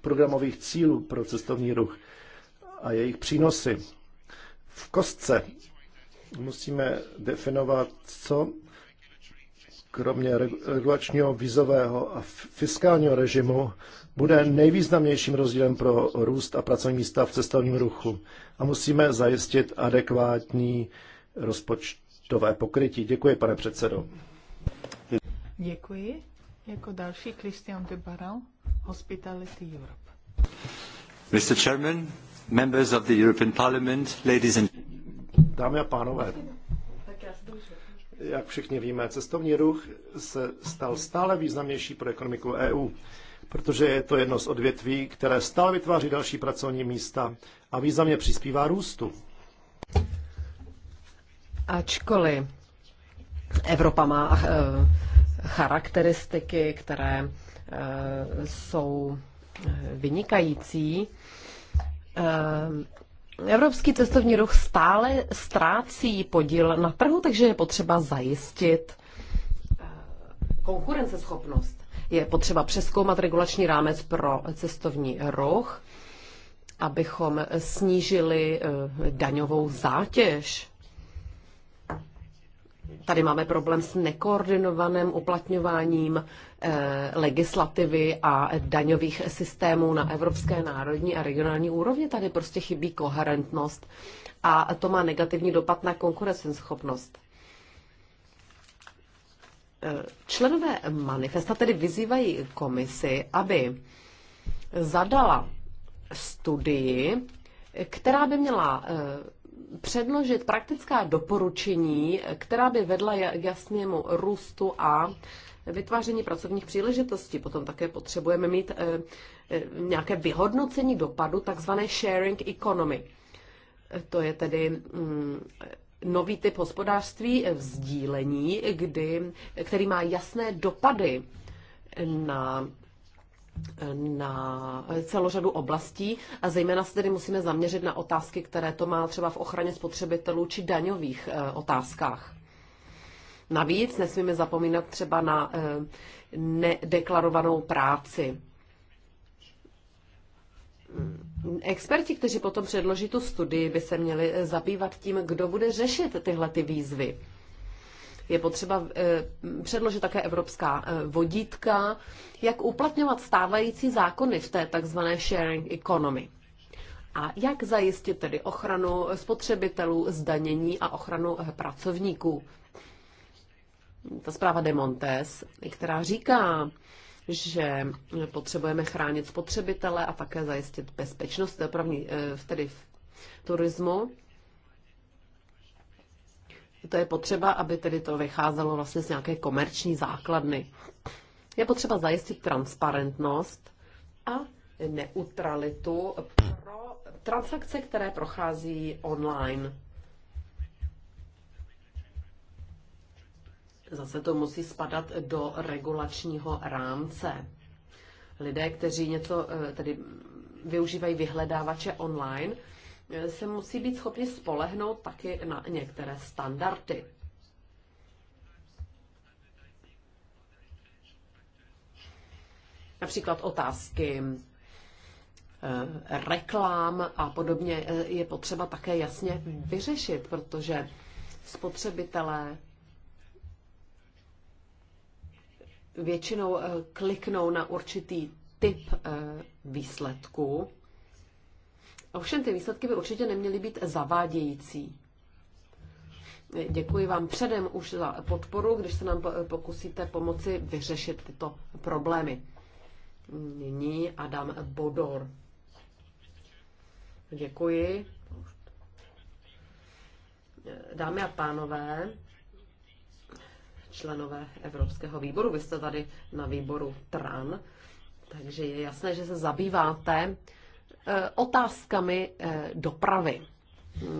programových cílů pro cestovní ruch a jejich přínosy. V kostce musíme definovat, co kromě regulačního, vizového a fiskálního režimu bude nejvýznamnějším rozdílem pro růst a pracovní místa v cestovním ruchu. A musíme zajistit adekvátní rozpočtové pokrytí. Děkuji, pane předsedo. Děkuji. Jako další Christian de Barrel. Hospitality Europe. Mr. Chairman, members of the European Parliament, ladies and... Dámy a pánové, jak všichni víme, cestovní ruch se stal stále významnější pro ekonomiku EU, protože je to jedno z odvětví, které stále vytváří další pracovní místa a významně přispívá růstu. Ačkoliv Evropa má eh, charakteristiky, které jsou vynikající. Eh, evropský cestovní ruch stále ztrácí podíl na trhu, takže je potřeba zajistit eh, konkurenceschopnost. Je potřeba přeskoumat regulační rámec pro cestovní ruch, abychom snížili eh, daňovou zátěž Tady máme problém s nekoordinovaným uplatňováním eh, legislativy a daňových systémů na evropské, národní a regionální úrovni. Tady prostě chybí koherentnost a to má negativní dopad na konkurenceschopnost. Eh, členové manifesta tedy vyzývají komisi, aby zadala studii, která by měla eh, předložit praktická doporučení, která by vedla jasnému růstu a vytváření pracovních příležitostí. Potom také potřebujeme mít eh, eh, nějaké vyhodnocení dopadu, takzvané sharing economy. To je tedy mm, nový typ hospodářství v eh, sdílení, kdy, který má jasné dopady na na celou řadu oblastí a zejména se tedy musíme zaměřit na otázky, které to má třeba v ochraně spotřebitelů či daňových eh, otázkách. Navíc nesmíme zapomínat třeba na eh, nedeklarovanou práci. Experti, kteří potom předloží tu studii, by se měli zabývat tím, kdo bude řešit tyhle ty výzvy. Je potřeba eh, předložit také evropská eh, vodítka, jak uplatňovat stávající zákony v té takzvané sharing economy. A jak zajistit tedy ochranu spotřebitelů, zdanění a ochranu eh, pracovníků? Ta zpráva de Montes, která říká, že potřebujeme chránit spotřebitele a také zajistit bezpečnost dopravní, tedy v turismu to je potřeba, aby tedy to vycházelo vlastně z nějaké komerční základny. Je potřeba zajistit transparentnost a neutralitu pro transakce, které prochází online. Zase to musí spadat do regulačního rámce. Lidé, kteří něco eh, tedy využívají vyhledávače online, se musí být schopni spolehnout taky na některé standardy. Například otázky eh, reklám a podobně eh, je potřeba také jasně vyřešit, protože spotřebitelé většinou eh, kliknou na určitý typ výsledku Ovšem ty výsledky by určitě neměly být zavádějící. Děkuji vám předem už za podporu, když se nám pokusíte pomoci vyřešit tyto problémy. Nyní Adam Bodor. Děkuji. Dámy a pánové, členové Evropského výboru, vy jste tady na výboru TRAN, takže je jasné, že se zabýváte Eh, otázkami eh, dopravy.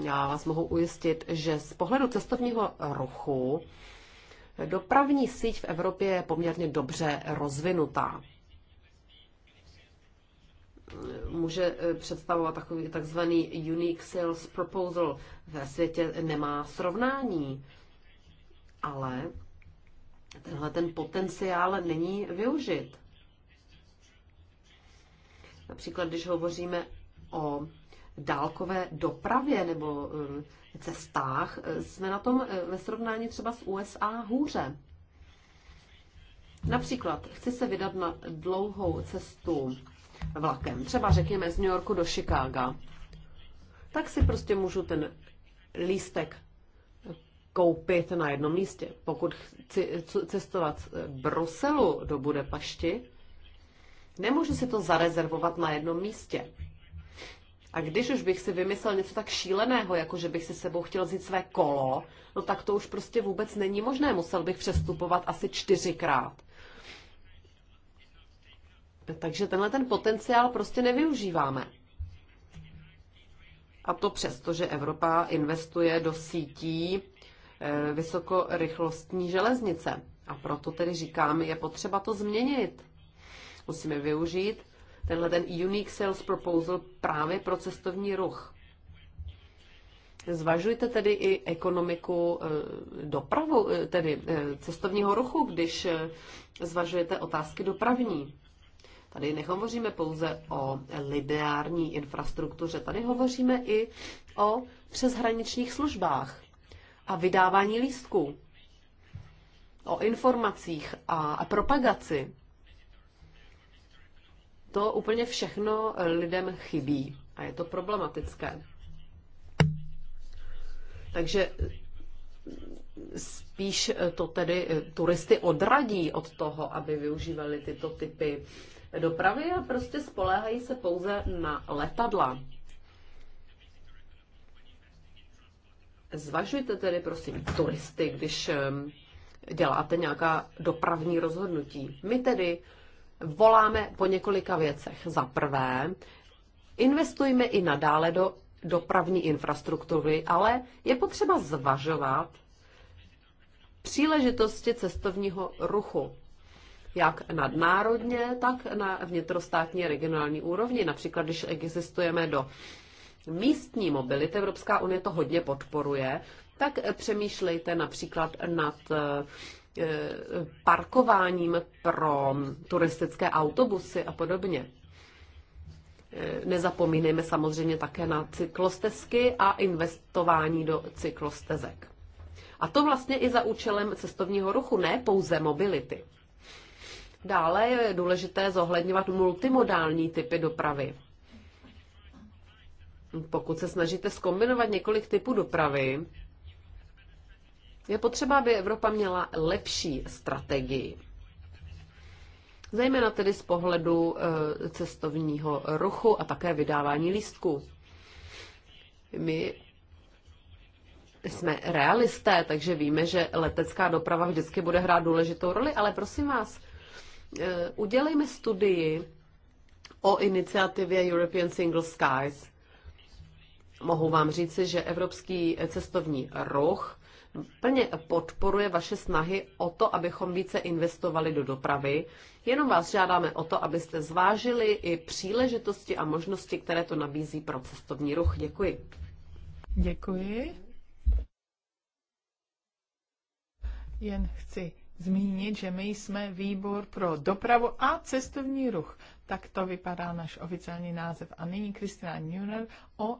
Já vás mohu ujistit, že z pohledu cestovního ruchu dopravní síť v Evropě je poměrně dobře rozvinutá. Může eh, představovat takový takzvaný unique sales proposal. Ve světě nemá srovnání, ale tenhle ten potenciál není využit. Například, když hovoříme o dálkové dopravě nebo um, cestách, eh, jsme na tom eh, ve srovnání třeba s USA hůře. Například chci se vydat na dlouhou cestu vlakem, třeba řekněme z New Yorku do Chicaga, tak si prostě můžu ten lístek koupit na jednom místě. Pokud chci eh, cestovat z Bruselu do Budapešti, Nemůžu si to zarezervovat na jednom místě. A když už bych si vymyslel něco tak šíleného, jako že bych si sebou chtěl vzít své kolo, no tak to už prostě vůbec není možné. Musel bych přestupovat asi čtyřikrát. Takže tenhle ten potenciál prostě nevyužíváme. A to přesto, že Evropa investuje do sítí eh, vysokorychlostní železnice. A proto tedy říkám, je potřeba to změnit musíme využít tenhle ten Unique Sales Proposal právě pro cestovní ruch. Zvažujte tedy i ekonomiku eh, dopravu, eh, tedy eh, cestovního ruchu, když zvažujete otázky dopravní. Tady nehovoříme pouze o lineární infrastruktuře, tady hovoříme i o přeshraničních službách a vydávání lístků, o informacích a propagaci to úplně všechno lidem chybí a je to problematické. Takže spíš to tedy turisty odradí od toho, aby využívali tyto typy dopravy a prostě spoléhají se pouze na letadla. Zvažujte tedy, prosím, turisty, když ehm, děláte nějaká dopravní rozhodnutí. My tedy voláme po několika věcech. Za prvé, investujme i nadále do dopravní infrastruktury, ale je potřeba zvažovat příležitosti cestovního ruchu jak nadnárodně, tak na vnitrostátní regionální úrovni. Například, když existujeme do místní mobility, Evropská unie to hodně podporuje, tak přemýšlejte například nad eh, E, parkováním pro turistické autobusy a podobně. E, nezapomínejme samozřejmě také na cyklostezky a investování do cyklostezek. A to vlastně i za účelem cestovního ruchu, ne pouze mobility. Dále je důležité zohledňovat multimodální typy dopravy. Pokud se snažíte skombinovat několik typů dopravy, je potřeba, aby Evropa měla lepší strategii. Zejména tedy z pohledu eh, cestovního ruchu a také vydávání lístků. My jsme realisté, takže víme, že letecká doprava vždycky bude hrát důležitou roli, ale prosím vás, eh, udělejme studii o iniciativě European Single Skies. Mohu vám říci, že evropský cestovní ruch plně podporuje vaše snahy o to, abychom více investovali do dopravy. Jenom vás žádáme o to, abyste zvážili i příležitosti a možnosti, které to nabízí pro cestovní ruch. Děkuji. Děkuji. Jen chci zmínit, že my jsme výbor pro dopravu a cestovní ruch. Tak to vypadá náš oficiální název. A nyní Kristina Newner o,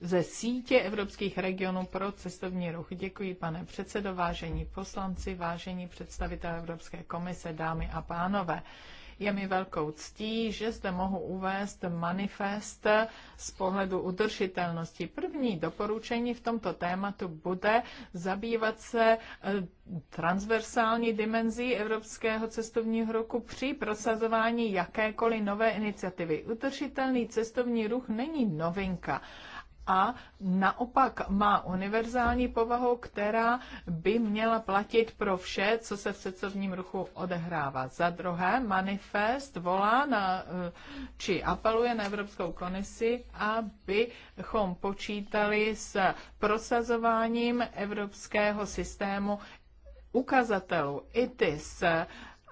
ze sítě Evropských regionů pro cestovní ruch. Děkuji, pane předsedo, vážení poslanci, vážení představitelé Evropské komise, dámy a pánové. Je mi velkou ctí, že zde mohu uvést manifest z pohledu udržitelnosti. První doporučení v tomto tématu bude zabývat se e, transversální dimenzí Evropského cestovního roku při prosazování jakékoliv nové iniciativy. Udržitelný cestovní ruch není novinka a naopak má univerzální povahu, která by měla platit pro vše, co se v cestovním ruchu odehrává. Za druhé, manifest volá na, eh, či apeluje na Evropskou komisi, abychom počítali s prosazováním evropského systému ukazatelů ITIS,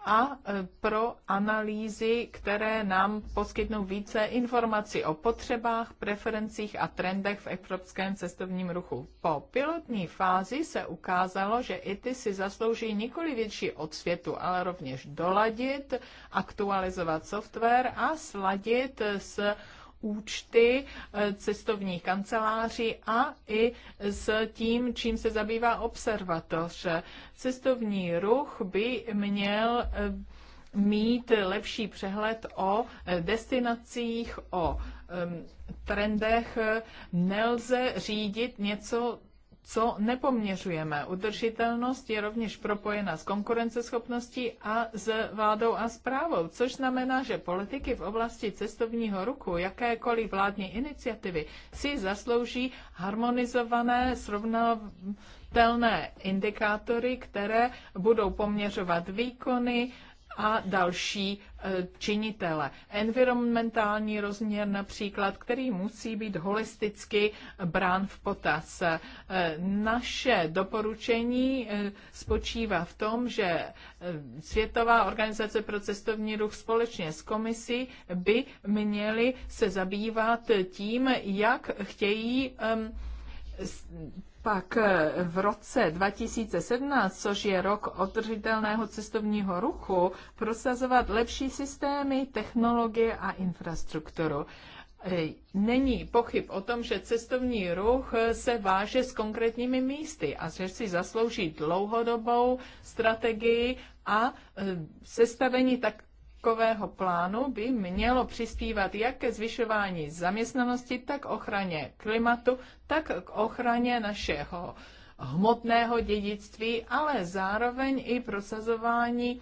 a e, pro analýzy, které nám poskytnou více informací o potřebách, preferencích a trendech v evropském cestovním ruchu. Po pilotní fázi se ukázalo, že ty si zaslouží nikoli větší světu, ale rovněž doladit, aktualizovat software a sladit s účty eh, cestovních kanceláří a i s tím, čím se zabývá observatoř. Cestovní ruch by měl eh, mít lepší přehled o eh, destinacích, o trendech. Nelze řídit něco co nepoměřujeme. Udržitelnost je rovněž propojena s konkurenceschopností a s vládou a zprávou, což znamená, že politiky v oblasti cestovního ruku, jakékoliv vládní iniciativy, si zaslouží harmonizované, srovnatelné indikátory, které budou poměřovat výkony, a další e, činitele. Environmentální rozměr například, který musí být holisticky brán v potaz. E, naše doporučení e, spočívá v tom, že Světová organizace pro cestovní ruch společně s komisí by měly se zabývat tím, jak chtějí pak eh, v roce 2017, což je rok održitelného cestovního ruchu, prosazovat lepší systémy, technologie a infrastrukturu. Eh, není pochyb o tom, že cestovní ruch eh, se váže s konkrétními místy a že si zaslouží dlouhodobou strategii a sestavení tak takového plánu by mělo přispívat jak ke zvyšování zaměstnanosti, tak ochraně klimatu, tak k ochraně našeho hmotného dědictví, ale zároveň i prosazování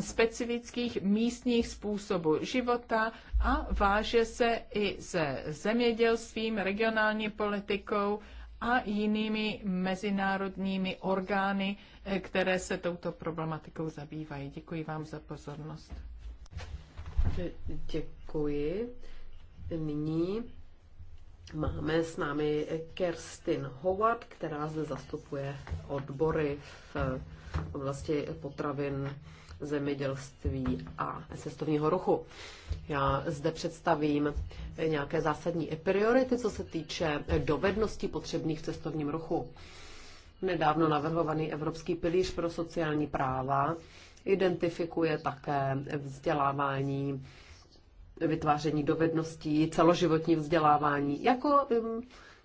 specifických místních způsobů života a váže se i se zemědělstvím, regionální politikou a jinými mezinárodními orgány, které se touto problematikou zabývají. Děkuji vám za pozornost. Děkuji. Nyní máme s námi Kerstin Howard, která zde zastupuje odbory v oblasti potravin zemědělství a cestovního ruchu. Já zde představím nějaké zásadní priority, co se týče dovedností potřebných v cestovním ruchu. Nedávno navrhovaný Evropský pilíř pro sociální práva identifikuje také vzdělávání, vytváření dovedností, celoživotní vzdělávání jako um,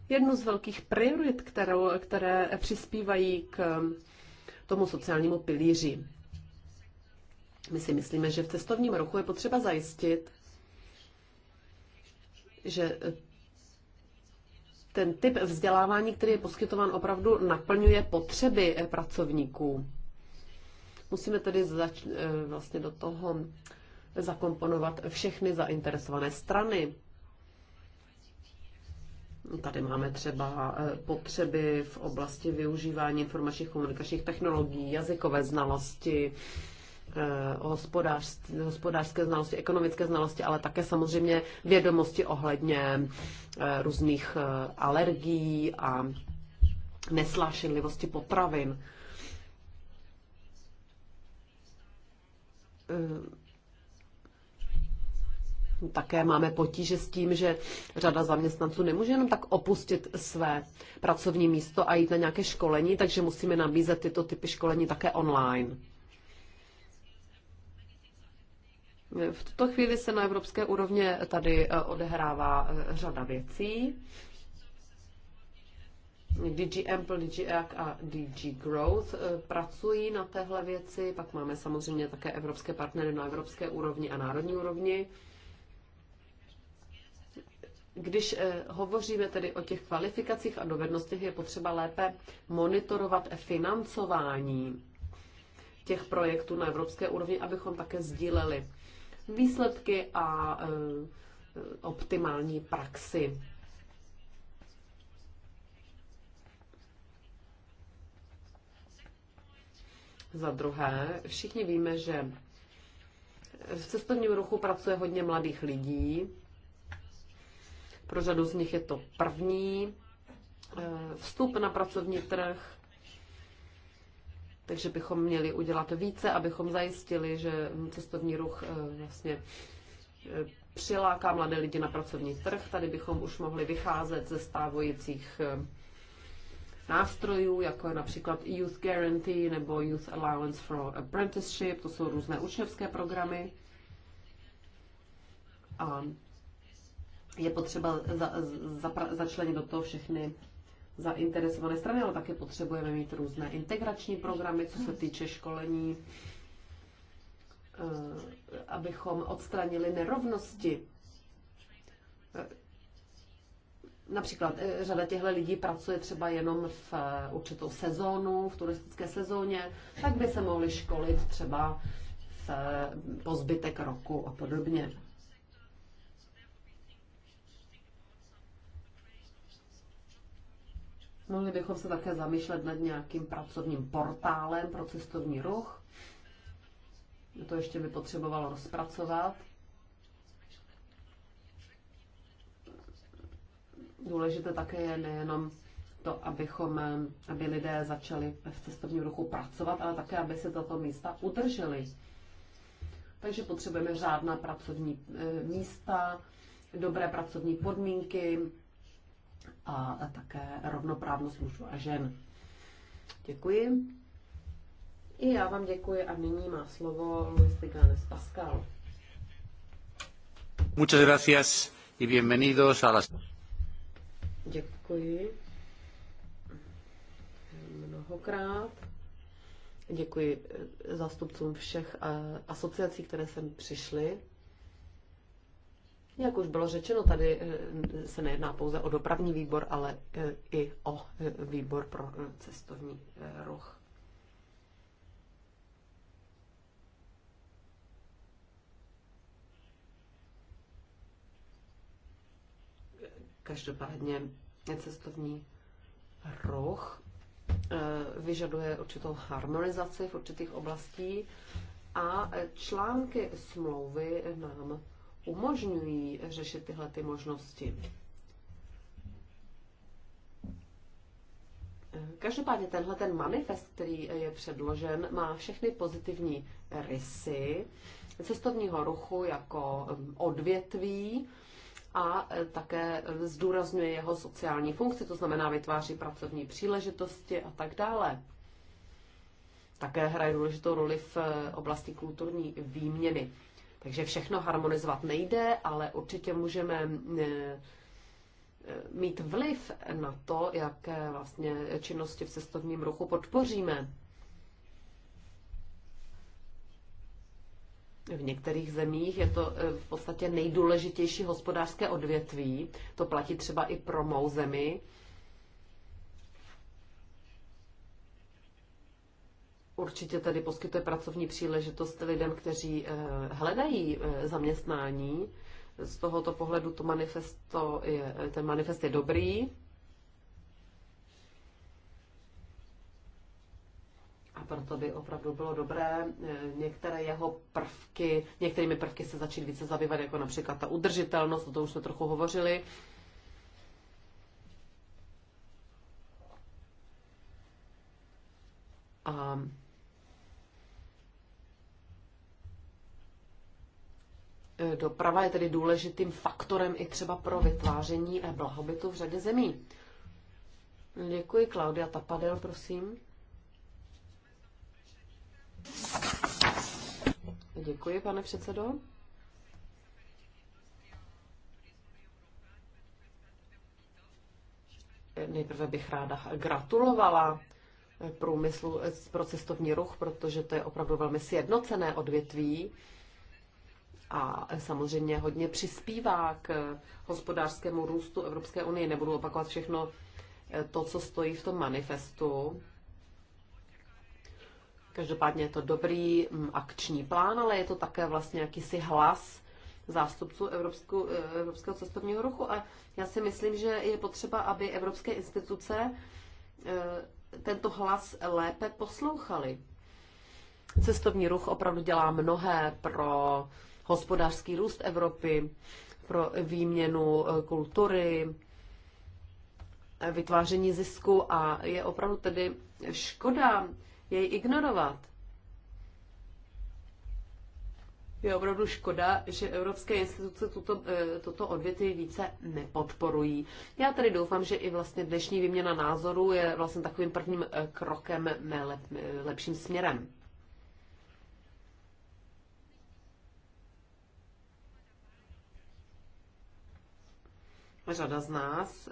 jednu z velkých priorit, kterou, které přispívají k um, tomu sociálnímu pilíři. My si myslíme, že v cestovním ruchu je potřeba zajistit, že eh, ten typ vzdělávání, který je poskytován, opravdu naplňuje potřeby eh, pracovníků. Musíme tedy zač- eh, vlastně do toho zakomponovat všechny zainteresované strany. Tady máme třeba eh, potřeby v oblasti využívání informačních komunikačních technologií, jazykové znalosti, eh, hospodářské, znalosti, ekonomické znalosti, ale také samozřejmě vědomosti ohledně různých alergií a neslášenlivosti potravin. Eh, také máme potíže s tím, že řada zaměstnanců nemůže jenom tak opustit své pracovní místo a jít na nějaké školení, takže musíme nabízet tyto typy školení také online. V tuto chvíli se na evropské úrovně tady eh, odehrává eh, řada věcí. DG Ample, DG Act a DG Growth eh, pracují na téhle věci, pak máme samozřejmě také evropské partnery na evropské úrovni a národní úrovni. Když eh, hovoříme tedy o těch kvalifikacích a dovednostech, je potřeba lépe monitorovat financování těch projektů na evropské úrovni, abychom také sdíleli výsledky a eh, optimální praxi Za druhé, všichni víme, že v cestovním ruchu pracuje hodně mladých lidí. Pro řadu z nich je to první eh, vstup na pracovní trh, takže bychom měli udělat více, abychom zajistili, že cestovní ruch eh, vlastně eh, přiláká mladé lidi na pracovní trh. Tady bychom už mohli vycházet ze stávajících nástrojů, jako je například Youth Guarantee nebo Youth Allowance for Apprenticeship, to jsou různé učňovské programy. A je potřeba za, za, začlenit do toho všechny zainteresované strany, ale také potřebujeme mít různé integrační programy, co se týče školení, eh, abychom odstranili nerovnosti eh, Například eh, řada těchto lidí pracuje třeba jenom v eh, určitou sezónu, v turistické sezóně, tak by se mohli školit třeba v, eh, po zbytek roku a podobně. Mohli bychom se také zamýšlet nad nějakým pracovním portálem pro cestovní ruch. To ještě by potřebovalo rozpracovat. důležité také je nejenom to, abychom, aby lidé začali v cestovním ruchu pracovat, ale také, aby se tato místa udrželi. Takže potřebujeme řádná pracovní eh, místa, dobré pracovní podmínky a také rovnoprávnost mužů a žen. Děkuji. I já vám děkuji a nyní má slovo Luis Tiganes Pascal. Muchas gracias y bienvenidos a las... Děkuji mnohokrát. Děkuji eh, zástupcům všech eh, asociací, které sem přišly. Jak už bylo řečeno, tady eh, se nejedná pouze o dopravní výbor, ale i o výbor pro cestovní ruch. Každopádně cestovní roh eh, vyžaduje určitou harmonizaci v určitých oblastí a články smlouvy nám umožňují řešit tyhle ty možnosti. Každopádně tenhle ten manifest, který je předložen, má všechny pozitivní rysy cestovního ruchu jako odvětví, a e, také zdůrazňuje jeho sociální funkci, to znamená vytváří pracovní příležitosti a tak dále. Také hraje důležitou roli v e, oblasti kulturní výměny. Takže všechno harmonizovat nejde, ale určitě můžeme e, mít vliv na to, jaké vlastně činnosti v cestovním ruchu podpoříme. V některých zemích je to eh, v podstatě nejdůležitější hospodářské odvětví. To platí třeba i pro mou zemi. Určitě tady poskytuje pracovní příležitost lidem, kteří eh, hledají eh, zaměstnání. Z tohoto pohledu to manifesto je, ten manifest je dobrý. A proto by opravdu bylo dobré e, některé jeho prvky, některými prvky se začít více zabývat, jako například ta udržitelnost, o tom už jsme trochu hovořili. A e, doprava je tedy důležitým faktorem i třeba pro vytváření blahobytu v řadě zemí. Děkuji, Klaudia Tapadel, prosím. Děkuji, pane předsedo. Nejprve bych ráda gratulovala průmyslu pro cestovní ruch, protože to je opravdu velmi sjednocené odvětví a samozřejmě hodně přispívá k hospodářskému růstu Evropské unie. Nebudu opakovat všechno to, co stojí v tom manifestu. Každopádně je to dobrý mm, akční plán, ale je to také vlastně jakýsi hlas zástupců Evropskou, eh, Evropského cestovního ruchu. A já si myslím, že je potřeba, aby evropské instituce eh, tento hlas lépe poslouchaly. Cestovní ruch opravdu dělá mnohé pro hospodářský růst Evropy, pro výměnu eh, kultury, vytváření zisku a je opravdu tedy škoda, jej ignorovat. Je opravdu škoda, že evropské instituce tuto, e, toto odvětví více nepodporují. Já tady doufám, že i vlastně dnešní výměna názorů je vlastně takovým prvním e, krokem lep, e, lepším směrem. Řada z nás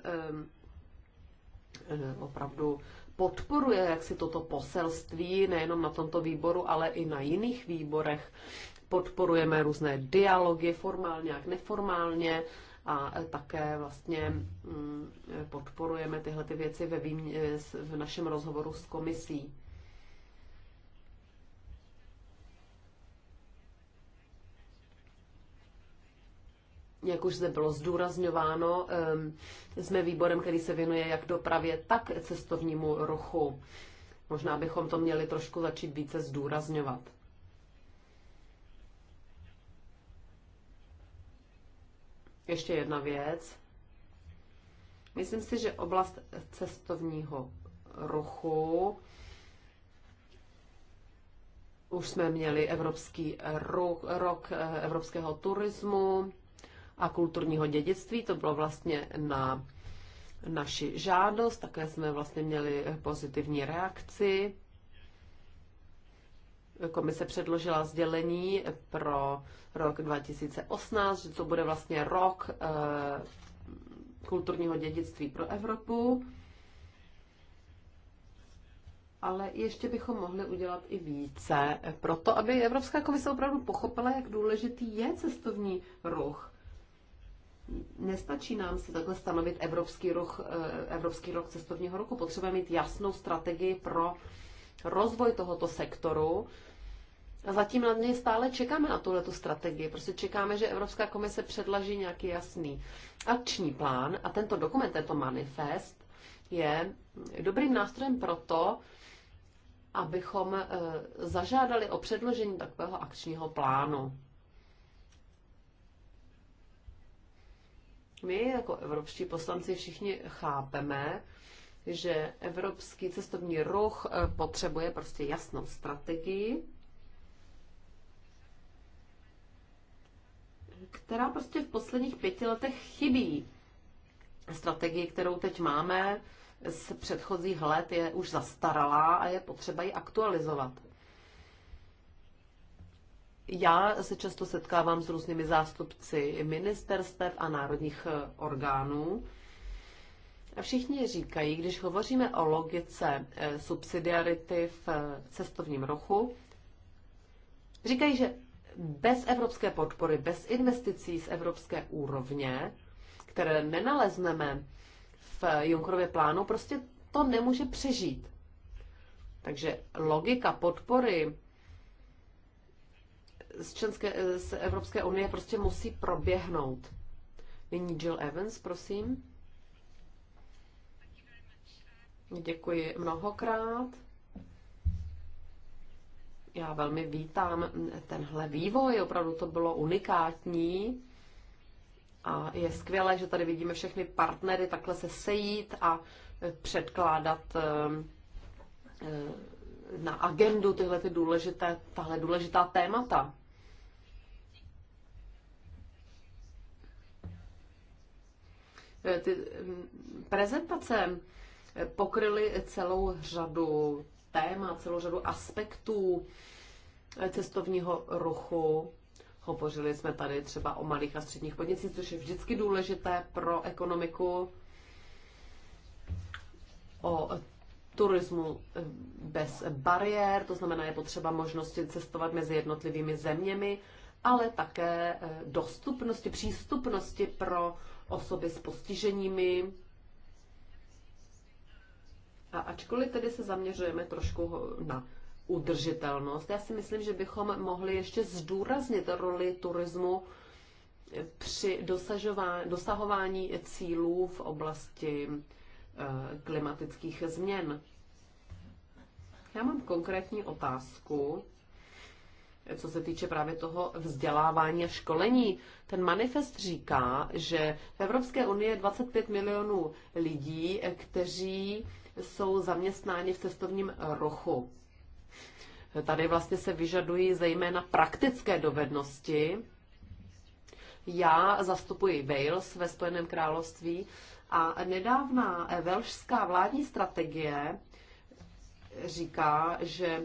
opravdu podporuje jaksi toto poselství, nejenom na tomto výboru, ale i na jiných výborech. Podporujeme různé dialogy, formálně a neformálně a také vlastně mm, podporujeme tyhle ty věci ve výmě- v našem rozhovoru s komisí. jak už zde bylo zdůrazňováno, jsme výborem, který se věnuje jak dopravě, tak cestovnímu ruchu. Možná bychom to měli trošku začít více zdůrazňovat. Ještě jedna věc. Myslím si, že oblast cestovního ruchu už jsme měli Evropský ruch, rok eh, evropského turismu, a kulturního dědictví. To bylo vlastně na naši žádost, také jsme vlastně měli pozitivní reakci. Komise předložila sdělení pro rok 2018, že to bude vlastně rok eh, kulturního dědictví pro Evropu. Ale ještě bychom mohli udělat i více, to, aby Evropská komise opravdu pochopila, jak důležitý je cestovní ruch Nestačí nám si takhle stanovit evropský, rok, eh, evropský rok cestovního roku. Potřebujeme mít jasnou strategii pro rozvoj tohoto sektoru. A zatím na něj stále čekáme na tuhle strategii. Prostě čekáme, že Evropská komise předlaží nějaký jasný akční plán a tento dokument, tento manifest je dobrým nástrojem pro to, abychom eh, zažádali o předložení takového akčního plánu. My jako evropští poslanci všichni chápeme, že evropský cestovní ruch eh, potřebuje prostě jasnou strategii, která prostě v posledních pěti letech chybí. Strategii, kterou teď máme z předchozích let, je už zastaralá a je potřeba ji aktualizovat. Já se často setkávám s různými zástupci ministerstev a národních eh, orgánů. A všichni říkají, když hovoříme o logice eh, subsidiarity v eh, cestovním ruchu, říkají, že bez evropské podpory, bez investicí z evropské úrovně, které nenalezneme v Junkerově plánu, prostě to nemůže přežít. Takže logika podpory z, Členské, eh, z Evropské unie prostě musí proběhnout. Nyní Jill Evans, prosím. Děkuji mnohokrát. Já velmi vítám tenhle vývoj, opravdu to bylo unikátní. A je skvělé, že tady vidíme všechny partnery takhle se sejít a předkládat eh, eh, na agendu tyhle ty důležité, tahle důležitá témata. Eh, ty mm, prezentace eh, pokryly celou řadu téma, celou řadu aspektů eh, cestovního ruchu. Hovořili jsme tady třeba o malých a středních podnicích, což je vždycky důležité pro ekonomiku, o turismu bez bariér, to znamená je potřeba možnosti cestovat mezi jednotlivými zeměmi, ale také dostupnosti, přístupnosti pro osoby s postiženími. A ačkoliv tedy se zaměřujeme trošku na udržitelnost, já si myslím, že bychom mohli ještě zdůraznit roli turismu při dosahování cílů v oblasti eh, klimatických změn. Já mám konkrétní otázku co se týče právě toho vzdělávání a školení. Ten manifest říká, že v Evropské unii je 25 milionů lidí, kteří jsou zaměstnáni v cestovním rochu. Tady vlastně se vyžadují zejména praktické dovednosti. Já zastupuji Wales ve Spojeném království a nedávná velšská vládní strategie říká, že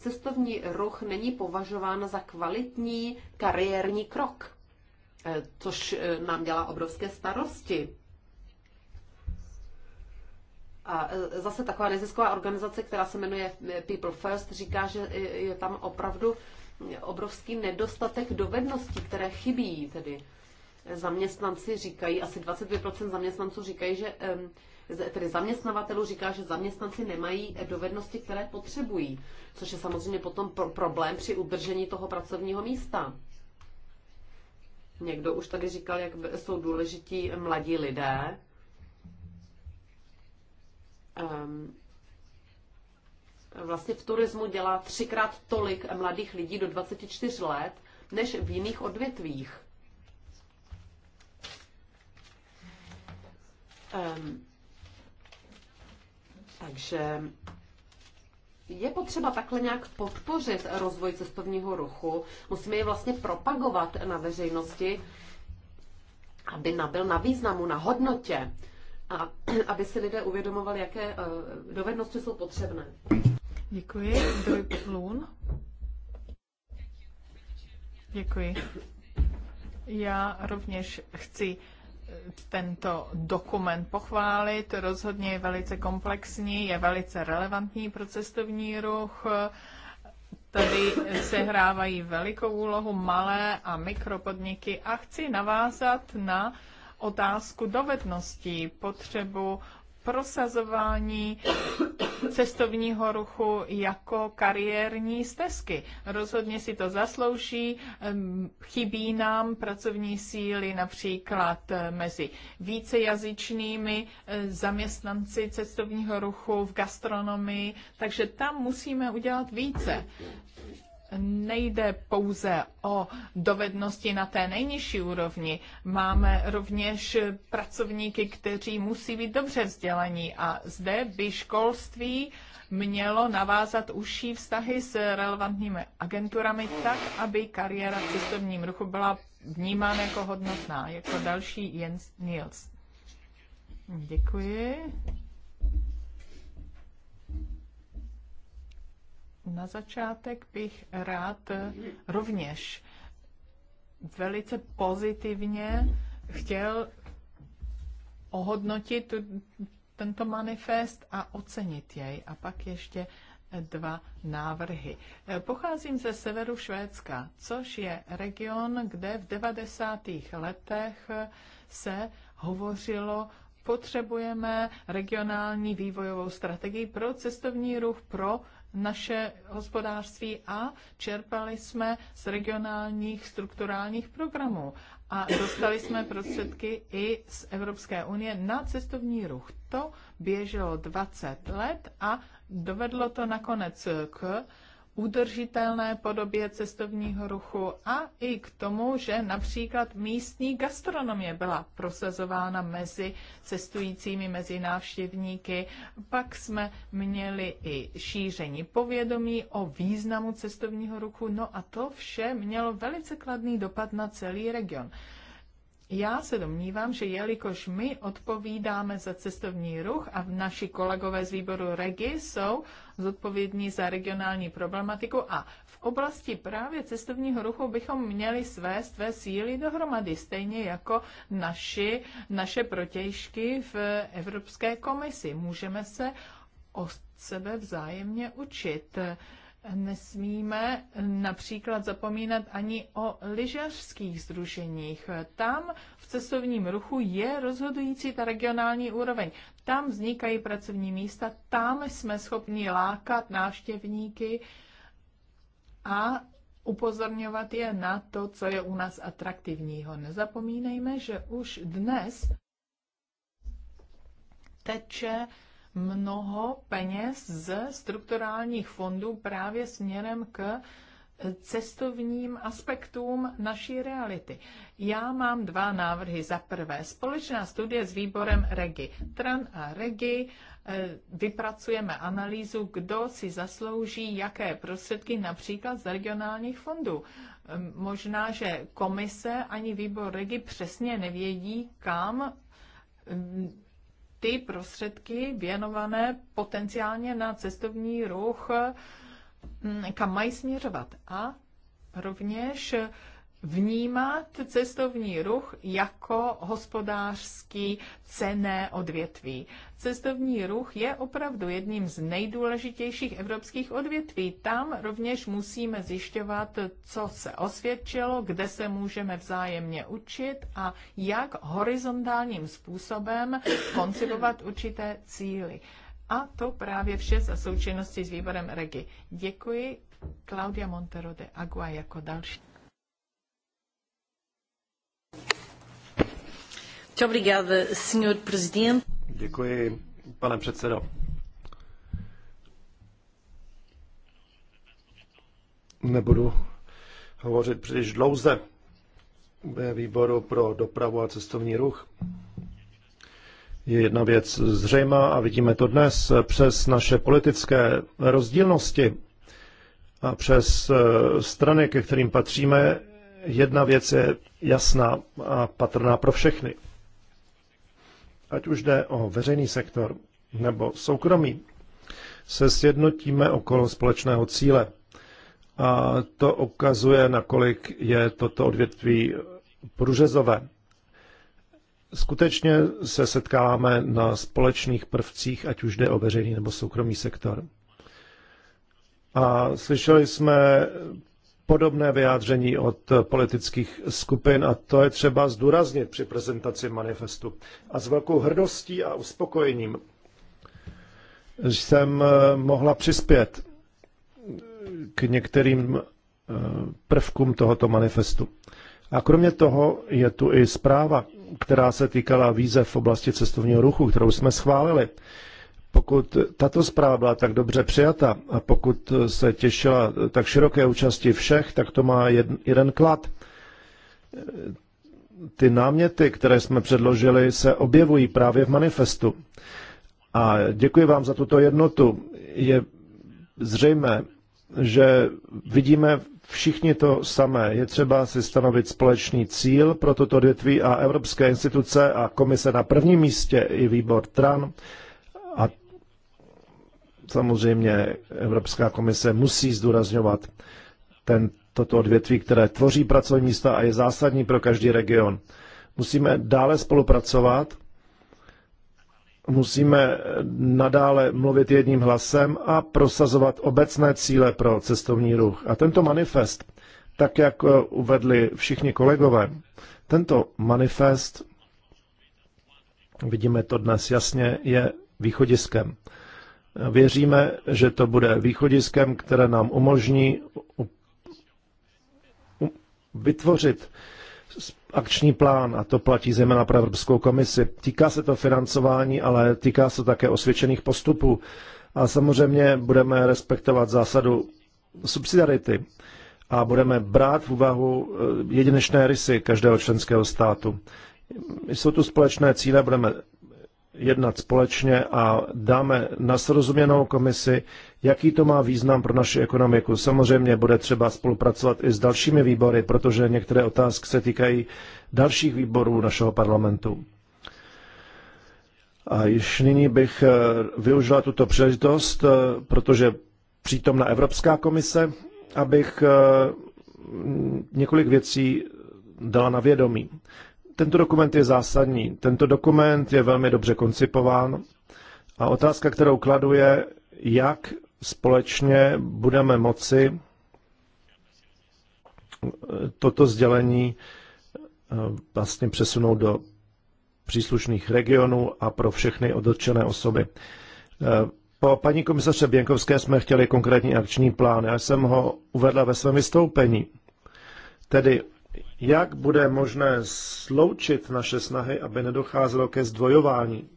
cestovní ruch není považován za kvalitní kariérní krok, eh, což eh, nám dělá obrovské starosti. A eh, zase taková nezisková organizace, která se jmenuje People First, říká, že je tam opravdu obrovský nedostatek dovedností, které chybí. Tedy zaměstnanci říkají, asi 22% zaměstnanců říkají, že tedy zaměstnavatelů říká, že zaměstnanci nemají dovednosti, které potřebují, což je samozřejmě potom pro- problém při udržení toho pracovního místa. Někdo už tady říkal, jak jsou důležití mladí lidé. Um, vlastně v turismu dělá třikrát tolik mladých lidí do 24 let, než v jiných odvětvích. Um, takže je potřeba takhle nějak podpořit rozvoj cestovního ruchu. Musíme je vlastně propagovat na veřejnosti, aby nabyl na významu, na hodnotě a aby si lidé uvědomovali, jaké eh, dovednosti jsou potřebné. Děkuji. Doj Plun. Děkuji. Já rovněž chci tento dokument pochválit. Rozhodně je velice komplexní, je velice relevantní pro cestovní ruch. Tady sehrávají velikou úlohu malé a mikropodniky a chci navázat na otázku dovedností, potřebu prosazování cestovního ruchu jako kariérní stezky. Rozhodně si to zaslouží. Chybí nám pracovní síly například eh, mezi vícejazyčnými eh, zaměstnanci cestovního ruchu v gastronomii, takže tam musíme udělat více nejde pouze o dovednosti na té nejnižší úrovni. Máme rovněž pracovníky, kteří musí být dobře vzdělaní a zde by školství mělo navázat užší vztahy s relevantními agenturami tak, aby kariéra v cestovním ruchu byla vnímána jako hodnotná. Jako další Jens Niels. Děkuji. Na začátek bych rád rovněž velice pozitivně chtěl ohodnotit tento manifest a ocenit jej. A pak ještě dva návrhy. Pocházím ze severu Švédska, což je region, kde v 90. letech se hovořilo potřebujeme regionální vývojovou strategii pro cestovní ruch, pro naše hospodářství a čerpali jsme z regionálních strukturálních programů a dostali jsme prostředky i z Evropské unie na cestovní ruch. To běželo 20 let a dovedlo to nakonec k udržitelné podobě cestovního ruchu a i k tomu, že například místní gastronomie byla prosazována mezi cestujícími, mezi návštěvníky. Pak jsme měli i šíření povědomí o významu cestovního ruchu. No a to vše mělo velice kladný dopad na celý region. Já se domnívám, že jelikož my odpovídáme za cestovní ruch a naši kolegové z výboru REGI jsou zodpovědní za regionální problematiku a v oblasti právě cestovního ruchu bychom měli své své síly dohromady, stejně jako naši, naše protějšky v Evropské komisi. Můžeme se od sebe vzájemně učit. Nesmíme například zapomínat ani o lyžařských združeních. Tam v cestovním ruchu je rozhodující ta regionální úroveň. Tam vznikají pracovní místa, tam jsme schopni lákat návštěvníky a upozorňovat je na to, co je u nás atraktivního. Nezapomínejme, že už dnes teče mnoho peněz ze strukturálních fondů právě směrem k cestovním aspektům naší reality. Já mám dva návrhy. Za prvé, společná studie s výborem REGI. TRAN a REGI eh, vypracujeme analýzu, kdo si zaslouží jaké prostředky například z regionálních fondů. Ehm, možná, že komise ani výbor REGI přesně nevědí, kam ehm, ty prostředky věnované potenciálně na cestovní ruch, mm, kam mají směřovat. A rovněž vnímat cestovní ruch jako hospodářský cené odvětví. Cestovní ruch je opravdu jedním z nejdůležitějších evropských odvětví. Tam rovněž musíme zjišťovat, co se osvědčilo, kde se můžeme vzájemně učit a jak horizontálním způsobem koncipovat určité cíly. A to právě vše za součinnosti s výborem Regi. Děkuji. Claudia Montero de Agua jako další. Děkuji, pane předsedo. Nebudu hovořit příliš dlouze ve výboru pro dopravu a cestovní ruch. Je jedna věc zřejmá a vidíme to dnes přes naše politické rozdílnosti a přes eh, strany, ke kterým patříme, jedna věc je jasná a patrná pro všechny – ať už jde o veřejný sektor nebo soukromý, se sjednotíme okolo společného cíle. A to ukazuje, nakolik je toto odvětví průřezové. Skutečně se setkáváme na společných prvcích, ať už jde o veřejný nebo soukromý sektor. A slyšeli jsme podobné vyjádření od politických skupin a to je třeba zdůraznit při prezentaci manifestu. A s velkou hrdostí a uspokojením jsem eh, mohla přispět k některým eh, prvkům tohoto manifestu. A kromě toho je tu i zpráva, která se týkala výzev v oblasti cestovního ruchu, kterou jsme schválili. Pokud tato zpráva byla tak dobře přijata a pokud se těšila tak široké účasti všech, tak to má jeden, jeden klad. Ty náměty, které jsme předložili, se objevují právě v manifestu. A děkuji vám za tuto jednotu. Je zřejmé, že vidíme všichni to samé. Je třeba si stanovit společný cíl pro toto odvětví a evropské instituce a komise na prvním místě i výbor TRAN a samozřejmě Evropská komise musí zdůrazňovat ten, toto odvětví, které tvoří pracovní místa a je zásadní pro každý region. Musíme dále spolupracovat, musíme nadále mluvit jedním hlasem a prosazovat obecné cíle pro cestovní ruch. A tento manifest, tak jak eh, uvedli všichni kolegové, tento manifest, vidíme to dnes jasně, je východiskem. Věříme, že to bude východiskem, které nám umožní vytvořit akční plán, a to platí zejména pro Evropskou komisi. Týká se to financování, ale týká se také osvědčených postupů. A samozřejmě budeme respektovat zásadu subsidiarity a budeme brát v úvahu eh, jedinečné rysy každého členského státu. Jsou tu společné cíle, budeme jednat společně a dáme na srozuměnou komisi, jaký to má význam pro naši ekonomiku. Samozřejmě bude třeba spolupracovat i s dalšími výbory, protože některé otázky se týkají dalších výborů našeho parlamentu. A již nyní bych eh, využila tuto příležitost, eh, protože přítomna Evropská komise, abych eh, několik věcí dala na vědomí. Tento dokument je zásadní. Tento dokument je velmi dobře koncipován a otázka, kterou kladu, je, jak společně budeme moci toto sdělení eh, vlastně přesunout do příslušných regionů a pro všechny odotčené osoby. Eh, po paní komisaře Běnkovské jsme chtěli konkrétní akční plán. Já jsem ho uvedla ve svém vystoupení. Tedy jak bude možné sloučit naše snahy, aby nedocházelo ke zdvojování.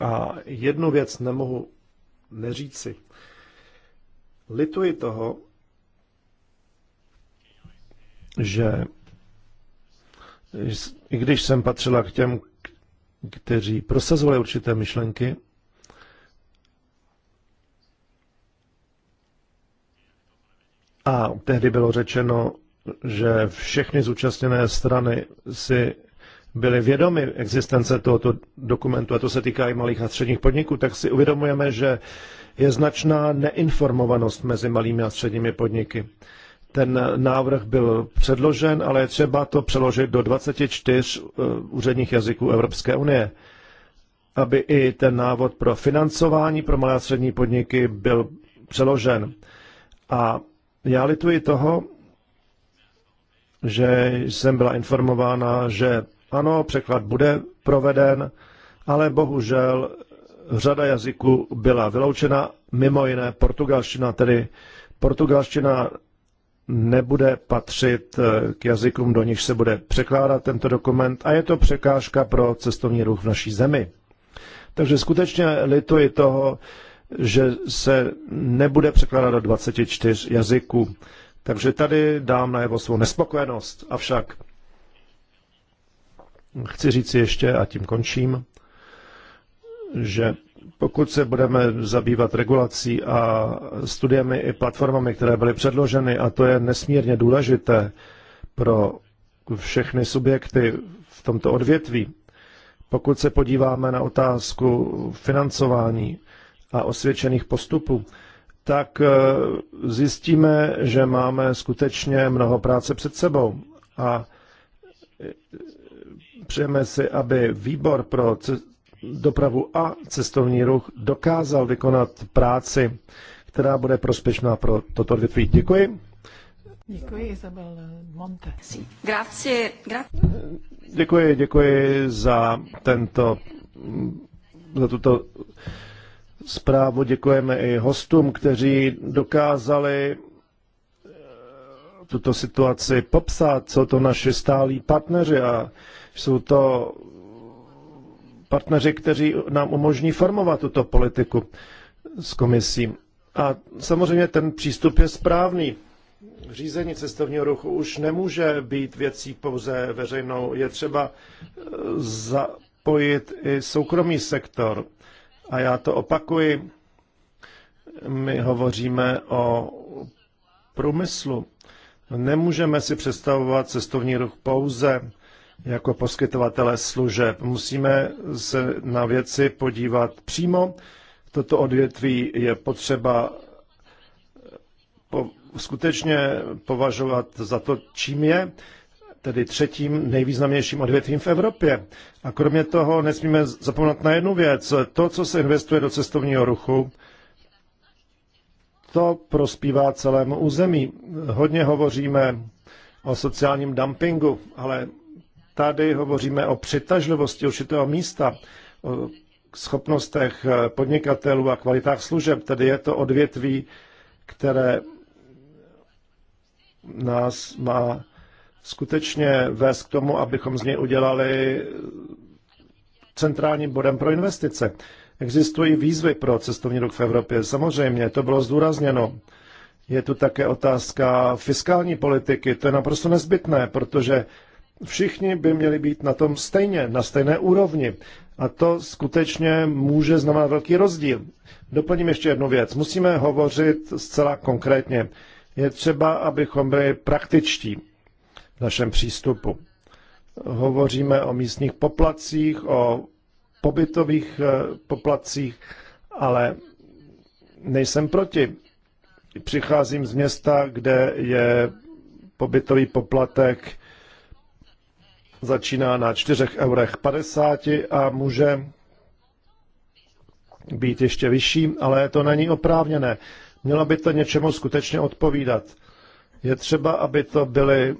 A jednu věc nemohu neříci. Lituji toho, že i když jsem patřila k těm, kteří prosazovali určité myšlenky, A tehdy bylo řečeno, že všechny zúčastněné strany si byly vědomy existence tohoto dokumentu, a to se týká i malých a středních podniků, tak si uvědomujeme, že je značná neinformovanost mezi malými a středními podniky. Ten návrh byl předložen, ale je třeba to přeložit do 24 eh, úředních jazyků Evropské unie, aby i ten návod pro financování pro malé a střední podniky byl přeložen. A já lituji toho, že jsem byla informována, že ano, překlad bude proveden, ale bohužel řada jazyků byla vyloučena, mimo jiné portugalština, tedy portugalština nebude patřit eh, k jazykům, do nich se bude překládat tento dokument a je to překážka pro cestovní ruch v naší zemi. Takže skutečně lituji toho, že se nebude překládat do 24 jazyků. Takže tady dám najevo svou nespokojenost. Avšak chci říci ještě, a tím končím, že pokud se budeme zabývat regulací a studiemi i platformami, které byly předloženy, a to je nesmírně důležité pro všechny subjekty v tomto odvětví, pokud se podíváme na otázku financování a osvědčených postupů, tak e, zjistíme, že máme skutečně mnoho práce před sebou. A e, přejeme si, aby výbor pro dopravu a cestovní ruch dokázal vykonat práci, která bude prospěšná pro toto odvětví. Děkuji. Děkuji, Isabel Monte. Grazie, gra... Děkuji, děkuji za tento, za tuto zprávu. Děkujeme i hostům, kteří dokázali eh, tuto situaci popsat. Jsou to naši stálí partneři a jsou to partneři, kteří nám umožní formovat tuto politiku s komisí. A samozřejmě ten přístup je správný. Řízení cestovního ruchu už nemůže být věcí pouze veřejnou. Je třeba eh, zapojit i soukromý sektor. A já to opakuji, my hovoříme o průmyslu. Nemůžeme si představovat cestovní ruch pouze jako poskytovatele služeb. Musíme se na věci podívat přímo. Toto odvětví je potřeba po, skutečně považovat za to, čím je tedy třetím nejvýznamnějším odvětvím v Evropě. A kromě toho nesmíme zapomenout na jednu věc. To, co se investuje do cestovního ruchu, to prospívá celému území. Hodně hovoříme o sociálním dumpingu, ale tady hovoříme o přitažlivosti určitého místa, o schopnostech podnikatelů a kvalitách služeb. Tedy je to odvětví, které nás má skutečně vést k tomu, abychom z něj udělali centrálním bodem pro investice. Existují výzvy pro cestovní ruch v Evropě, samozřejmě, to bylo zdůrazněno. Je tu také otázka fiskální politiky, to je naprosto nezbytné, protože všichni by měli být na tom stejně, na stejné úrovni. A to skutečně může znamenat velký rozdíl. Doplním ještě jednu věc. Musíme hovořit zcela konkrétně. Je třeba, abychom byli praktičtí našem přístupu. Hovoříme o místních poplacích, o pobytových eh, poplacích, ale nejsem proti. Přicházím z města, kde je pobytový poplatek začíná na 4 eurech 50 a může být ještě vyšší, ale to není oprávněné. Mělo by to něčemu skutečně odpovídat. Je třeba, aby to byly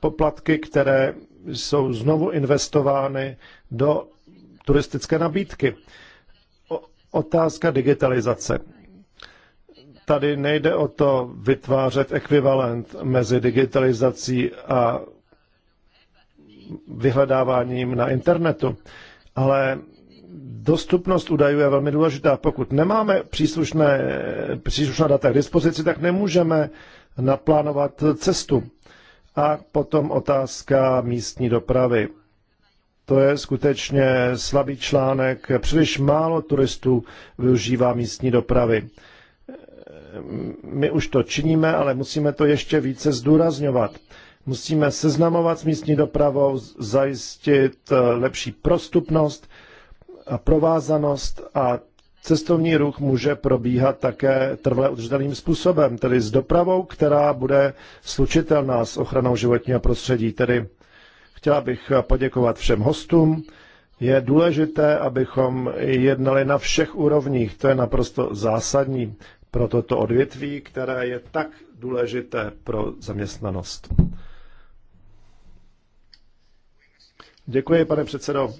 poplatky, které jsou znovu investovány do turistické nabídky. Otázka digitalizace. Tady nejde o to vytvářet ekvivalent mezi digitalizací a vyhledáváním na internetu, ale dostupnost údajů je velmi důležitá. Pokud nemáme příslušné, příslušná data k dispozici, tak nemůžeme naplánovat cestu. A potom otázka místní dopravy. To je skutečně slabý článek. Příliš málo turistů využívá místní dopravy. My už to činíme, ale musíme to ještě více zdůrazňovat. Musíme seznamovat s místní dopravou, zajistit lepší prostupnost a provázanost a cestovní ruch může probíhat také trvale udržitelným způsobem, tedy s dopravou, která bude slučitelná s ochranou životního prostředí. Tedy chtěla bych poděkovat všem hostům. Je důležité, abychom jednali na všech úrovních. To je naprosto zásadní pro toto odvětví, které je tak důležité pro zaměstnanost. Děkuji, pane předsedo.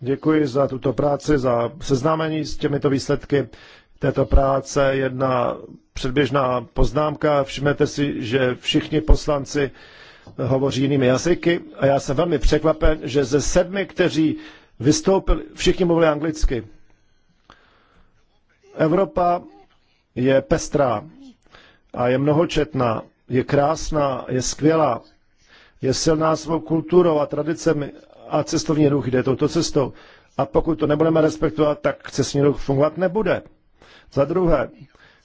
Děkuji za tuto práci, za seznámení s těmito výsledky této práce. Jedna předběžná poznámka. Všimnete si, že všichni poslanci hovoří jinými jazyky a já jsem velmi překvapen, že ze sedmi, kteří vystoupili, všichni mluvili anglicky. Evropa je pestrá a je mnohočetná, je krásná, je skvělá, je silná svou kulturou a tradicemi a cestovní ruch jde touto cestou. A pokud to nebudeme respektovat, tak cestovní ruch fungovat nebude. Za druhé,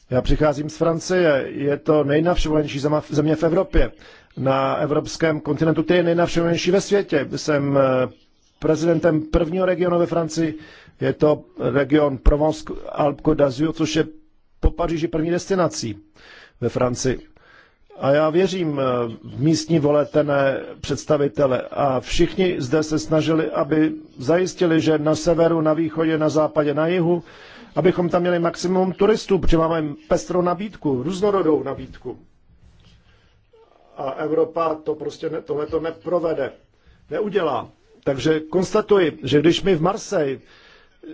já přicházím z Francie, je to nejnavštěvovanější země v Evropě. Na evropském kontinentu to je nejnavštěvovanější ve světě. Jsem eh, prezidentem prvního regionu ve Francii, je to region Provence Alpes d'Azur, což je po Paříži první destinací ve Francii. A já věřím eh, v místní voletené představitele. A všichni zde se snažili, aby zajistili, že na severu, na východě, na západě, na jihu, abychom tam měli maximum turistů, protože máme pestrou nabídku, různorodou nabídku. A Evropa to prostě ne, tohle to neprovede, neudělá. Takže konstatuji, že když my v Marseille, eh,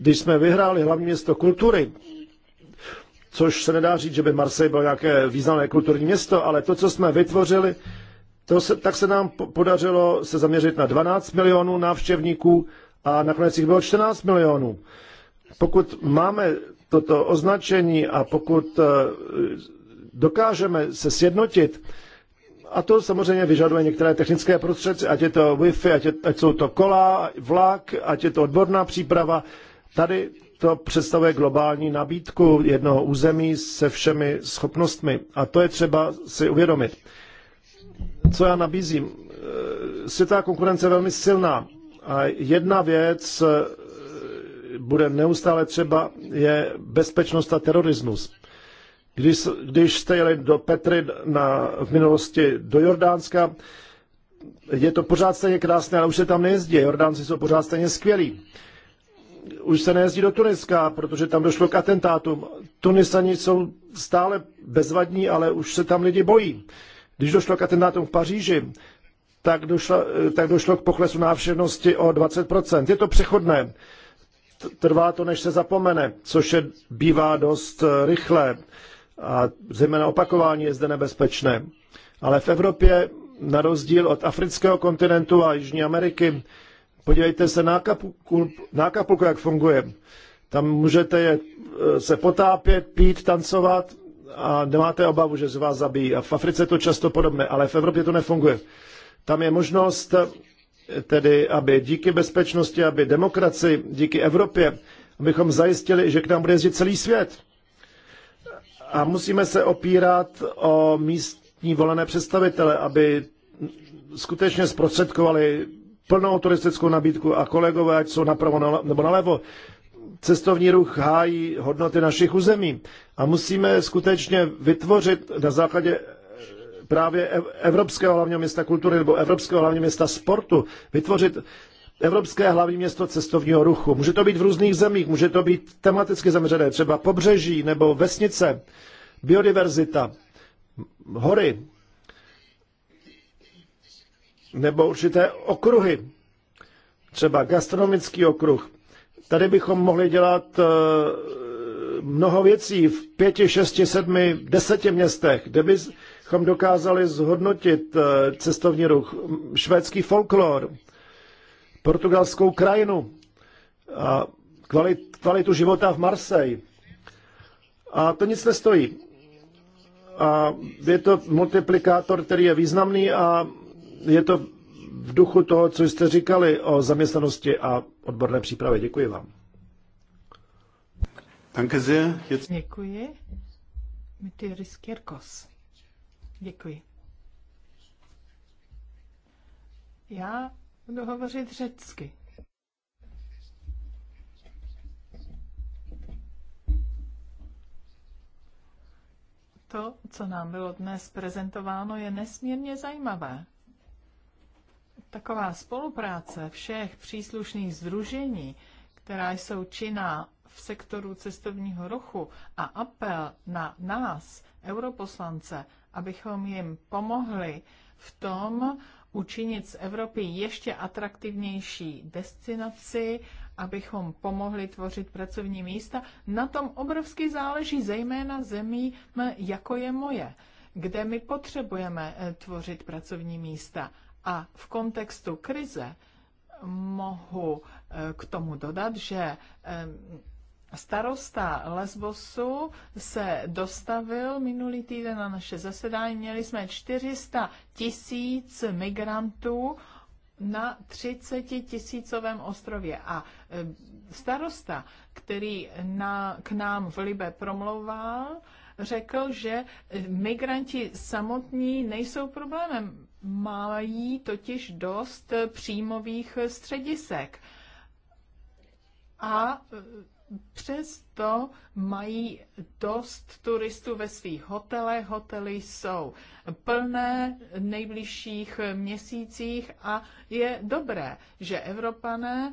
když jsme vyhráli hlavní město kultury, což se nedá říct, že by Marseille bylo nějaké významné kulturní město, ale to, co jsme vytvořili, to se, tak se nám podařilo se zaměřit na 12 milionů návštěvníků a nakonec jich bylo 14 milionů. Pokud máme toto označení a pokud eh, dokážeme se sjednotit, a to samozřejmě vyžaduje některé technické prostředky, ať je to Wi-Fi, ať, je, ať jsou to kola, vlak, ať je to odborná příprava. Tady to představuje globální nabídku jednoho území se všemi schopnostmi. A to je třeba si uvědomit. Co já nabízím? Eh, světová konkurence je velmi silná. A jedna věc eh, bude neustále třeba je bezpečnost a terorismus. Když, když jste jeli do Petry na, v minulosti do Jordánska, je to pořád stejně krásné, ale už se tam nejezdí. Jordánci jsou pořád stejně skvělí už se nejezdí do Tuniska, protože tam došlo k atentátům. Tunisani jsou stále bezvadní, ale už se tam lidi bojí. Když došlo k atentátům v Paříži, tak došlo, eh, tak došlo k poklesu návštěvnosti o 20%. Je to přechodné. Trvá to, než se zapomene, což je, bývá dost eh, rychlé. A zejména opakování je zde nebezpečné. Ale v Evropě, na rozdíl od afrického kontinentu a Jižní Ameriky, Podívejte se na Acapulco, na jak funguje. Tam můžete e, se potápět, pít, tancovat a nemáte obavu, že z vás zabijí. A v Africe je to často podobné, ale v Evropě to nefunguje. Tam je možnost, e, tedy aby díky bezpečnosti, aby demokracii, díky Evropě, abychom zajistili, že k nám bude jezdit celý svět. A musíme se opírat o místní volené představitele, aby skutečně zprostředkovali plnou turistickou nabídku a kolegové, ať jsou napravo nebo nalevo, cestovní ruch hájí hodnoty našich území. A musíme skutečně vytvořit na základě eh, právě Evropského hlavního města kultury nebo Evropského hlavního města sportu, vytvořit Evropské hlavní město cestovního ruchu. Může to být v různých zemích, může to být tematicky zaměřené, třeba pobřeží nebo vesnice, biodiverzita, hory, nebo určité okruhy, třeba gastronomický okruh. Tady bychom mohli dělat eh, mnoho věcí v pěti, šesti, sedmi, deseti městech, kde bychom dokázali zhodnotit eh, cestovní ruch, švédský folklor, portugalskou krajinu a kvalit, kvalitu života v Marseille. A to nic nestojí. A je to multiplikátor, který je významný a je to v duchu toho, co jste říkali o zaměstnanosti a odborné přípravě. Děkuji vám. Danke sehr. Jetzt... Děkuji. Mityris Děkuji. Já budu hovořit řecky. To, co nám bylo dnes prezentováno, je nesmírně zajímavé. Taková spolupráce všech příslušných združení, která jsou činná v sektoru cestovního ruchu a apel na nás, europoslance, abychom jim pomohli v tom učinit z Evropy ještě atraktivnější destinaci, abychom pomohli tvořit pracovní místa. Na tom obrovsky záleží zejména zemí, jako je moje, kde my potřebujeme eh, tvořit pracovní místa. A v kontextu krize mohu eh, k tomu dodat, že Starosta Lesbosu se dostavil minulý týden na naše zasedání. Měli jsme 400 tisíc migrantů na 30 tisícovém ostrově. A starosta, který na, k nám v Libe promlouval, řekl, že eh, migranti samotní nejsou problémem mají totiž dost příjmových středisek. A e, Přesto mají dost turistů ve svých hotelech. Hotely jsou plné v nejbližších měsících a je dobré, že Evropané,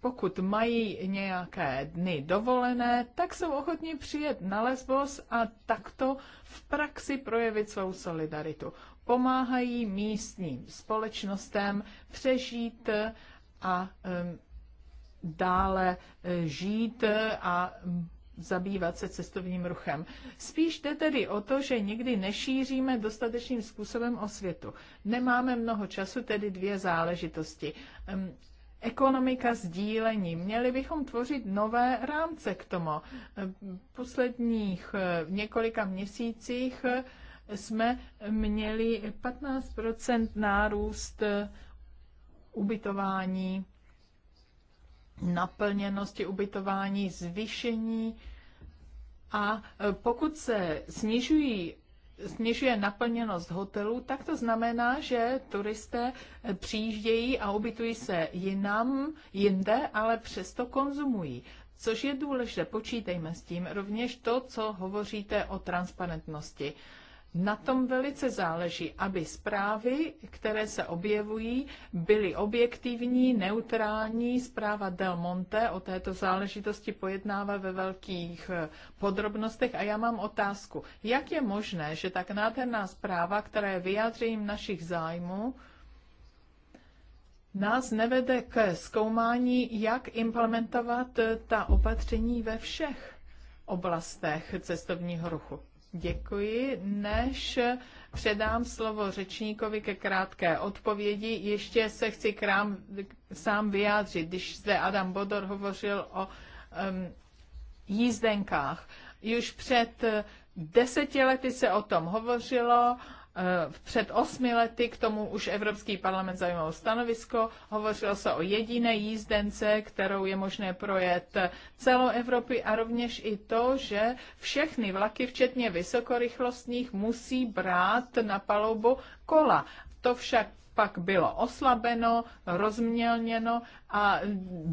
pokud mají nějaké dny dovolené, tak jsou ochotni přijet na Lesbos a takto v praxi projevit svou solidaritu pomáhají místním společnostem přežít a dále e, žít a zabývat se cestovním ruchem. Spíš jde tedy o to, že někdy nešíříme dostatečným způsobem o světu. Nemáme mnoho času, tedy dvě záležitosti. Ekonomika sdílení. Měli bychom tvořit nové rámce k tomu. V posledních e, několika měsících jsme měli 15 nárůst eh, ubytování, naplněnosti ubytování, zvýšení. A eh, pokud se snižují snižuje naplněnost hotelů, tak to znamená, že turisté eh, přijíždějí a ubytují se jinam, jinde, ale přesto konzumují. Což je důležité, počítejme s tím. Rovněž to, co hovoříte o transparentnosti. Na tom velice záleží, aby zprávy, které se objevují, byly objektivní, neutrální. Zpráva Del Monte o této záležitosti pojednává ve velkých eh, podrobnostech a já mám otázku. Jak je možné, že tak nádherná zpráva, která je vyjádřením našich zájmů, nás nevede k zkoumání, jak implementovat eh, ta opatření ve všech oblastech cestovního ruchu. Děkuji. Než předám slovo řečníkovi ke krátké odpovědi, ještě se chci krám, sám vyjádřit, když zde Adam Bodor hovořil o um, jízdenkách. Už před eh, deseti lety se o tom hovořilo, Eh, před osmi lety k tomu už Evropský parlament zajímalo stanovisko. Hovořilo se o jediné jízdence, kterou je možné projet celou Evropy a rovněž i to, že všechny vlaky, včetně vysokorychlostních, musí brát na palubu kola. To však pak bylo oslabeno, rozmělněno a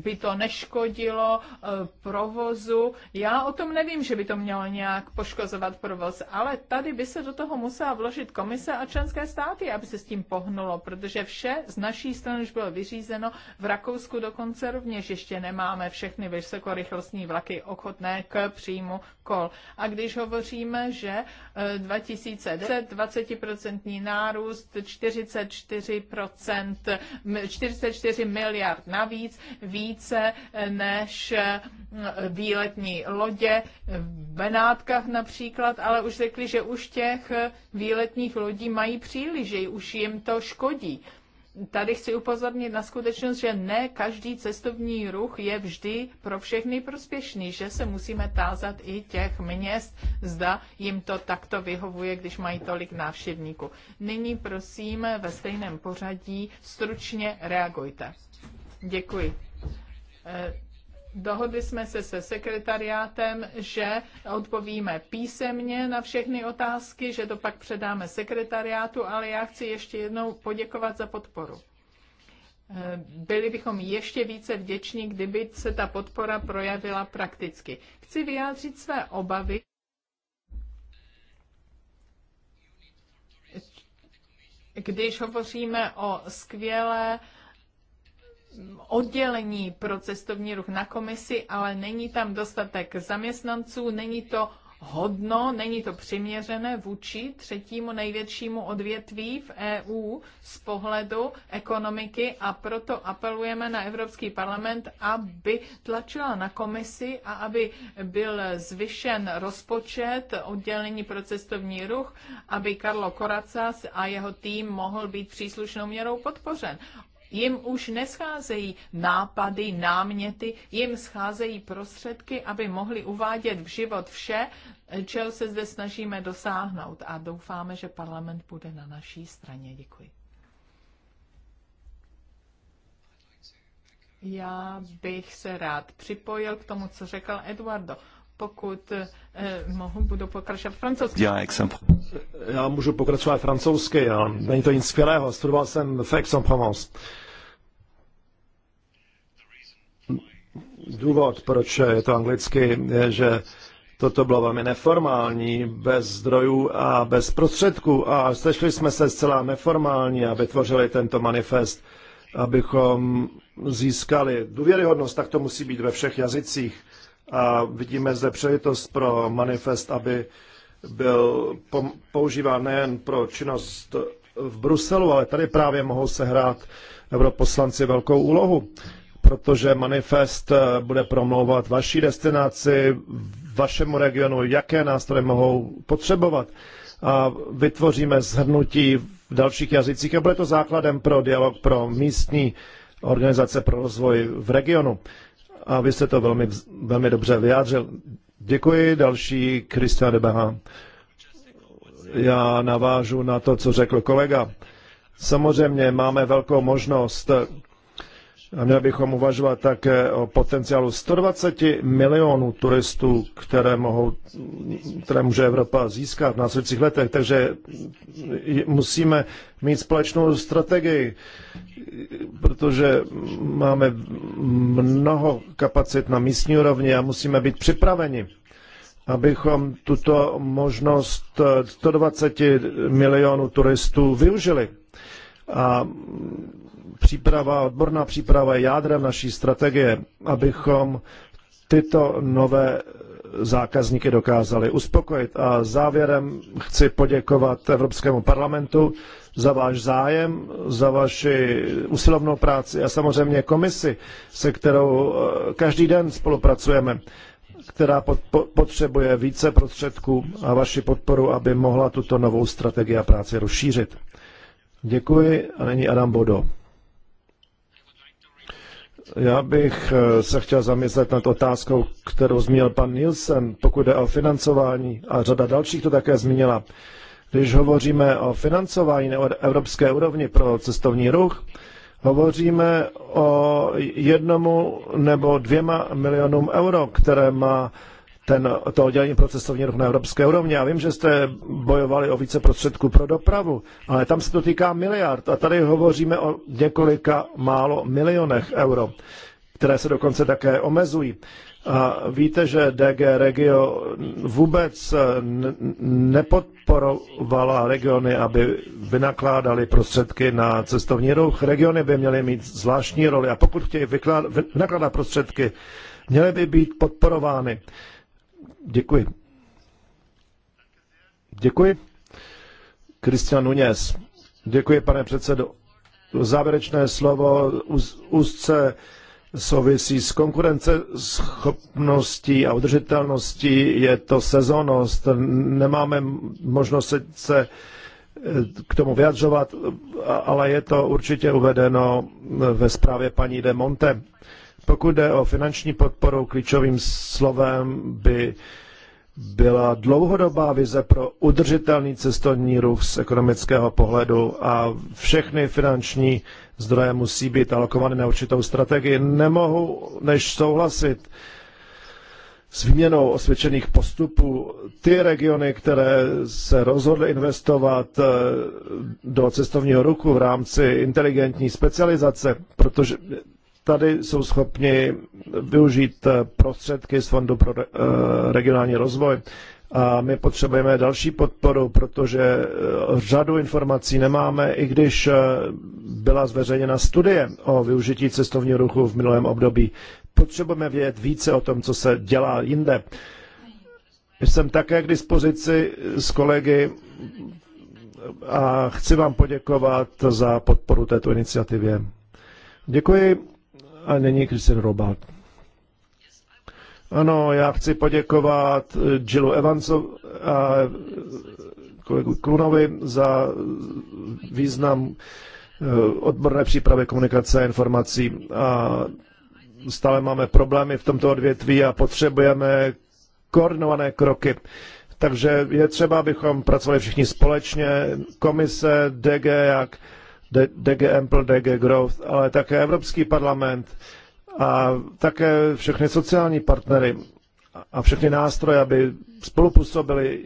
by to neškodilo eh, provozu. Já o tom nevím, že by to mělo nějak poškozovat provoz, ale tady by se do toho musela vložit komise a členské státy, aby se s tím pohnulo, protože vše z naší strany už bylo vyřízeno. V Rakousku dokonce rovněž ještě nemáme všechny vysokorychlostní vlaky ochotné k příjmu kol. A když hovoříme, že eh, 2010 20% nárůst, 44 44 miliard navíc, více než eh, výletní lodě v Benátkách například, ale už řekli, že už těch eh, výletních lodí mají příliš, že už jim to škodí tady chci upozornit na skutečnost, že ne každý cestovní ruch je vždy pro všechny prospěšný, že se musíme tázat i těch měst, zda jim to takto vyhovuje, když mají tolik návštěvníků. Nyní prosím ve stejném pořadí stručně reagujte. Děkuji. Eh, Dohodli jsme se se sekretariátem, že odpovíme písemně na všechny otázky, že to pak předáme sekretariátu, ale já chci ještě jednou poděkovat za podporu. Eh, byli bychom ještě více vděční, kdyby se ta podpora projevila prakticky. Chci vyjádřit své obavy. Když hovoříme o skvělé oddělení pro cestovní ruch na komisi, ale není tam dostatek zaměstnanců, není to hodno, není to přiměřené vůči třetímu největšímu odvětví v EU z pohledu ekonomiky a proto apelujeme na Evropský parlament, aby tlačila na komisi a aby byl zvyšen rozpočet oddělení pro cestovní ruch, aby Karlo Koracas a jeho tým mohl být příslušnou měrou podpořen. Jim už nescházejí nápady, náměty, jim scházejí prostředky, aby mohli uvádět v život vše, čeho se zde snažíme dosáhnout. A doufáme, že parlament bude na naší straně. Děkuji. Já bych se rád připojil k tomu, co řekl Eduardo pokud eh, mohu, budu pokračovat francouzsky. Já, Já můžu pokračovat francouzsky, a není to nic skvělého. Studoval jsem v Aix-en-Provence. Důvod, proč je to anglicky, je, že toto bylo velmi neformální, bez zdrojů a bez prostředků a sešli jsme se zcela neformálně a vytvořili tento manifest, abychom získali důvěryhodnost, tak to musí být ve všech jazycích. A vidíme zde přejitost pro manifest, aby byl používán nejen pro činnost v Bruselu, ale tady právě mohou sehrát europoslanci velkou úlohu protože manifest eh, bude promlouvat vaší destinaci, vašemu regionu, jaké nástroje mohou potřebovat. A vytvoříme zhrnutí v dalších jazycích a bude to základem pro dialog pro místní organizace pro rozvoj v regionu. A vy jste to velmi, velmi dobře vyjádřil. Děkuji, další Kristian Debeha. Já navážu na to, co řekl kolega. Samozřejmě máme velkou možnost a měli bychom uvažovat také o potenciálu 120 milionů turistů, které, mohou, které může Evropa získat v následujících letech. Takže musíme mít společnou strategii, protože máme mnoho kapacit na místní úrovni a musíme být připraveni abychom tuto možnost 120 milionů turistů využili. A příprava, odborná příprava je jádrem naší strategie, abychom tyto nové zákazníky dokázali uspokojit. A závěrem chci poděkovat Evropskému parlamentu za váš zájem, za vaši usilovnou práci a samozřejmě komisi, se kterou eh, každý den spolupracujeme, která potřebuje více prostředků a vaši podporu, aby mohla tuto novou strategii a práci rozšířit. Děkuji a nyní Adam Bodo. Já bych eh, se chtěl zamyslet nad otázkou, kterou zmínil pan Nielsen, pokud jde o financování, a řada dalších to také zmínila. Když hovoříme o financování na evropské úrovni pro cestovní ruch, hovoříme o jednomu nebo dvěma milionům euro, které má ten, to oddělení pro cestovní ruch na evropské úrovni. Já vím, že jste bojovali o více prostředků pro dopravu, ale tam se to týká miliard a tady hovoříme o několika málo milionech euro, které se dokonce také omezují. A víte, že DG Regio vůbec nepodporovala regiony, aby vynakládali prostředky na cestovní ruch. Regiony by měly mít zvláštní roli a pokud chtějí vynakládat prostředky, měly by být podporovány. Děkuji. Děkuji. Kristian Nunes. Děkuji, pane předsedo. Závěrečné slovo úzce souvisí s konkurenceschopností a udržitelností. Je to sezónnost. Nemáme možnost se eh, k tomu vyjadřovat, ale je to určitě uvedeno ve zprávě paní de Monte. Pokud jde o finanční podporu, klíčovým slovem by byla dlouhodobá vize pro udržitelný cestovní ruch z ekonomického pohledu a všechny finanční zdroje musí být alokovány na určitou strategii. Nemohu než souhlasit s výměnou osvědčených postupů. Ty regiony, které se rozhodly investovat eh, do cestovního ruchu v rámci inteligentní specializace, protože tady jsou schopni využít eh, prostředky z Fondu pro eh, regionální rozvoj. A my potřebujeme další podporu, protože eh, řadu informací nemáme, i když byla zveřejněna studie o využití cestovního ruchu v minulém období. Potřebujeme vědět více o tom, co se dělá jinde. Jsem také k dispozici s kolegy a chci vám poděkovat za podporu této iniciativě. Děkuji. A není Christian Robát. Ano, já chci poděkovat eh, Jillu Evansu a eh, kolegu Klunovi za význam eh, odborné přípravy komunikace a informací. A stále máme problémy v tomto odvětví a potřebujeme koordinované kroky. Takže je třeba, abychom pracovali všichni společně, komise, DG, jak DG Ample, DG Growth, ale také Evropský parlament a také všechny sociální partnery a všechny nástroje, aby spolupůsobili.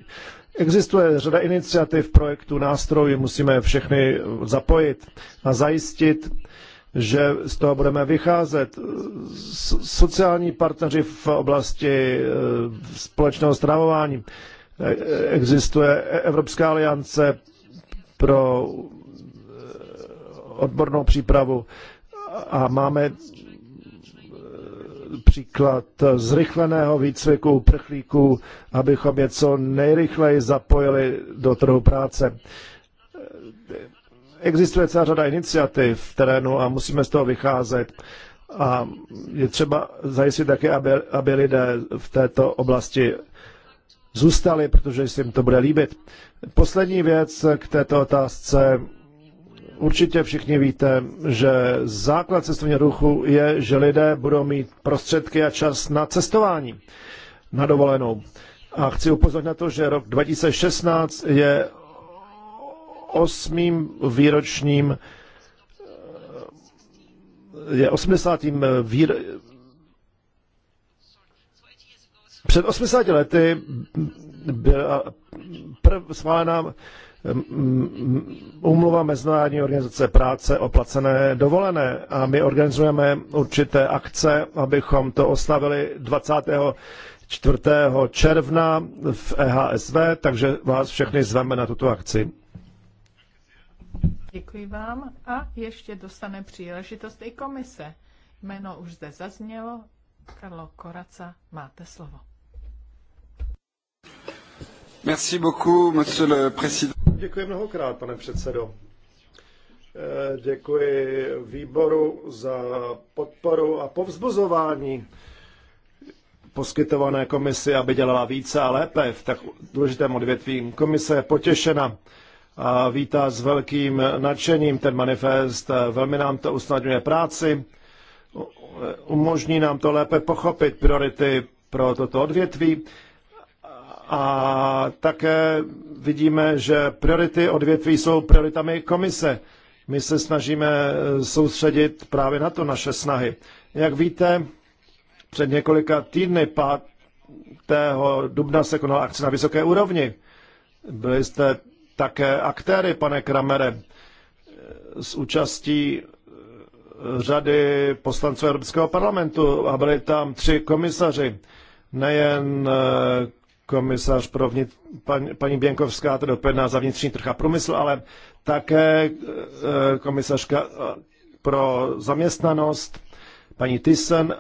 Existuje řada iniciativ, projektů, nástrojů, musíme všechny zapojit a zajistit, že z toho budeme vycházet. Sociální partneři v oblasti eh, společného stravování. Eh, existuje e-, Evropská aliance pro odbornou přípravu a máme e, příklad zrychleného výcviku prchlíků, abychom je co nejrychleji zapojili do trhu práce. E, existuje celá řada iniciativ v terénu a musíme z toho vycházet. A je třeba zajistit také, aby, aby lidé v této oblasti zůstali, protože si jim to bude líbit. Poslední věc k této otázce Určitě všichni víte, že základ cestovního ruchu je, že lidé budou mít prostředky a čas na cestování, na dovolenou. A chci upozornit na to, že rok 2016 je osmým výročním je 80. Výro... Před 80 lety byla prv schválena umluva Mezinárodní organizace práce o placené dovolené a my organizujeme určité akce, abychom to oslavili 24. června v EHSV, takže vás všechny zveme na tuto akci. Děkuji vám a ještě dostane příležitost i komise. Jméno už zde zaznělo. Karlo Koraca, máte slovo. Merci beaucoup, monsieur le président. Děkuji mnohokrát, pane předsedo. Eh, děkuji výboru za podporu a povzbuzování poskytované komisi, aby dělala více a lépe v tak důležitém odvětví. Komise je potěšena a vítá s velkým nadšením ten manifest. Velmi nám to usnadňuje práci, umožní nám to lépe pochopit priority pro toto odvětví a také vidíme, že priority odvětví jsou prioritami komise. My se snažíme eh, soustředit právě na to naše snahy. Jak víte, před několika týdny 5. dubna se konala akce na vysoké úrovni. Byli jste také aktéry, pane Kramere, eh, s účastí eh, řady poslanců Evropského parlamentu a byli tam tři komisaři, nejen komisař pro vnit, pan, paní Běnkovská, to dopadná za vnitřní trh a průmysl, ale také eh, komisařka eh, pro zaměstnanost, paní Thyssen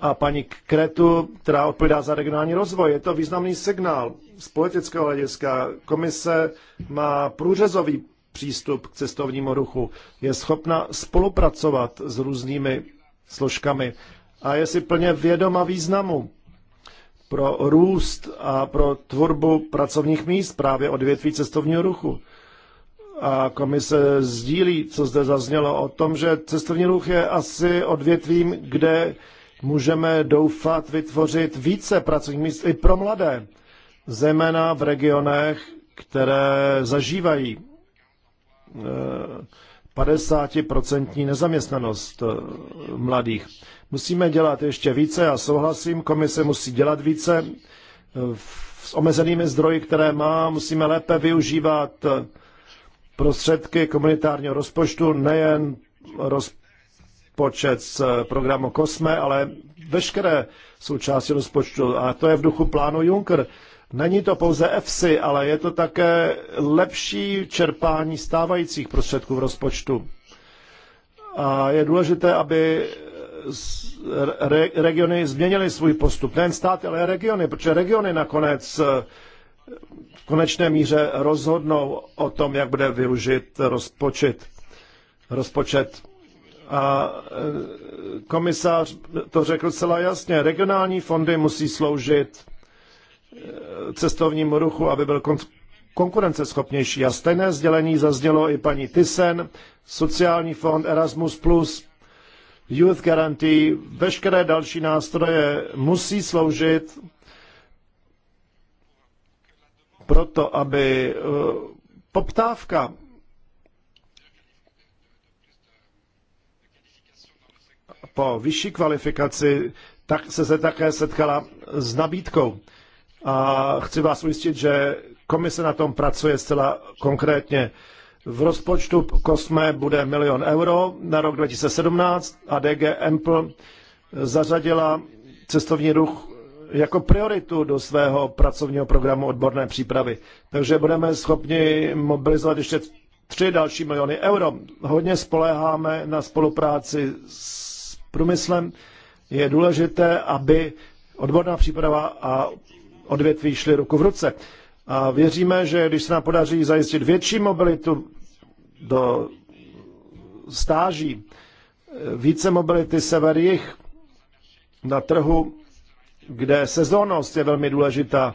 a paní Kretu, která odpovídá za regionální rozvoj. Je to významný signál z politického hlediska. Komise má průřezový přístup k cestovnímu ruchu, je schopna spolupracovat s různými složkami a je si plně vědoma významu pro růst a pro tvorbu pracovních míst právě odvětví cestovního ruchu. A komise sdílí, co zde zaznělo o tom, že cestovní ruch je asi odvětvím, kde můžeme doufat vytvořit více pracovních míst i pro mladé, zejména v regionech, které zažívají 50% eh, nezaměstnanost eh, mladých. Musíme dělat ještě více, já souhlasím, komise musí dělat více s omezenými zdroji, které má, musíme lépe využívat prostředky komunitárního rozpočtu, nejen rozpočet z programu COSME, ale veškeré součásti rozpočtu. A to je v duchu plánu Juncker. Není to pouze EFSI, ale je to také lepší čerpání stávajících prostředků v rozpočtu. A je důležité, aby re, regiony změnily svůj postup. Nejen státy, ale regiony, protože regiony nakonec eh, v konečné míře rozhodnou o tom, jak bude využit rozpočet. rozpočet. A eh, komisař to řekl celá jasně. Regionální fondy musí sloužit eh, cestovnímu ruchu, aby byl konkurenceschopnější. A stejné sdělení zaznělo i paní Tysen, sociální fond Erasmus+, Youth Guarantee, veškeré další nástroje musí sloužit proto, aby eh, poptávka po vyšší kvalifikaci tak se, se také setkala s nabídkou. A chci vás ujistit, že komise na tom pracuje zcela konkrétně. V rozpočtu COSME bude milion euro na rok 2017 a DG Ample zařadila cestovní ruch jako prioritu do svého pracovního programu odborné přípravy. Takže budeme schopni mobilizovat ještě tři další miliony euro. Hodně spoléháme na spolupráci s průmyslem. Je důležité, aby odborná příprava a odvětví šly ruku v ruce. A věříme, že když se nám podaří zajistit větší mobilitu do stáží, více mobility sever-jih na trhu, kde sezónnost je velmi důležitá,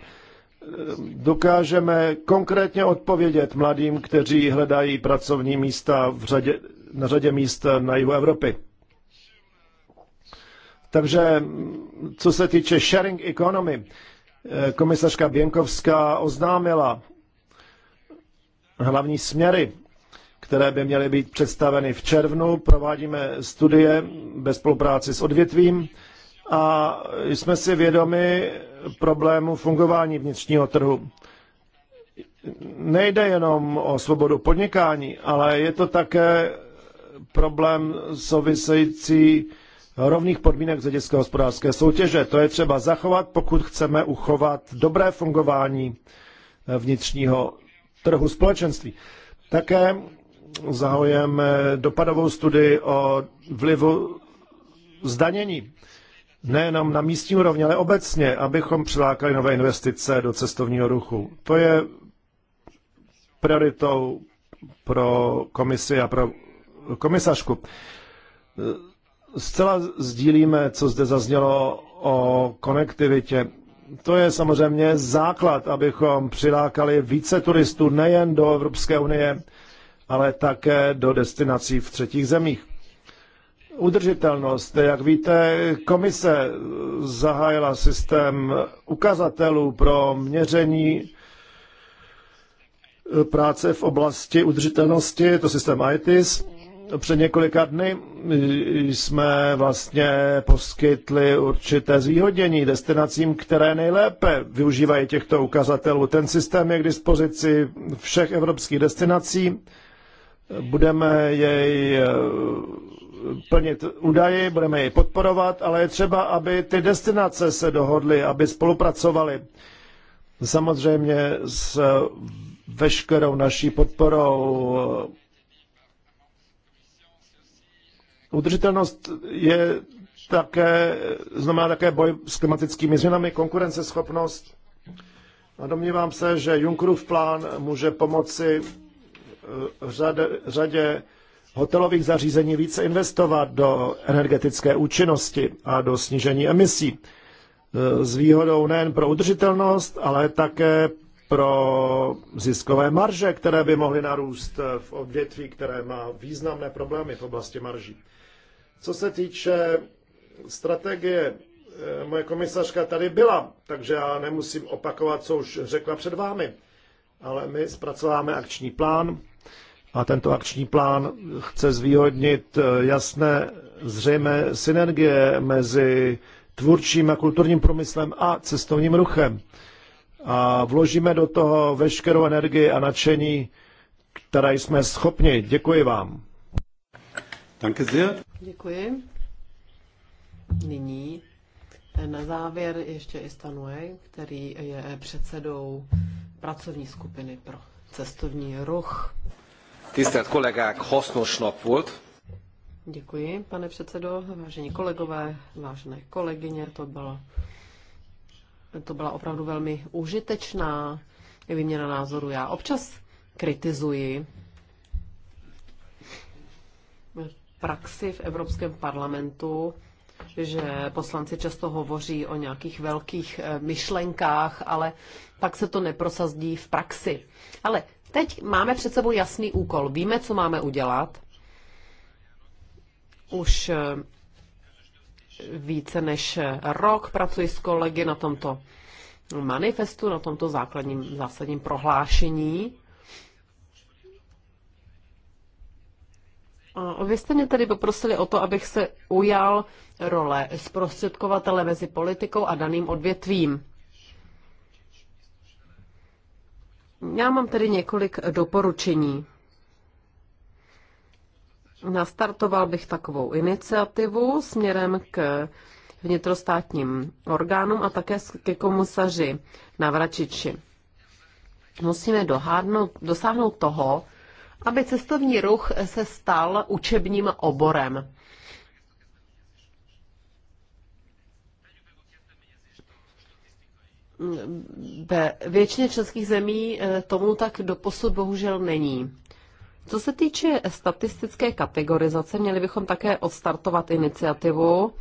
dokážeme konkrétně odpovědět mladým, kteří hledají pracovní místa v řadě, na řadě míst na jihu Evropy. Takže co se týče sharing economy, Eh, komisařka Běnkovská oznámila hlavní směry, které by měly být představeny v červnu. Provádíme studie ve spolupráci s odvětvím a jsme si vědomi problému fungování vnitřního trhu. Nejde jenom o svobodu podnikání, ale je to také problém související rovných podmínek z hlediska hospodářské soutěže. To je třeba zachovat, pokud chceme uchovat dobré fungování eh, vnitřního trhu společenství. Také zahojeme dopadovou studii o vlivu zdanění. Nejenom na místní úrovni, ale obecně, abychom přilákali nové investice do cestovního ruchu. To je prioritou pro komisi a pro komisařku. Zcela sdílíme, co zde zaznělo o konektivitě. To je samozřejmě základ, abychom přilákali více turistů nejen do Evropské unie, ale také do destinací v třetích zemích. Udržitelnost. Jak víte, komise zahájila systém ukazatelů pro měření práce v oblasti udržitelnosti, to systém ITIS před několika dny jsme vlastně poskytli určité zvýhodnění destinacím, které nejlépe využívají těchto ukazatelů. Ten systém je k dispozici všech evropských destinací. Budeme jej eh, plnit údaji, budeme jej podporovat, ale je třeba, aby ty destinace se dohodly, aby spolupracovaly. Samozřejmě s veškerou naší podporou Udržitelnost je také, znamená také boj s klimatickými změnami, konkurenceschopnost. A domnívám se, že Junckerův plán může pomoci eh, řade, řadě hotelových zařízení více investovat do energetické účinnosti a do snížení emisí. Eh, s výhodou nejen pro udržitelnost, ale také pro ziskové marže, které by mohly narůst eh, v odvětví, které má významné problémy v oblasti marží. Co se týče strategie, eh, moje komisařka tady byla, takže já nemusím opakovat, co už řekla před vámi. Ale my zpracováme akční plán a tento akční plán chce zvýhodnit eh, jasné, zřejmé synergie mezi tvůrčím a kulturním průmyslem a cestovním ruchem. A vložíme do toho veškerou energii a nadšení, které jsme schopni. Děkuji vám. Danke sehr. Děkuji. Nyní na závěr ještě i Way, který je předsedou pracovní skupiny pro cestovní ruch. Tisztelt kollégák, hasznos nap volt. Děkuji, pane předsedo, vážení kolegové, vážené kolegyně, to byla, to byla opravdu velmi užitečná výměna názoru. Já občas kritizuji praxi v Evropském parlamentu, že poslanci často hovoří o nějakých velkých eh, myšlenkách, ale pak se to neprosazdí v praxi. Ale teď máme před sebou jasný úkol. Víme, co máme udělat. Už eh, více než rok pracuji s kolegy na tomto manifestu, na tomto základním zásadním prohlášení. vy jste mě tedy poprosili o to, abych se ujal role zprostředkovatele mezi politikou a daným odvětvím. Já mám tedy několik doporučení. Nastartoval bych takovou iniciativu směrem k vnitrostátním orgánům a také ke komisaři Navračiči. Musíme dohádnout, dosáhnout toho, aby cestovní ruch se stal učebním oborem. Ve většině českých zemí eh, tomu tak doposud bohužel není. Co se týče statistické kategorizace, měli bychom také odstartovat iniciativu,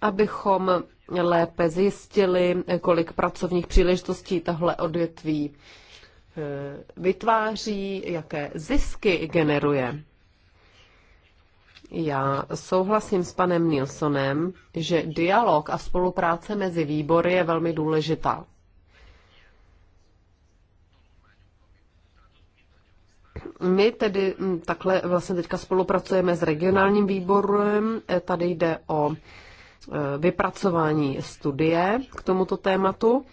abychom lépe zjistili, kolik pracovních příležitostí tahle odvětví Eh, vytváří, jaké zisky generuje. Já souhlasím s panem Nilsonem, že dialog a spolupráce mezi výbory je velmi důležitá. My tedy hm, takhle vlastně teďka spolupracujeme s regionálním výborem. Eh, tady jde o eh, vypracování studie k tomuto tématu.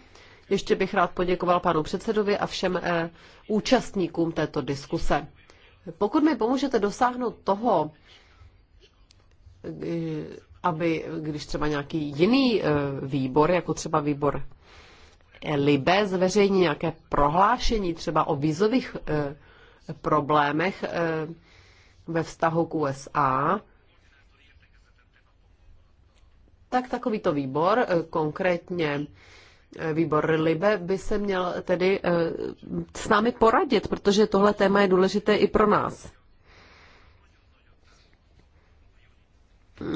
Ještě bych rád poděkoval panu předsedovi a všem eh, účastníkům této diskuse. Pokud mi pomůžete dosáhnout toho, eh, aby když třeba nějaký jiný eh, výbor, jako třeba výbor Libe, zveřejní nějaké prohlášení třeba o vízových problémech ve vztahu k USA, tak takovýto výbor, konkrétně Výbor Libe by se měl tedy eh, s námi poradit, protože tohle téma je důležité i pro nás.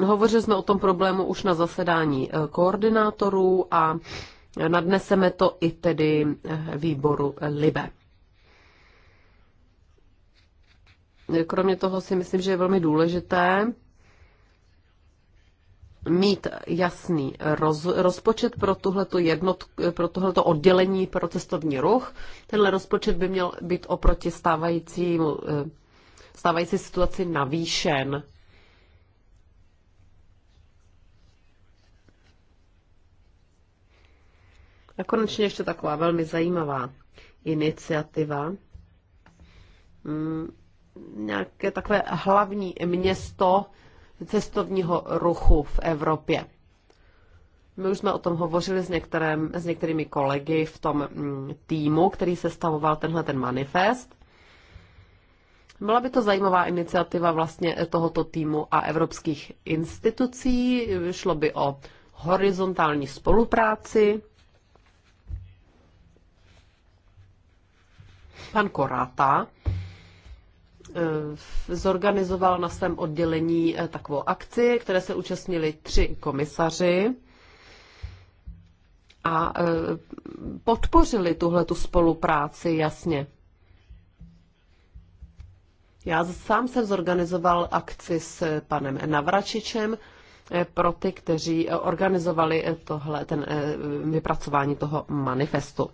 Hovořili jsme o tom problému už na zasedání eh, koordinátorů a nadneseme to i tedy eh, výboru Libe. Kromě toho si myslím, že je velmi důležité, mít jasný roz, rozpočet pro tohleto, jednot, pro tohleto oddělení pro cestovní ruch. Tenhle rozpočet by měl být oproti stávajícímu, eh, stávající situaci navýšen. A konečně ještě taková velmi zajímavá iniciativa. Mm, nějaké takové hlavní město, cestovního ruchu v Evropě. My už jsme o tom hovořili s, některém, s některými kolegy v tom mm, týmu, který sestavoval tenhle ten manifest. Byla by to zajímavá iniciativa vlastně tohoto týmu a evropských institucí. Šlo by o horizontální spolupráci. Pan Koráta Eh, zorganizoval na svém oddělení eh, takovou akci, které se účastnili tři komisaři a eh, podpořili tuhle tu spolupráci jasně. Já sám jsem zorganizoval akci s panem Navračičem pro ty, kteří organizovali tohle, ten vypracování toho manifestu.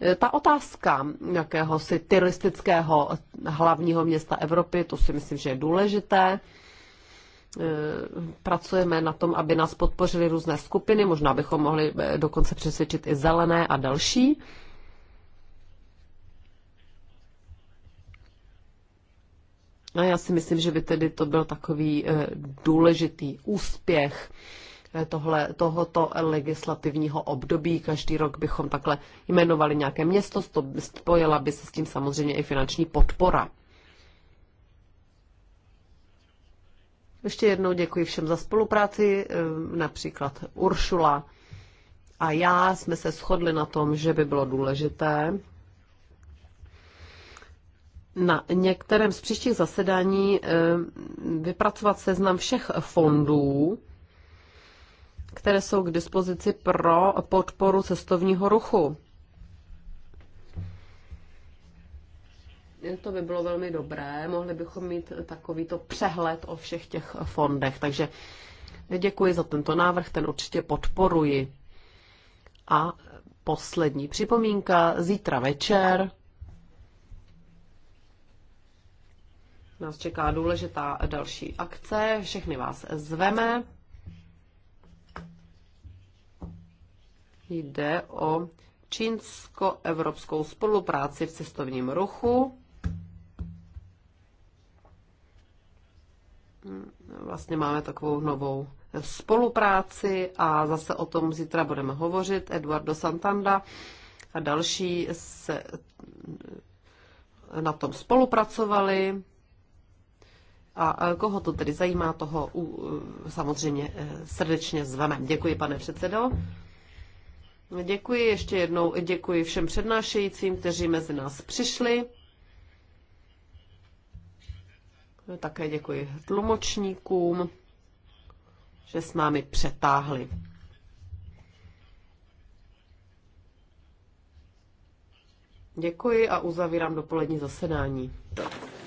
Eh, ta otázka jakéhosi turistického hlavního města Evropy, to si myslím, že je důležité. Eh, pracujeme na tom, aby nás podpořili různé skupiny, možná bychom mohli eh, dokonce přesvědčit i zelené a další. A já si myslím, že by tedy to byl takový důležitý úspěch tohle, tohoto legislativního období. Každý rok bychom takhle jmenovali nějaké město, spojila by se s tím samozřejmě i finanční podpora. Ještě jednou děkuji všem za spolupráci, eh, například Uršula a já jsme se shodli na tom, že by bylo důležité na některém z příštích zasedání eh, vypracovat seznam všech fondů, které jsou k dispozici pro podporu cestovního ruchu. To by bylo velmi dobré, mohli bychom mít takovýto přehled o všech těch fondech. Takže děkuji za tento návrh, ten určitě podporuji. A poslední připomínka, zítra večer nás čeká důležitá další akce, všechny vás zveme. Jde o čínsko-evropskou spolupráci v cestovním ruchu. Vlastně máme takovou novou spolupráci a zase o tom zítra budeme hovořit. Eduardo Santanda a další se na tom spolupracovali. A koho to tedy zajímá, toho samozřejmě eh, srdečně zveme. Děkuji, pane předsedo. Děkuji ještě jednou, děkuji všem přednášejícím, kteří mezi nás přišli. Také děkuji tlumočníkům, že s námi přetáhli. Děkuji a uzavírám dopolední zasedání.